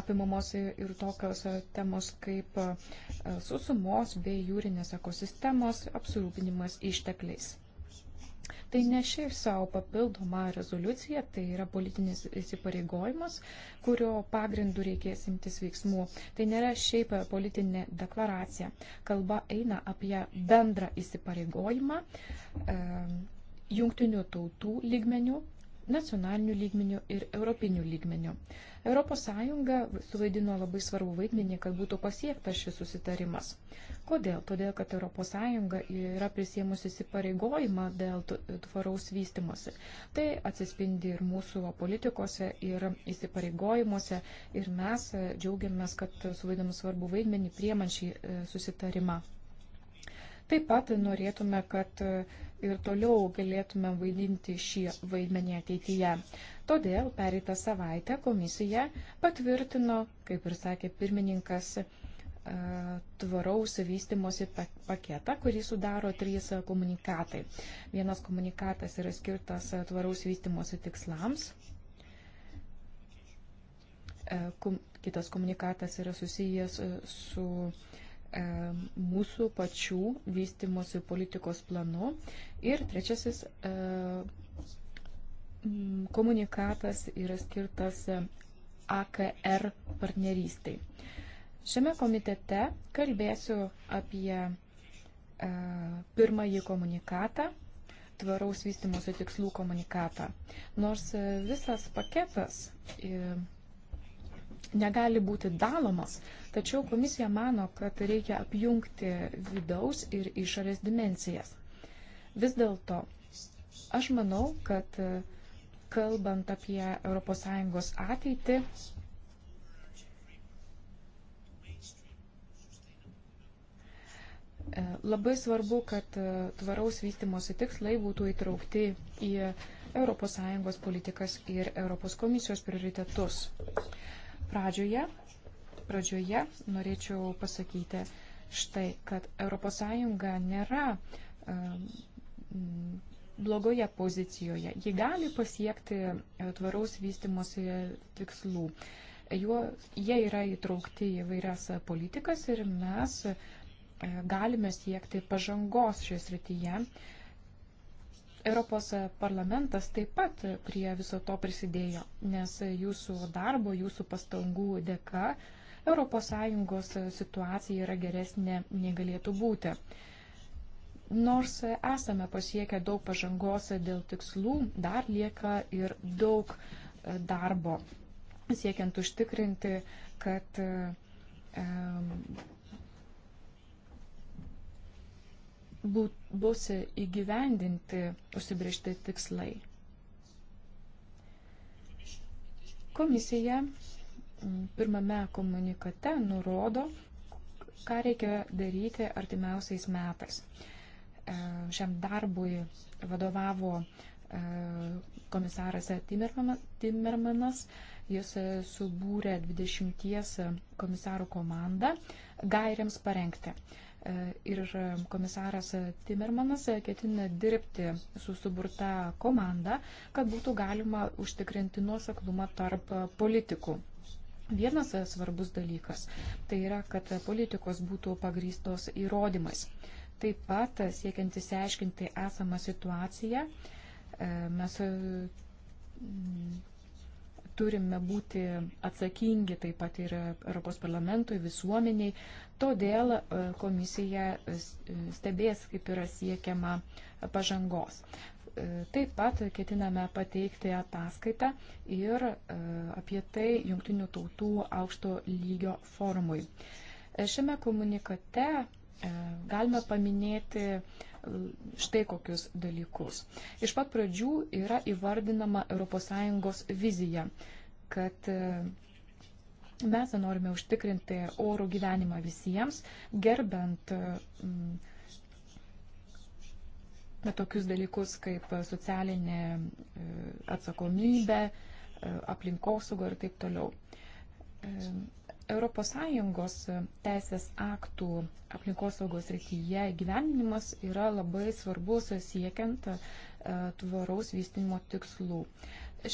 Speaker 2: apimamos ir tokios temos kaip e, susumos bei jūrinės ekosistemos apsirūpinimas ištekliais. Tai ne šiaip savo papildoma rezoliucija, tai yra politinis įsipareigojimas, kurio pagrindu reikės imtis veiksmų. Tai nėra šiaip politinė deklaracija. Kalba eina apie bendrą įsipareigojimą. E, jungtinių tautų lygmenių, nacionalinių lygmenių ir europinių lygmenių. ES suvaidino labai svarbu vaidmenį, kad būtų pasiektas šis susitarimas. Kodėl? Todėl, kad ES yra prisėmusi įsipareigojimą dėl tvaraus vystimosi. Tai atsispindi ir mūsų politikose, ir įsipareigojimuose, ir mes džiaugiamės, kad suvaidom svarbu vaidmenį priemant šį e, susitarimą. Taip pat norėtume, kad ir toliau galėtume vaidinti šį vaidmenį ateityje. Todėl pereitą savaitę komisija patvirtino, kaip ir sakė pirmininkas, e, tvaraus vystimosi paketą, kurį sudaro trys komunikatai. Vienas komunikatas yra skirtas tvaraus vystimosi tikslams, e, kitas komunikatas yra susijęs e, su E, mūsų pačių vystimosi politikos planu. Ir trečiasis e, komunikatas yra skirtas AKR partnerystai. Šiame komitete kalbėsiu apie e, pirmąjį komunikatą tvaraus vystimosi tikslų komunikatą. Nors visas paketas negali būti dalomas, tačiau komisija mano, kad reikia apjungti vidaus ir išorės dimencijas. Vis dėlto, aš manau, kad e, kalbant apie ES ateitį, e, labai svarbu, kad e, tvaraus vystimosi tikslai būtų įtraukti į ES politikas ir ES komisijos prioritetus. Pradžioje, pradžioje norėčiau pasakyti štai, kad ES nėra blogoje pozicijoje. Ji gali pasiekti e, tvaraus vystimosi tikslų. Juo, jie yra įtraukti į vairias politikas ir mes e, galime siekti pažangos šioje srityje. Europos parlamentas taip pat prie viso to prisidėjo, nes jūsų darbo, jūsų pastangų dėka ES situacija yra geresnė nei galėtų būti. Nors esame pasiekę daug pažangos dėl tikslų, dar lieka ir daug darbo, siekiant užtikrinti, kad bus įgyvendinti užsibriežti tikslai. Komisija mm, pirmame komunikate nurodo, ką reikia daryti artimiausiais metais. E, šiam darbui vadovavo e, komisaras Timermanas, jis e, subūrė 20 komisarų komandą gairiams parengti ir komisaras Timermanas ketina dirbti su suburta komanda, kad būtų galima užtikrinti nuoseklumą tarp politikų. Vienas svarbus dalykas tai yra, kad politikos būtų pagrystos įrodymais. Taip pat, siekiant įsiaiškinti esamą situaciją, mes turime būti atsakingi taip pat ir Europos parlamentui, visuomeniai. Todėl e, komisija stebės, kaip yra siekiama pažangos. E, taip pat ketiname pateikti ataskaitą ir e, apie tai Junktinių tautų aukšto lygio forumui. Šiame komunikate galime paminėti štai kokius dalykus. Iš pat pradžių yra įvardinama ES vizija, kad e, mes norime užtikrinti orų gyvenimą visiems, gerbent e, na, tokius dalykus kaip socialinė e, atsakomybė, aplinkosauga ir taip toliau. ES teisės aktų aplinkosaugos rytyje gyvenimas yra labai svarbus siekiant e, tvaraus vystinimo tikslų.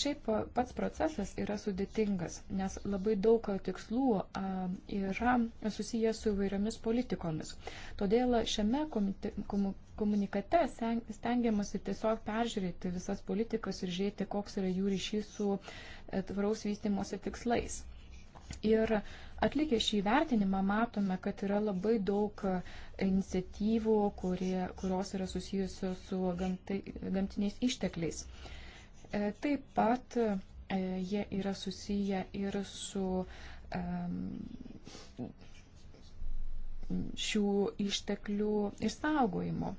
Speaker 2: Šiaip pats procesas yra sudėtingas, nes labai daug tikslų yra susijęs su įvairiomis politikomis. Todėl šiame komunikate stengiamasi tiesiog peržiūrėti visas politikas ir žiūrėti, koks yra jų ryšys su e, tvaraus vystimosi tikslais. Ir uh, Atlikę šį vertinimą matome, kad yra labai daug e, iniciatyvų, kurie, kurios yra susijusios su gamtai, gamtiniais ištekliais. E, taip pat e, jie yra susiję ir su šių išteklių išsaugojimu.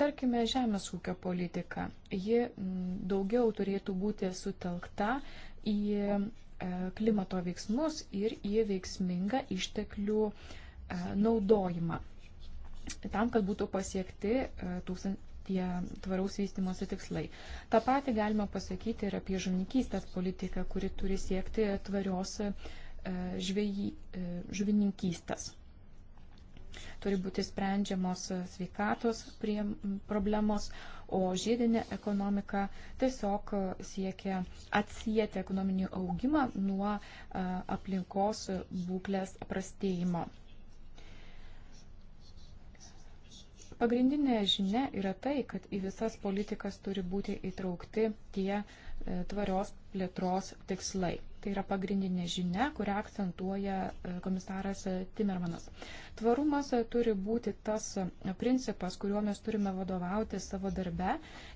Speaker 2: Tarkime, žemės ūkio politika. Ji daugiau turėtų būti sutelkta į E, klimato veiksmus ir į veiksmingą išteklių e, naudojimą. Tam, kad būtų pasiekti e, tie tvaraus vystimosi tikslai. Ta pati galima pasakyti ir apie žuvininkystės politiką, kuri turi siekti tvarios žvėjį, žuvininkystės. Turi būti sprendžiamos sveikatos prie, problemos, o žiedinė ekonomika tiesiog e, siekia atsijėti ekonominį augimą nuo e, aplinkos būklės prastėjimo. Pagrindinė žinia yra tai, kad į visas politikas turi būti įtraukti tie e, tvarios plėtros tikslai. Tai yra pagrindinė žinia, kurią akcentuoja e, komisaras e, Timermanas. Tvarumas e, turi būti tas principas, kuriuo mes turime vadovauti savo darbe,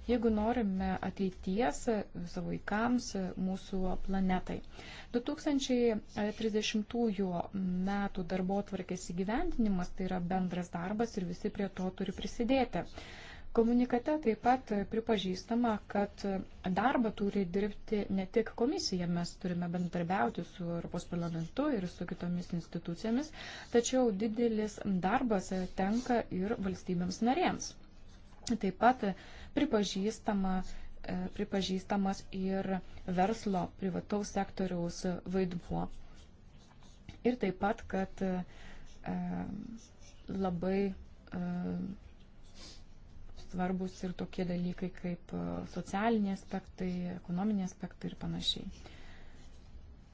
Speaker 2: jeigu norime ateities savo vaikams, mūsų planetai. 2030 metų darbo tvarkės įgyvendinimas tai yra bendras darbas ir visi prie to turi prisidėti. Komunikate taip pat pripažįstama, kad darbą turi dirbti ne tik komisija, mes turime bendarbiauti su Europos parlamentu ir su kitomis institucijomis, tačiau didelis darbas tenka ir valstybėms narėms. Taip pat pripažįstama, e, pripažįstamas ir verslo privataus sektoriaus vaidmuo. Ir taip pat, kad e, labai e, svarbus ir tokie dalykai kaip e, socialiniai aspektai, ekonominiai aspektai ir panašiai.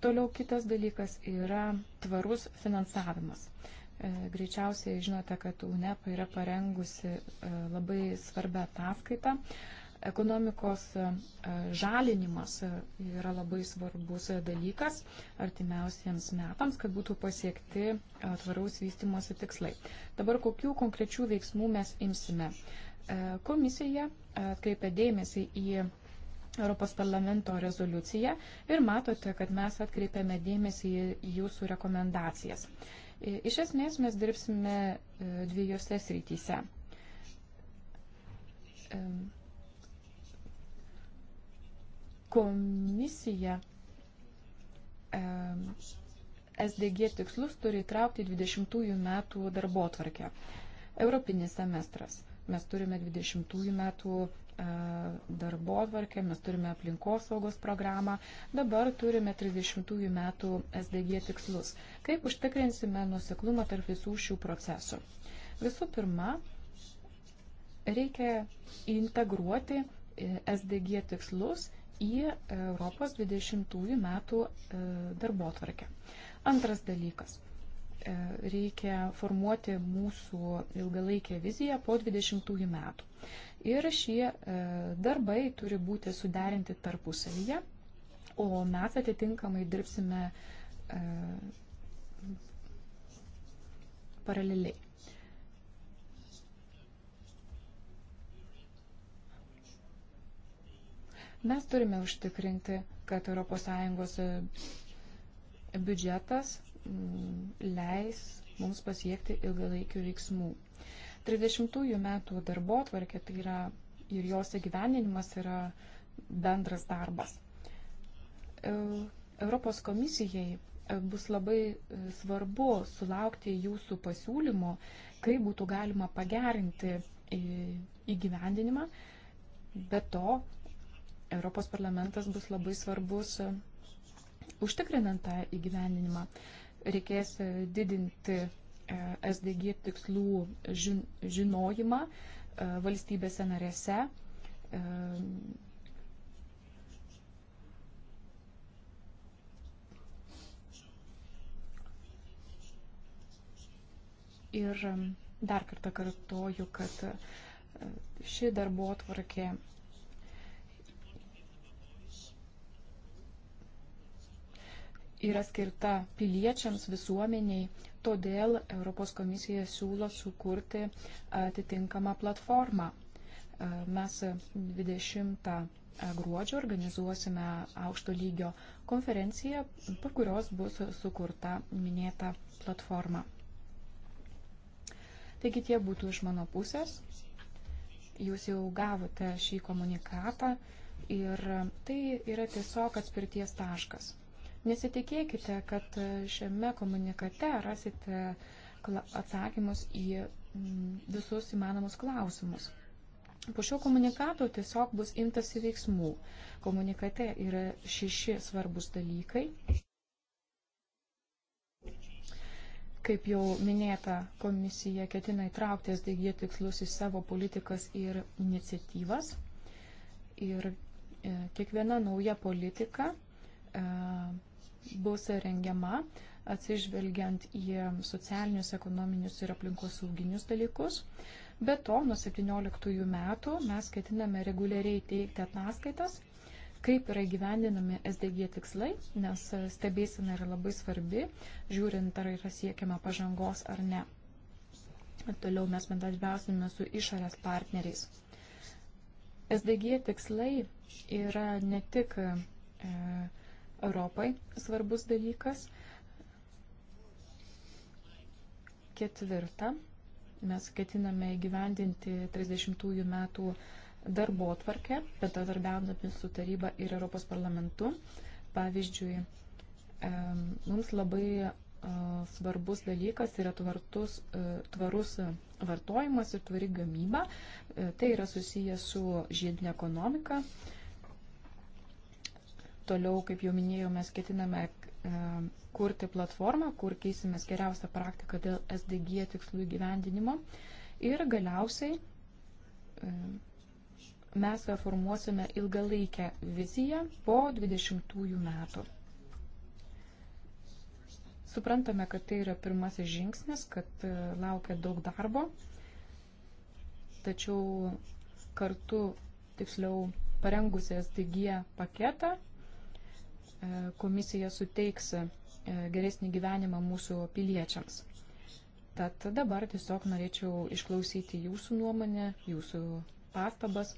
Speaker 2: Toliau kitas dalykas yra tvarus finansavimas. E, greičiausiai žinote, kad UNEP yra parengusi e, labai svarbę ataskaitą. Ekonomikos žalinimas yra labai svarbus dalykas artimiausiems metams, kad būtų pasiekti tvaraus vystimosi tikslai. Dabar kokių konkrečių veiksmų mes imsime? E, komisija atkreipia dėmesį į Europos parlamento rezoliuciją ir matote, kad mes atkreipiame dėmesį į jūsų rekomendacijas. E, iš esmės mes dirbsime e, dviejose srityse. Komisija SDG tikslus turi įtraukti 20 metų darbo tvarkę. Europinis semestras. Mes turime 20 metų e, darbo atvarkę, mes turime aplinkosaugos programą, dabar turime 30 metų SDG tikslus. Kaip užtikrinsime nuseklumą tarp visų šių procesų? Visų pirma, reikia integruoti e, SDG tikslus į Europos 20 metų e, darbo atvarkę. Antras dalykas E, reikia formuoti mūsų ilgalaikę viziją po 20 metų. Ir šie e, darbai turi būti suderinti tarpusavyje, o mes atitinkamai dirbsime e, paraleliai. Mes turime užtikrinti, kad ES biudžetas Mm, leis mums pasiekti ilgalaikių veiksmų. 30-ųjų metų darbo tvarkė tai yra ir jos įgyveninimas yra bendras darbas. E, Europos komisijai e, bus labai e, svarbu sulaukti jūsų pasiūlymo, kaip būtų galima pagerinti įgyvendinimą. Be to, Europos parlamentas bus labai svarbus užtikrinant tą įgyvendinimą reikės e, didinti e, SDG tikslų žinojimą e, valstybėse narėse. Ir dar kartą kartuoju, kad ši darbo atvarkė yra skirta piliečiams, visuomeniai, todėl Europos komisija siūlo sukurti atitinkamą platformą. E, mes 20 gruodžio organizuosime aukšto lygio konferenciją, po kurios bus sukurta minėta platforma. Taigi tie būtų iš mano pusės. Jūs jau gavote šį komunikatą ir tai yra tiesiog atspirties taškas. Nesitikėkite, kad šiame komunikate rasite atsakymus į mm, visus įmanomus klausimus. Po šio komunikato tiesiog bus imtasi veiksmų. Komunikate yra šeši svarbus dalykai. Kaip jau minėta, komisija ketina įtraukti SDG tikslus į savo politikas ir iniciatyvas. Ir e, kiekviena nauja politika e, bus rengiama atsižvelgiant į socialinius, ekonominius ir aplinkos sauginius dalykus. Be to, nuo 17 metų mes ketiname reguliariai teikti ataskaitas, kaip yra gyvendinami SDG tikslai, nes stebėsina yra labai svarbi, žiūrint, ar yra siekiama pažangos ar ne. Toliau mes bendradarbiausime su išorės partneriais. SDG tikslai yra ne tik e, Europai svarbus dalykas. Ketvirta, mes ketiname įgyvendinti 30-ųjų metų darbo tvarkę, bendradarbiaudami su taryba ir Europos parlamentu. Pavyzdžiui, mums labai svarbus dalykas yra tvartus, e, tvarus vartojimas ir tvari gamyba. E, tai yra susijęs su žiedinė ekonomika. Toliau, kaip jau minėjau, mes ketiname e, kurti platformą, kur keisimės geriausią praktiką dėl SDG tikslų įgyvendinimo. Ir galiausiai e, mes formuosime ilgalaikę viziją po 20 metų. Suprantame, kad tai yra pirmasis žingsnis, kad e, laukia daug darbo, tačiau kartu, tiksliau, parengusi SDG paketą E, komisija suteiks e, geresnį gyvenimą mūsų piliečiams. Tad dabar tiesiog norėčiau išklausyti jūsų nuomonę, jūsų pastabas.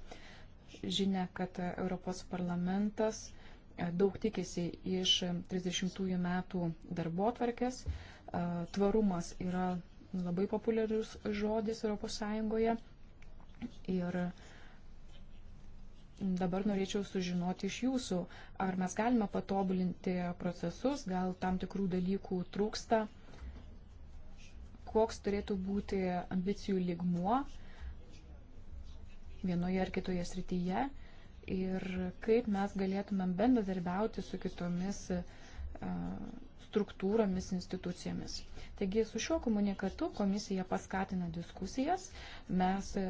Speaker 2: Žinia, kad Europos parlamentas e, daug tikisi iš 30-ųjų metų darbo atvarkės. Tvarumas yra labai populiarius žodis Europos Sąjungoje. Ir uh, Dabar norėčiau sužinoti iš jūsų, ar mes galime patobulinti procesus, gal tam tikrų dalykų trūksta, koks turėtų būti ambicijų ligmuo vienoje ar kitoje srityje ir kaip mes galėtumėm bendradarbiauti su kitomis uh, struktūromis, institucijomis. Taigi su šiuo komunikatu komisija paskatina diskusijas, mes e,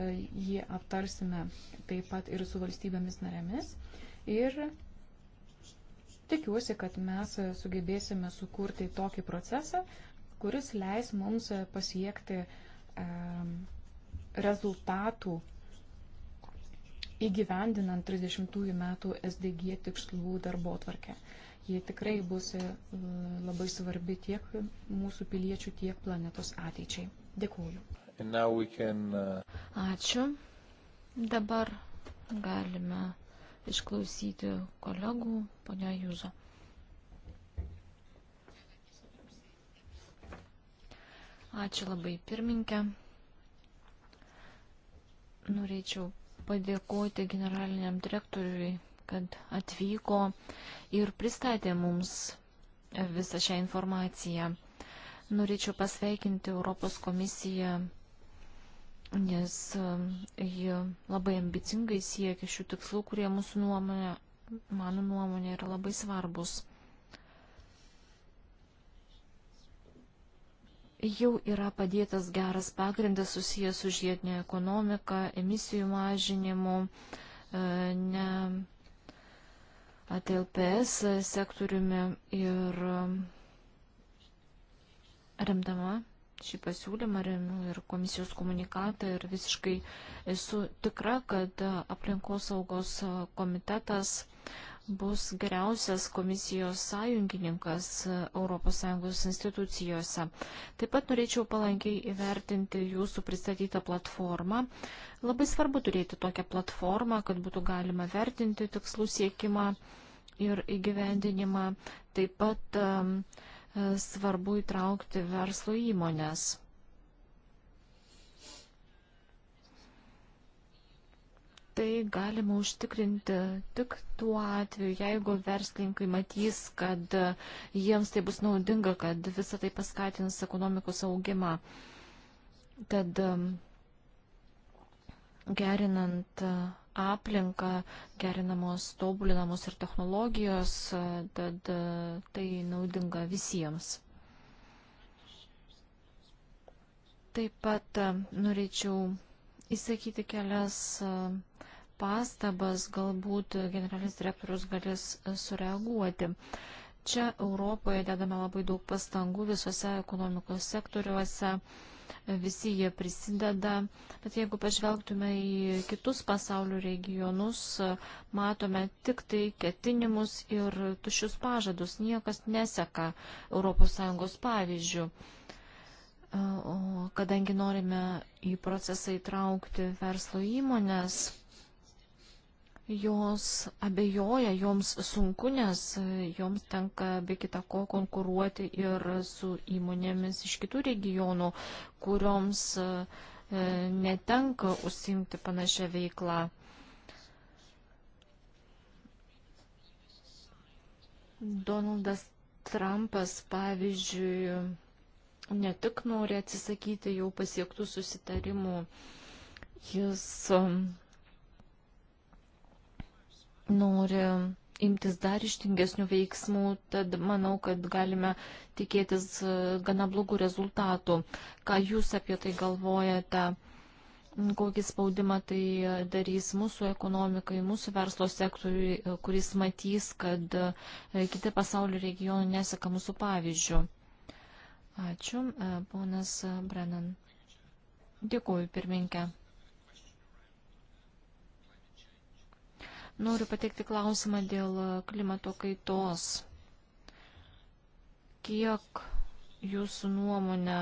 Speaker 2: jį aptarsime taip pat ir su valstybėmis narėmis ir tikiuosi, kad mes e, sugebėsime sukurti tokį procesą, kuris leis mums e, pasiekti rezultatų įgyvendinant 30 metų SDG tikslų darbo tvarkę ji tikrai bus e, labai svarbi tiek mūsų piliečių, tiek planetos ateičiai. Dėkuoju.
Speaker 5: Can, uh...
Speaker 3: Ačiū. Dabar galime išklausyti kolegų, ponia Jūzo. Ačiū labai pirminkę. Norėčiau padėkoti generaliniam direktoriui kad atvyko ir pristatė mums visą šią informaciją. Norėčiau pasveikinti Europos komisiją, nes um, ji labai ambicingai siekia šių tikslų, kurie mūsų nuomonė, mano nuomonė, yra labai svarbus. Jau yra padėtas geras pagrindas susijęs su žiedinė ekonomika, emisijų mažinimu, e, ne TLPS sektoriumi ir um, remdama šį pasiūlymą, remiu ir komisijos komunikatą ir visiškai esu tikra, kad uh, aplinkosaugos uh, komitetas bus geriausias komisijos sąjungininkas ES institucijose. Taip pat norėčiau palankiai įvertinti jūsų pristatytą platformą. Labai svarbu turėti tokią platformą, kad būtų galima vertinti tikslų siekimą ir įgyvendinimą. Taip pat um, svarbu įtraukti verslo įmonės. tai galima užtikrinti tik tuo atveju, jeigu verslininkai matys, kad jiems tai bus naudinga, kad visą tai paskatins ekonomikos augimą. Tad um, gerinant aplinką, gerinamos, tobulinamos ir technologijos, tad uh, tai naudinga visiems. Taip pat uh, norėčiau įsakyti kelias uh, pastabas galbūt generalinis direktorius galės sureaguoti. Čia Europoje dedame labai daug pastangų visose ekonomikos sektoriuose, visi jie prisideda, bet jeigu pažvelgtume į kitus pasaulio regionus, matome tik tai ketinimus ir tušius pažadus, niekas neseka ES pavyzdžių. O kadangi norime į procesą įtraukti verslo įmonės, jos abejoja, joms sunku, nes e, joms tenka be kita ko konkuruoti ir su įmonėmis iš kitų regionų, kurioms e, e, netenka užsimti panašią veiklą. Donaldas Trumpas, pavyzdžiui, ne tik nori atsisakyti jau pasiektų susitarimų, jis nori imtis dar ištingesnių veiksmų, tad manau, kad galime tikėtis e, gana blogų rezultatų. Ką Jūs apie tai galvojate? Kokį spaudimą tai darys mūsų ekonomikai, mūsų verslo sektoriui, e, kuris matys, kad e, kiti pasaulio regionai neseka mūsų pavyzdžių. Ačiū, ponas Brennan. Dėkuoju, pirminkė. Noriu pateikti klausimą dėl e, klimato kaitos. Kiek jūsų nuomonė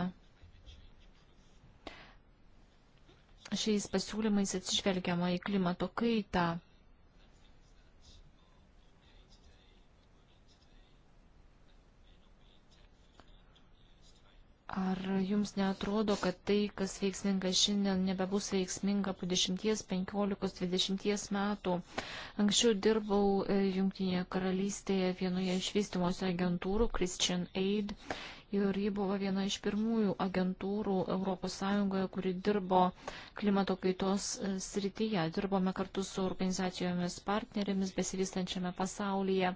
Speaker 3: šiais pasiūlymais atsižvelgiama į klimato kaitą? Ar jums netrodo, kad tai, kas veiksminga šiandien, nebebus veiksminga po 10, 15, 20 metų? Anksčiau dirbau e, Junktinėje karalystėje vienoje iš vystimosi agentūrų, Christian Aid, ir ji buvo viena iš pirmųjų agentūrų ES, kuri dirbo klimato kaitos e, srityje. Dirbome kartu su organizacijomis partnerėmis besivystančiame pasaulyje.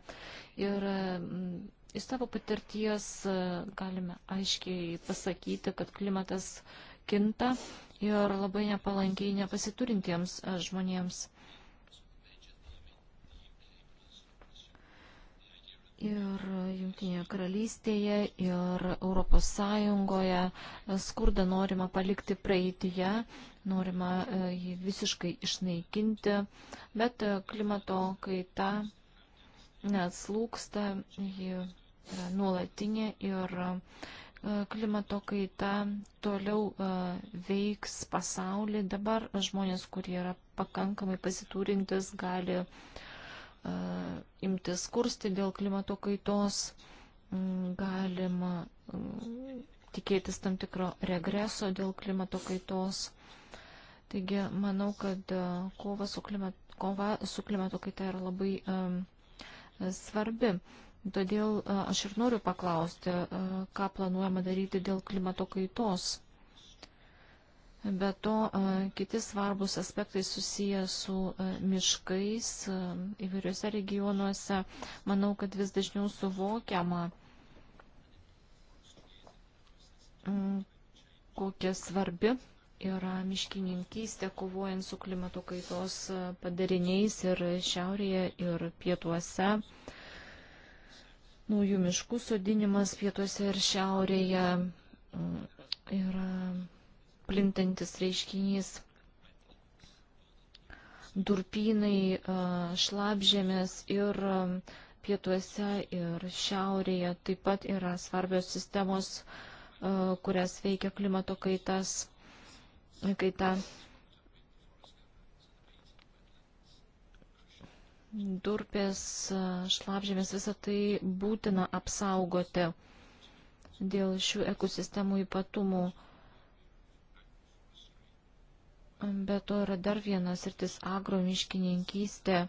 Speaker 3: Ir, mm, Iš savo patirties e, galime aiškiai pasakyti, kad klimatas kinta ir labai nepalankiai nepasiturintiems e, žmonėms. Ir Junktinėje karalystėje, ir Europos Sąjungoje e, skurdą norima palikti praeitie, norima jį visiškai išnaikinti, bet klimato kaita neatslūksta, ji nuolatinė ir e, klimato kaita toliau e, veiks pasaulį. Dabar žmonės, kurie yra pakankamai pasitūrintis, gali e, imtis kursti dėl klimato kaitos, mm, galima mm, tikėtis tam tikro regreso dėl klimato kaitos. Taigi, manau, kad kova su klimato, kova su klimato kaita yra labai um, svarbi. Uh, Todėl aš ir noriu paklausti, ką planuojama daryti dėl klimato kaitos. Be to, kiti svarbus aspektai susiję su miškais įvairiuose regionuose, manau, kad vis dažniau suvokiama, kokia svarbi yra miškininkystė, kovojant su klimato kaitos padariniais ir šiaurėje, ir pietuose naujų miškų sodinimas pietuose ir šiaurėje mm, yra plintantis reiškinys. Durpynai, šlapžėmės ir pietuose ir šiaurėje taip pat yra svarbios sistemos, kurias veikia klimato kaitas, kaita. durpės, šlapžėmės, visą tai būtina apsaugoti dėl šių ekosistemų ypatumų. Be to yra dar vienas rytis agromiškininkystė.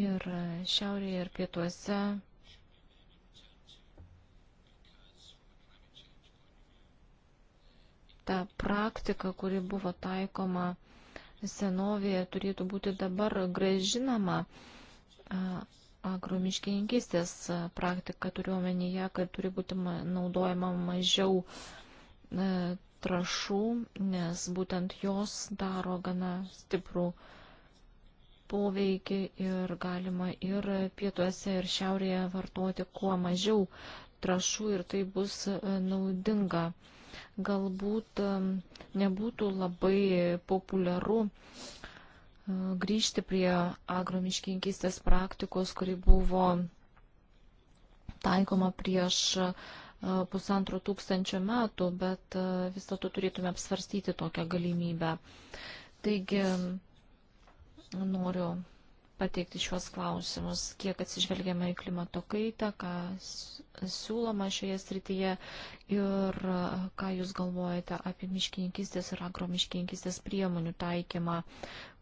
Speaker 3: Ir šiaurėje ir pietuose ta praktika, kuri buvo taikoma senovėje turėtų būti dabar gražinama agromiškininkistės praktika turiuomenyje, kad turi būti naudojama mažiau trašų, nes būtent jos daro gana stiprų poveikį ir galima ir pietuose, ir šiaurėje vartoti kuo mažiau trašų ir tai bus naudinga. Uh, galbūt nebūtų labai populiaru e, grįžti prie agromiškinkystės praktikos, kuri buvo taikoma prieš e, pusantro tūkstančio metų, bet e, vis dėlto turėtume apsvarstyti tokią galimybę. Taigi noriu pateikti šiuos klausimus, kiek atsižvelgiama į klimato kaitą, ką siūloma šioje srityje ir ką jūs galvojate apie miškininkistės ir agromiškininkistės priemonių taikymą,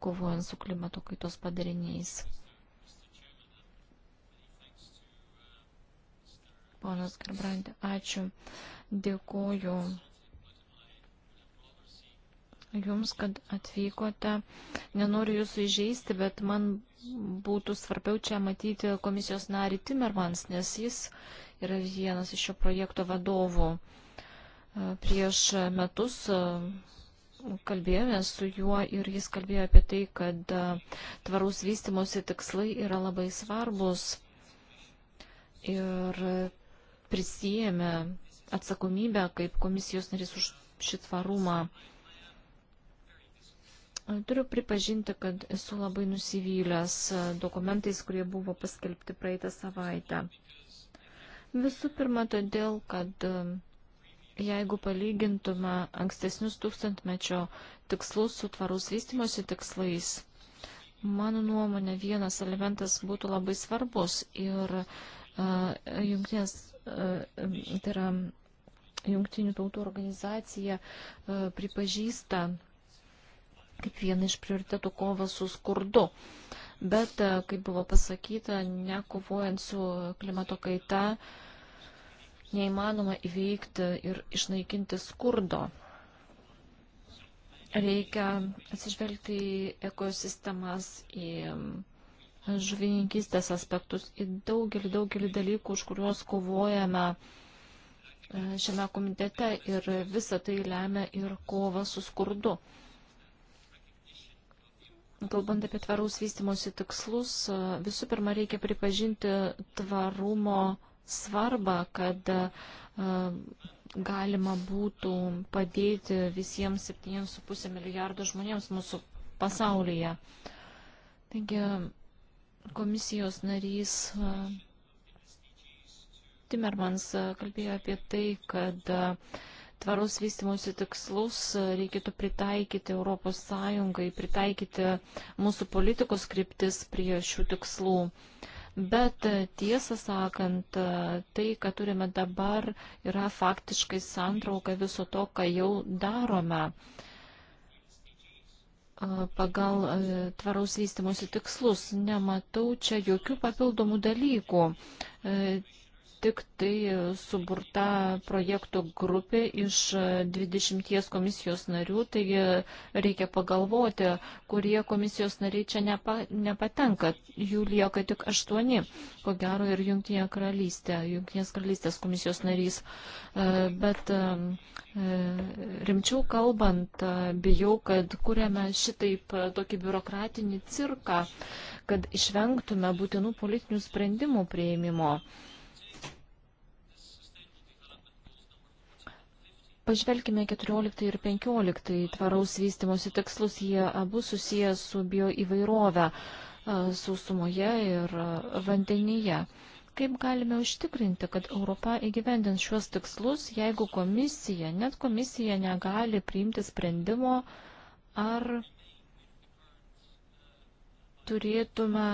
Speaker 3: kovojant su klimato kaitos padariniais. Ponas Garbrandė, ačiū. Dėkuoju Jums, kad atvykote. Nenoriu Jūsų įžeisti, bet man būtų svarbiau čia matyti komisijos narį Timmermans, nes jis yra vienas iš šio projekto vadovų. E, prieš metus e, kalbėjome su juo ir jis kalbėjo apie tai, kad e, tvaraus vystimosi tikslai yra labai svarbus ir prisijėmė atsakomybę kaip komisijos narys už šitvarumą. tvarumą Turiu pripažinti, kad esu labai nusivylęs e, dokumentais, kurie buvo paskelbti praeitą savaitę. Visų pirma, todėl, kad e, jeigu palygintume ankstesnius tūkstantmečio tikslus su tvarus vystimosi tikslais, mano nuomonė vienas elementas būtų labai svarbus ir uh, jungtinės, uh, tai yra jungtinių tautų organizacija uh, pripažįsta kaip vieną iš prioritetų kovą su skurdu. Bet, e, kaip buvo pasakyta, nekovojant su klimato kaita, neįmanoma įveikti ir išnaikinti skurdo. Reikia atsižvelgti į ekosistemas, į žuvininkystės aspektus, į daugelį, daugelį dalykų, už kuriuos kovojame e, šiame komitete ir visą tai lemia ir kova su skurdu. Kalbant apie tvaraus vystimosi tikslus, visų pirma reikia pripažinti tvarumo svarbą, kad e, galima būtų padėti visiems 7,5 milijardo žmonėms mūsų pasaulyje. Taigi komisijos narys e, Timermans kalbėjo apie tai, kad tvaros vystimosi tikslus reikėtų pritaikyti ES, pritaikyti mūsų politikos kryptis prie šių tikslų. Bet tiesą sakant, tai, ką turime dabar, yra faktiškai santrauka viso to, ką jau darome pagal e, tvaraus vystimosi tikslus. Nematau čia jokių papildomų dalykų. E, tik tai suburta projektų grupė iš 20 komisijos narių, taigi reikia pagalvoti, kurie komisijos nariai čia nepa, nepatenka. Jų lieka tik aštuoni, ko gero ir Junktinė karalystė, Junktinės karalystės komisijos narys. E, bet e, rimčiau kalbant, e, bijau, kad kuriame šitaip tokį biurokratinį cirką, kad išvengtume būtinų politinių sprendimų prieimimo. Pažvelkime 14 ir 15 tvaraus vystimosi tikslus, jie abu susiję su bioįvairove sausumoje ir vandenyje. Kaip galime užtikrinti, kad Europa įgyvendins šiuos tikslus, jeigu komisija, net komisija negali priimti sprendimo, ar turėtume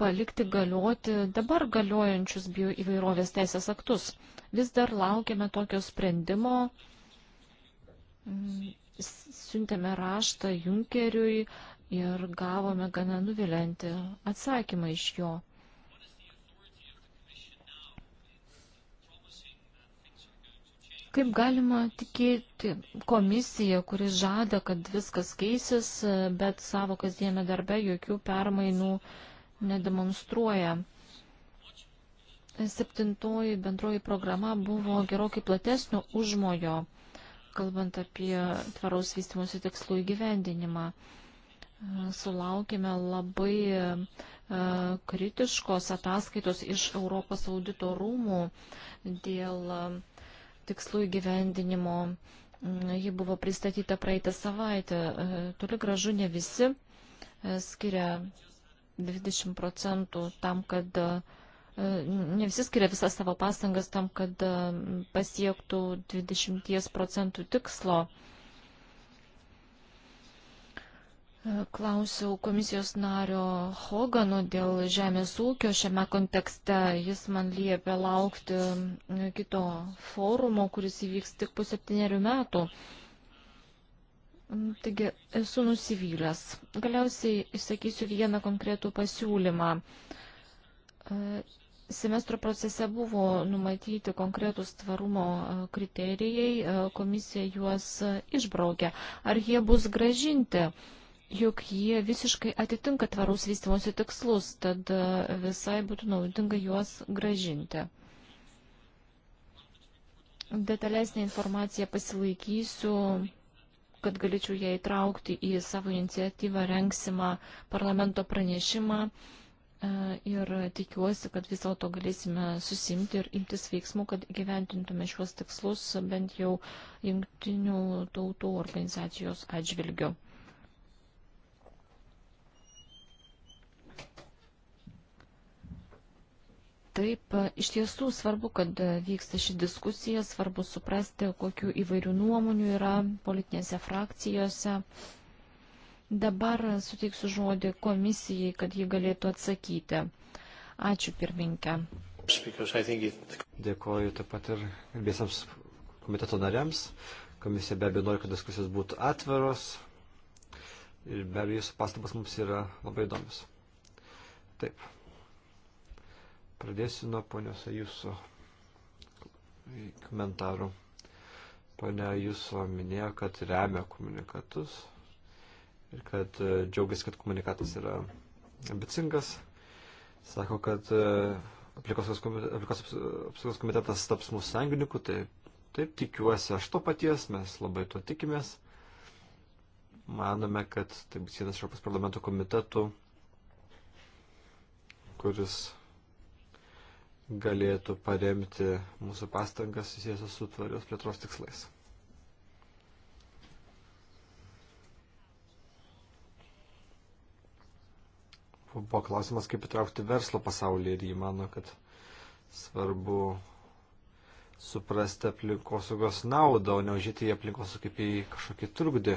Speaker 3: palikti galioti dabar galiojančius bioįvairovės teisės aktus. Vis dar laukiame tokio sprendimo. Mm, siuntėme raštą Junkeriui ir gavome gana nuvilenti atsakymą iš jo. Kaip galima tikėti komisiją, kuris žada, kad viskas keisis, bet savo kasdienio darbe jokių permainų uh, nedemonstruoja. Septintoji bendroji programa buvo gerokai platesnio užmojo, kalbant apie tvaraus vystimosi tikslų įgyvendinimą. Sulaukime labai e, kritiškos ataskaitos iš Europos audito rūmų dėl e, tikslų įgyvendinimo. Mm, ji buvo pristatyta praeitą savaitę. E, toli gražu ne visi skiria 20 procentų tam, kad e, ne visi skiria visas savo pastangas tam, kad e, pasiektų 20 procentų tikslo. E, klausiau komisijos nario Hogano dėl žemės ūkio šiame kontekste. Jis man liepia laukti kito forumo, kuris įvyks tik po septyniarių metų. Mm, taigi esu nusivylęs. Galiausiai išsakysiu vieną konkretų pasiūlymą. E, semestro procese buvo numatyti konkretus tvarumo e, kriterijai, e, komisija juos išbraukė. Ar jie bus gražinti? Juk jie visiškai atitinka tvaraus vystimosi tikslus, tad visai būtų naudinga juos gražinti. Detalesnė informacija pasilaikysiu kad galėčiau ją įtraukti į savo iniciatyvą rengsimą parlamento pranešimą e, ir tikiuosi, kad vis dėlto galėsime susimti ir imtis veiksmų, kad gyventintume šiuos tikslus bent jau jungtinių tautų organizacijos atžvilgiu. Taip, iš tiesų svarbu, kad vyksta ši diskusija, svarbu suprasti, kokiu įvairių nuomonių yra politinėse frakcijose. Dabar suteiksiu žodį komisijai, kad ji galėtų atsakyti. Ačiū pirminkė.
Speaker 1: Dėkoju taip pat ir visiems komiteto nariams. Komisija be abejo nori, kad diskusijos būtų atviros. Ir be abejo, jūsų pastabas mums yra labai įdomios. Taip. Pradėsiu nuo ponios Ajuso komentarų. Pane Ajuso minėjo, kad remia komunikatus ir kad e, džiaugiasi, kad komunikatas yra ambicingas. Sako, kad e, aplikos apsaugos komitetas taps mūsų sąjungininku, tai taip tikiuosi aš to paties, mes labai to tikimės. Manome, kad tai bus vienas Europos parlamento komitetų, kuris galėtų paremti mūsų pastangas susijęs su tvarios plėtros tikslais. Buvo klausimas, kaip įtraukti verslo pasaulį ir jį mano, kad svarbu suprasti aplinkosaugos naudą, o neužėti į aplinkosaugą kaip į kažkokį trukdį.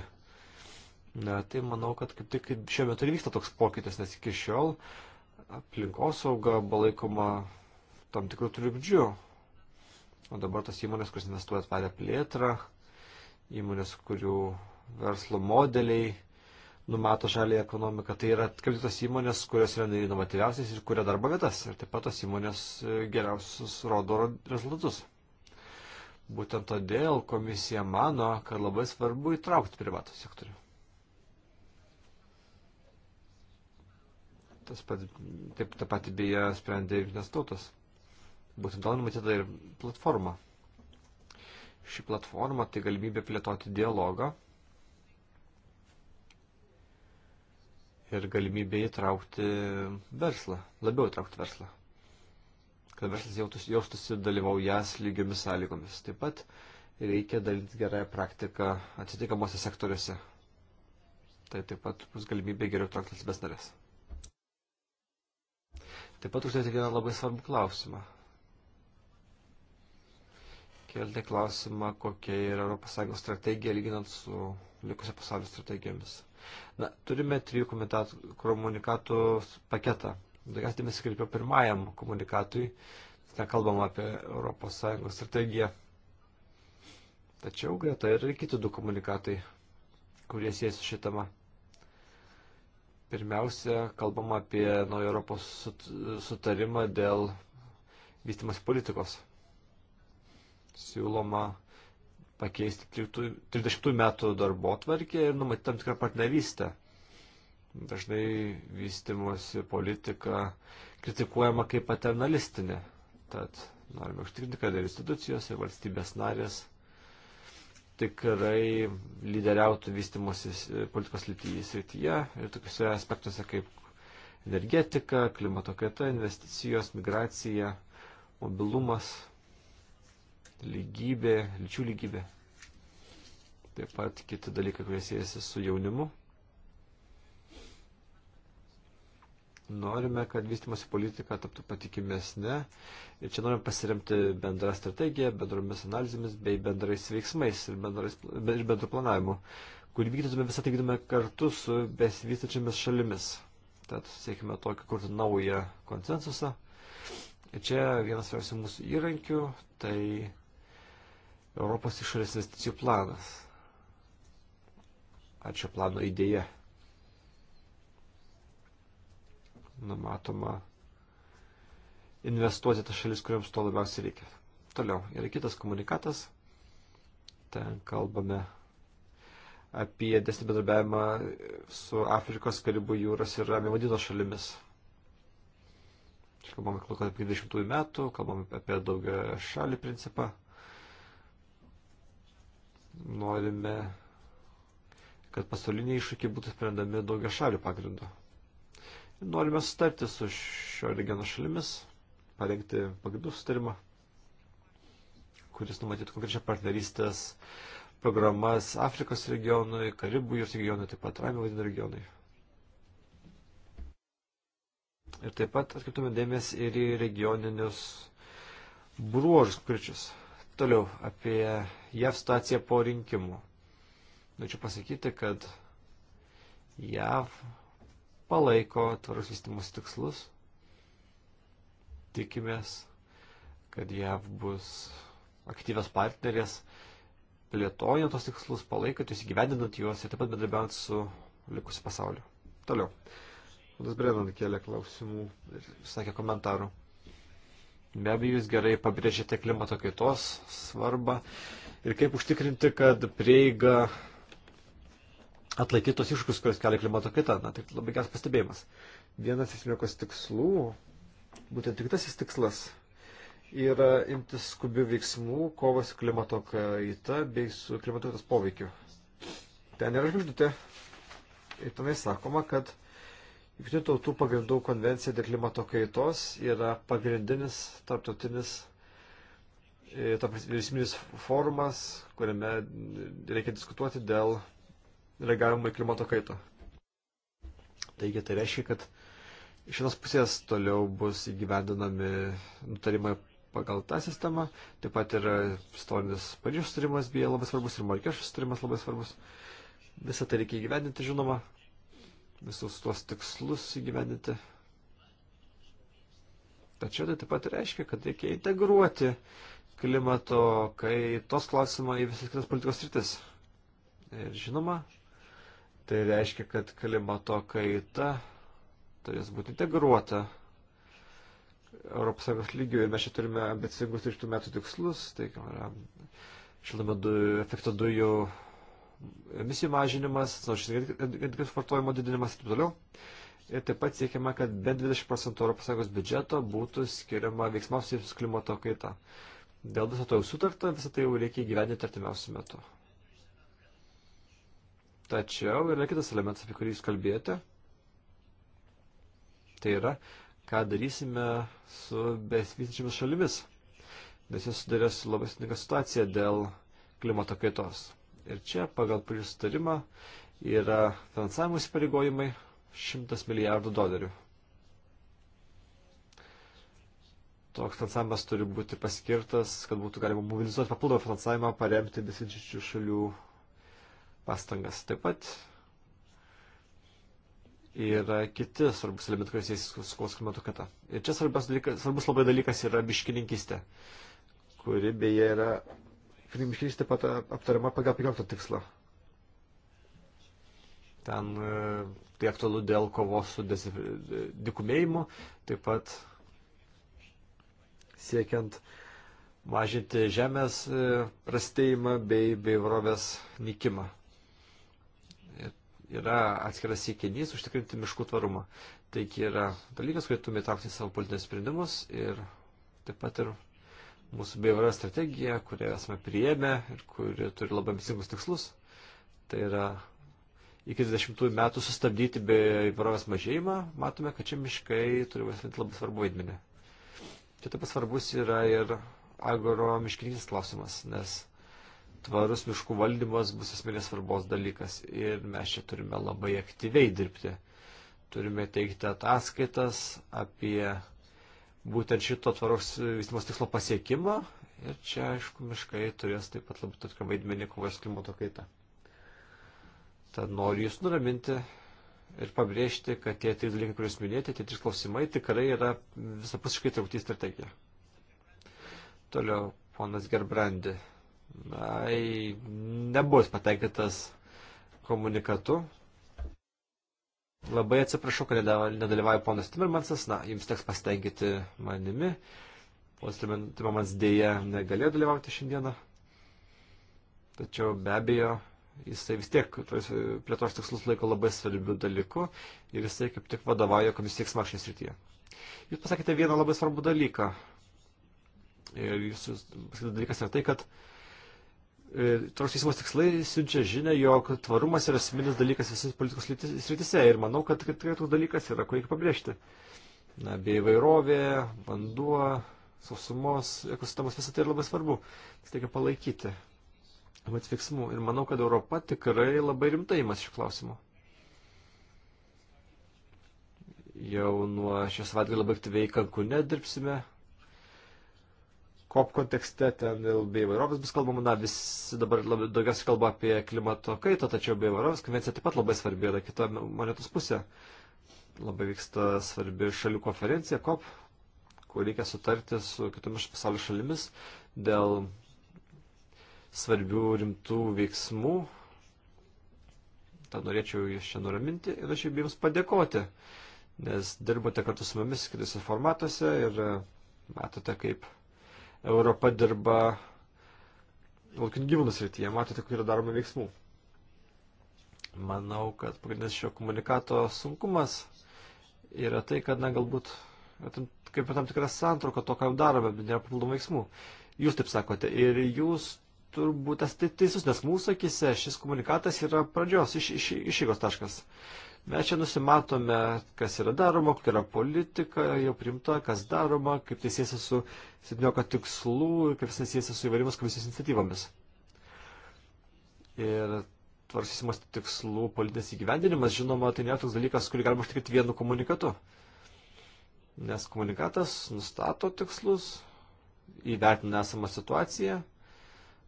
Speaker 1: Na, tai manau, kad kaip tik šiuo metu ir vyksta toks pokytis, nes iki šiol aplinkosauga buvo laikoma tam tikrų trikdžių. O dabar tas įmonės, kuris investuoja tvarę plėtrą, įmonės, kurių verslo modeliai numato žalį ekonomiką, tai yra kaip tos įmonės, kurios yra inovatyviausias ir kuria darbo vietas. Ir taip pat tos įmonės e, geriausius rodo rezultatus. Būtent todėl komisija mano, kad labai svarbu įtraukti privatų sektorių. Tas pat, taip, tą patį beje sprendė jungtinės tautos. Būtent todėl numatyta ir platforma. Ši platforma tai galimybė plėtoti dialogą ir galimybė įtraukti verslą, labiau įtraukti verslą. Kad verslas jaustųsi, jaustųsi dalyvaujas lygiomis sąlygomis. Taip pat reikia dalinti gerąją praktiką atsitikamosios sektoriuose. Tai taip pat bus galimybė geriau traukti valstybės narės. Taip pat uždėti vieną labai svarbų klausimą kelti klausimą, kokia yra ES strategija lyginant su likusio pasaulio strategijomis. Na, turime trijų komunikatų paketą. Daugiausiai dėmesį kreipiu pirmajam komunikatui, ten kalbam apie ES strategiją. Tačiau greta yra ir kiti du komunikatai, kurie sieja su šitama. Pirmiausia, kalbam apie naują Europos sutarimą dėl vystimas politikos siūloma pakeisti 30 metų darbo tvarkę ir numatyti tam tikrą partnerystę. Dažnai vystimosi politika kritikuojama kaip paternalistinė. Tad norime užtikrinti, kad ir institucijos, ir valstybės narės tikrai lyderiautų vystimosi politikos srityje ir tokiuose aspektuose kaip energetika, klimato kaita, investicijos, migracija, mobilumas lygybė, lyčių lygybė. Taip pat kiti dalykai, kurie siejasi su jaunimu. Norime, kad vystimosi politika taptų patikimesnė ir čia norime pasiremti bendrą strategiją, bendromis analizėmis bei bendrais veiksmais ir, bendrais, ir bendru planavimu, kurį vykdytume visą tai vykdytume kartu su besivystačiamis šalimis. Tad siekime tokį kurti naują konsensusą. Ir čia vienas svarbiausių mūsų įrankių, tai Europos išorės investicijų planas. Ar čia plano idėja? Numatoma investuoti tas šalis, kuriams to labiausiai reikia. Toliau yra kitas komunikatas. Ten kalbame apie desnį bendradarbiavimą su Afrikos, Karibų jūros ir Ramivadino šalimis. Čia kalbame apie 20 metų, kalbame apie daugia šalį principą. Norime, kad pasauliniai iššūkiai būtų sprendami daugia šalių pagrindu. Norime sutarti su šio regiono šalimis, parengti pagrindų sutarimą, kuris numatytų konkrečią partnerystės programas Afrikos regionui, Karibų jūros regionui, taip pat Ramio vadinų regionui. Ir taip pat atkreiptume dėmesį ir į regioninius bruožus konkrečius. Toliau apie JAV situaciją po rinkimų. Norėčiau pasakyti, kad JAV palaiko tvarus vystimus tikslus. Tikimės, kad JAV bus aktyvios partnerės, plėtojant tos tikslus, palaikant juos, įgyvendinant juos ir taip pat bendrabiant su likusiu pasauliu. Toliau. Vadas Brennan kėlė klausimų ir sakė komentarų. Be abejo, jūs gerai pabrėžėte klimato kaitos svarbą ir kaip užtikrinti, kad prieiga atlaikytos iššūkius, kurios kelia klimato kaita. Na, tai labai geras pastebėjimas. Vienas iš mėgos tikslų, būtent tik tasis tikslas, yra imtis skubių veiksmų kovos su klimato kaita bei su klimato kaitos poveikiu. Ten yra žvaigždutė ir tenai sakoma, kad Junktinių tautų pagrindų konvencija dėl klimato kaitos yra pagrindinis tarptautinis vyriausybinis e, forumas, kuriame reikia diskutuoti dėl reagavimo į klimato kaitą. Taigi tai reiškia, kad iš vienos pusės toliau bus įgyvendinami nutarimai pagal tą sistemą, taip pat ir istorinis Paryžiaus sutarimas, beje, labai svarbus, ir Markešo sutarimas labai svarbus. Visą tai reikia įgyvendinti, žinoma visus tuos tikslus įgyvendinti. Tačiau tai taip pat reiškia, kad reikia integruoti klimato kaitos klausimą į visas kitas politikos rytis. Ir žinoma, tai reiškia, kad klimato kaita turės būti integruota ES lygių ir mes čia turime ambicingus 30 metų tikslus, tai yra šildomio du, efekto dujų emisijų mažinimas, energetikos vartojimo didinimas ir taip toliau. Ir taip pat siekiama, kad bent 20 procentų ES biudžeto būtų skiriama veiksmams į klimato kaitą. Dėl viso to jau sutarta, visą tai jau reikia įgyvendinti artimiausių metų. Tačiau yra kitas elementas, apie kurį jūs kalbėjote. Tai yra, ką darysime su besivystančiamis šalimis. Nes jis sudarė su labai sudėtinga situacija dėl klimato kaitos. Ir čia pagal pristarimą yra finansavimo įsipareigojimai 100 milijardų dolerių. Toks finansavimas turi būti paskirtas, kad būtų galima mobilizuoti papildomą finansavimą, paremti besičičių šalių pastangas. Taip pat yra kiti svarbus elementai, kuris jais skos klimato kata. Ir čia svarbus, dalykas, svarbus labai dalykas yra miškininkistė, kuri beje yra Krimšys taip pat aptariama pagal 15 tikslą. Ten e, tai aktualu dėl kovos su dikumėjimu, e, taip pat siekiant mažinti žemės e, prastėjimą bei beirovės nykimą. Yra atskiras siekinys užtikrinti miškų tvarumą. Taigi yra dalykas, kurį turime įtraukti į savo politinės sprendimus ir taip pat ir mūsų bioįvairovės strategija, kurią esame priėmę ir kuri turi labai ambicingus tikslus. Tai yra iki 20 metų sustabdyti bioįvairovės mažėjimą. Matome, kad čia miškai turi vaidinti labai svarbu vaidmenį. Čia taip pat svarbus yra ir agro miškinis klausimas, nes tvarus miškų valdymas bus esminės svarbos dalykas ir mes čia turime labai aktyviai dirbti. Turime teikti ataskaitas apie būtent šito tvaros e, vystimos tikslo pasiekimą. Ir čia, aišku, miškai turės taip pat labai tokią vaidmenį kovos klimato kaita. Tad noriu Jūs nuraminti ir pabrėžti, kad tie trys dalykai, kuriuos minėjote, tie trys klausimai tikrai yra visapusiškai traukti į strategiją. Toliau, ponas Gerbrandi. Na, nebus patenkintas komunikatu, Labai atsiprašau, kad nedalyvauja ponas Timmermansas, na, jums teks pasitenkinti manimi. Ponas Timmermans dėja negalėjo dalyvauti šiandieną, tačiau be abejo jisai vis tiek plėtos tikslus laiko labai svarbių dalykų ir jisai kaip tik vadovauja komisijai veiksmą šioje srityje. Jūs pasakėte vieną labai svarbų dalyką. Ir jūsų pasakytas dalykas yra tai, kad E, toks teismas tikslai siunčia žinę, jog tvarumas yra esminis dalykas visose politikos srityse ir manau, kad tikrai toks dalykas yra, ko reikia pabrėžti. Na, bei vairovė, vanduo, sausumos, ekosistemos, visą tai yra labai svarbu. Tai reikia palaikyti. Bet veiksmų. Ir manau, kad Europa tikrai labai rimtai imas šių klausimų. Jau nuo šios savaitgalio labai aktyviai Kankune dirbsime, COP kontekste, ten dėl bioįvairovės bus kalbama, na, visi dabar labai, daugiausiai kalba apie klimato kaitą, tačiau bioįvairovės konvencija taip pat labai svarbi yra kita monetos pusė. Labai vyksta svarbi šalių konferencija COP, kur reikia sutarti su kitomis pasaulio šalimis dėl svarbių rimtų veiksmų. Tą norėčiau jūs čia nuraminti ir aš jums padėkoti, nes dirbote kartu su mumis kitose formatuose ir matote, kaip Europa dirba laukinių gyvūnų srityje. Matote, kur yra daroma veiksmų. Manau, kad pagrindinis šio komunikato sunkumas yra tai, kad, na, galbūt kaip tam tikras santrauka to, ką jau darome, bet nėra papildomų veiksmų. Jūs taip sakote. Ir jūs turbūt esate teisus, nes mūsų akise šis komunikatas yra pradžios, iš, iš, išėgos taškas. Mes čia nusimatome, kas yra daroma, kokia yra politika jau primta, kas daroma, kaip tai siejasi su 17 tikslų ir kaip tai siejasi su įvairiomis komisijos iniciatyvomis. Ir tvarsysimas tikslų politinės įgyvendinimas, žinoma, tai nėra toks dalykas, kurį galima užtikrinti vienu komunikatu. Nes komunikatas nustato tikslus, įvertina esamą situaciją,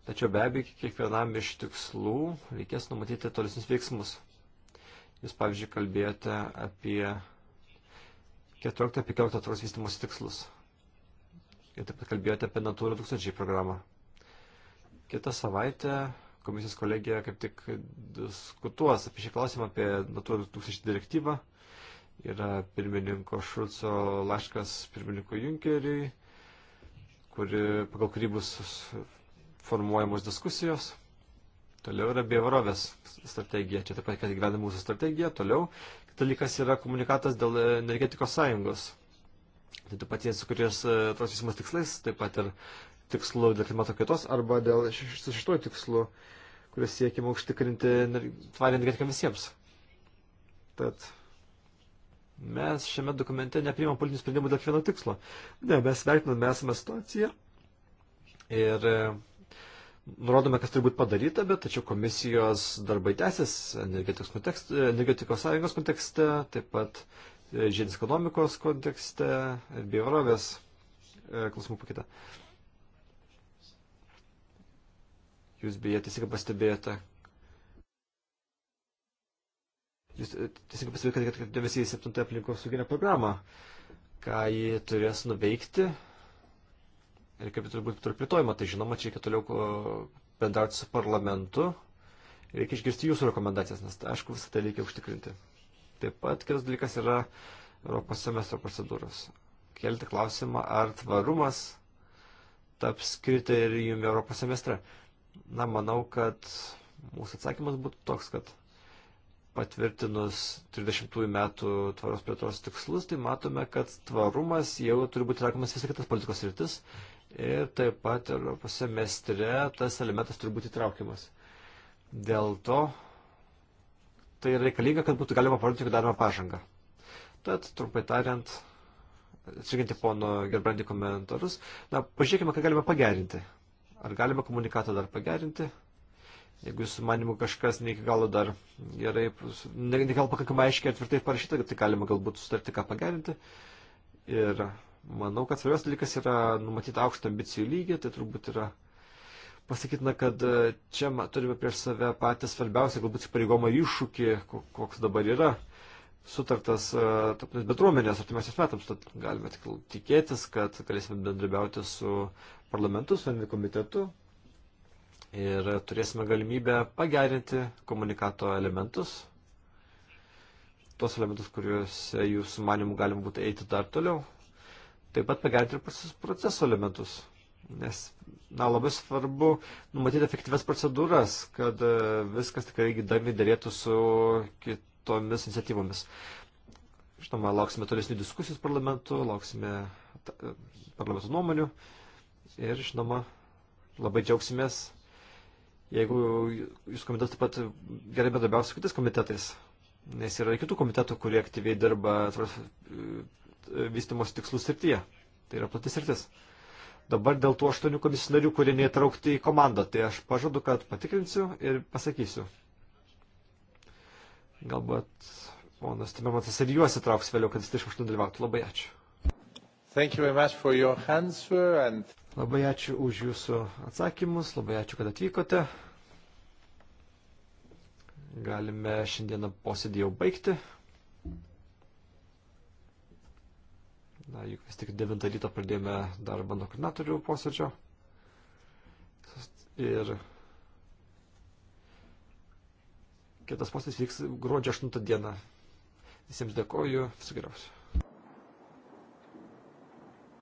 Speaker 1: tačiau be abejo, kiekvienam iš tikslų reikės numatyti tolesnius veiksmus. Jūs, pavyzdžiui, kalbėjote apie 14-15 tvaros vystimus tikslus. Ir taip pat kalbėjote apie Natūra 2000 programą. Kita savaitė komisijos kolegija kaip tik diskutuos apie šį klausimą, apie Natūra 2000 direktyvą. Yra pirmininko Šulco laiškas pirmininko Junkeriui, kuri, pagal kurį bus formuojamos diskusijos. Toliau yra biovarovės strategija, čia taip pat, kad gyvena mūsų strategija. Toliau kitas dalykas yra komunikatas dėl e, energetikos sąjungos. Tai taip pat jie sukūrės e, tos visimas tikslais, taip pat ir tikslų dėl klimato kaitos arba dėl su šituo tikslu, kuris siekima užtikrinti tvarią energetiką visiems. Tad mes šiame dokumente neprimam politinių sprendimų dėl vieno tikslo. Ne, mes vertiname esamą situaciją ir e, nurodome, kas turi būti padaryta, bet tačiau komisijos darbai tęsis energetikos, kontekst, energetikos sąjungos kontekste, taip pat e, žiedinės ekonomikos kontekste ir biorovės e, klausimų pakita. Jūs beje teisingai pastebėjote. Jūs e, teisingai pastebėjote, kad dėmesį į 7 aplinkos suginę programą, ką jį turės nuveikti ir kaip turi būti plėtojama, tai žinoma, čia reikia toliau bendrauti su parlamentu, reikia išgirsti jūsų rekomendacijas, nes tai, aišku, visą tai reikia užtikrinti. Taip pat kitas dalykas yra Europos semestro procedūros. Kelti klausimą, ar tvarumas taps kriterijumi Europos semestre. Na, manau, kad mūsų atsakymas būtų toks, kad patvirtinus 30 metų tvaros plėtros tikslus, tai matome, kad tvarumas jau turi būti taikomas visą kitas politikos rytis ir taip pat Europos semestre tas elementas turi būti traukiamas. Dėl to tai yra reikalinga, kad būtų galima parodyti, kad daroma pažanga. Tad, trumpai tariant, atsiginti pono Gerbrandi komentarus, na, pažiūrėkime, ką galime pagerinti. Ar galime komunikatą dar pagerinti? Jeigu jūsų manimu kažkas ne iki galo dar gerai, ne, ne gal pakankamai aiškiai ir tvirtai parašyta, tai galima galbūt sutarti, ką pagerinti. Ir Manau, kad svarbiausias dalykas yra numatyti aukštą ambicijų lygį, tai turbūt yra pasakytina, kad e, čia turime prieš save patį svarbiausią, galbūt įpareigomą iššūkį, koks dabar yra sutartas e, tarptautinės bendruomenės artimiausiais metams. Tad galime tik tikėtis, kad galėsime bendrabiauti su parlamentu, su vienu komitetu ir turėsime galimybę pagerinti komunikato elementus, tuos elementus, kuriuose jūsų manimų galima būtų eiti dar toliau taip pat pagerinti ir proceso elementus. Nes, na, labai svarbu numatyti efektyves procedūras, kad e, viskas tikrai gydami dėrėtų su kitomis iniciatyvomis. Žinoma, lauksime tolesnių diskusijų su parlamentu, lauksime e, parlamento nuomonių ir, žinoma, labai džiaugsimės, jeigu jūs komitetas taip pat gerai bendrabiaus su kitais komitetais, nes yra ir kitų komitetų, kurie aktyviai dirba vystimos tikslų srityje. Tai yra platis sritis. Dabar dėl tų aštuonių komisijų narių, kurie neįtraukti į komandą, tai aš pažadu, kad patikrinsiu ir pasakysiu. Galbūt ponas Timermatas ir juos įtrauks vėliau, kad jis 38 tai dalyvautų. Labai ačiū.
Speaker 4: And...
Speaker 1: Labai ačiū už jūsų atsakymus, labai ačiū, kad atvykote. Galime šiandieną posėdį jau baigti. Na, juk vis tik 9 ryto pradėjome darbą nuo koordinatorių posėdžio. Ir kitas posėdis vyks gruodžio 8 dieną. Visiems dėkoju, viso geriausio.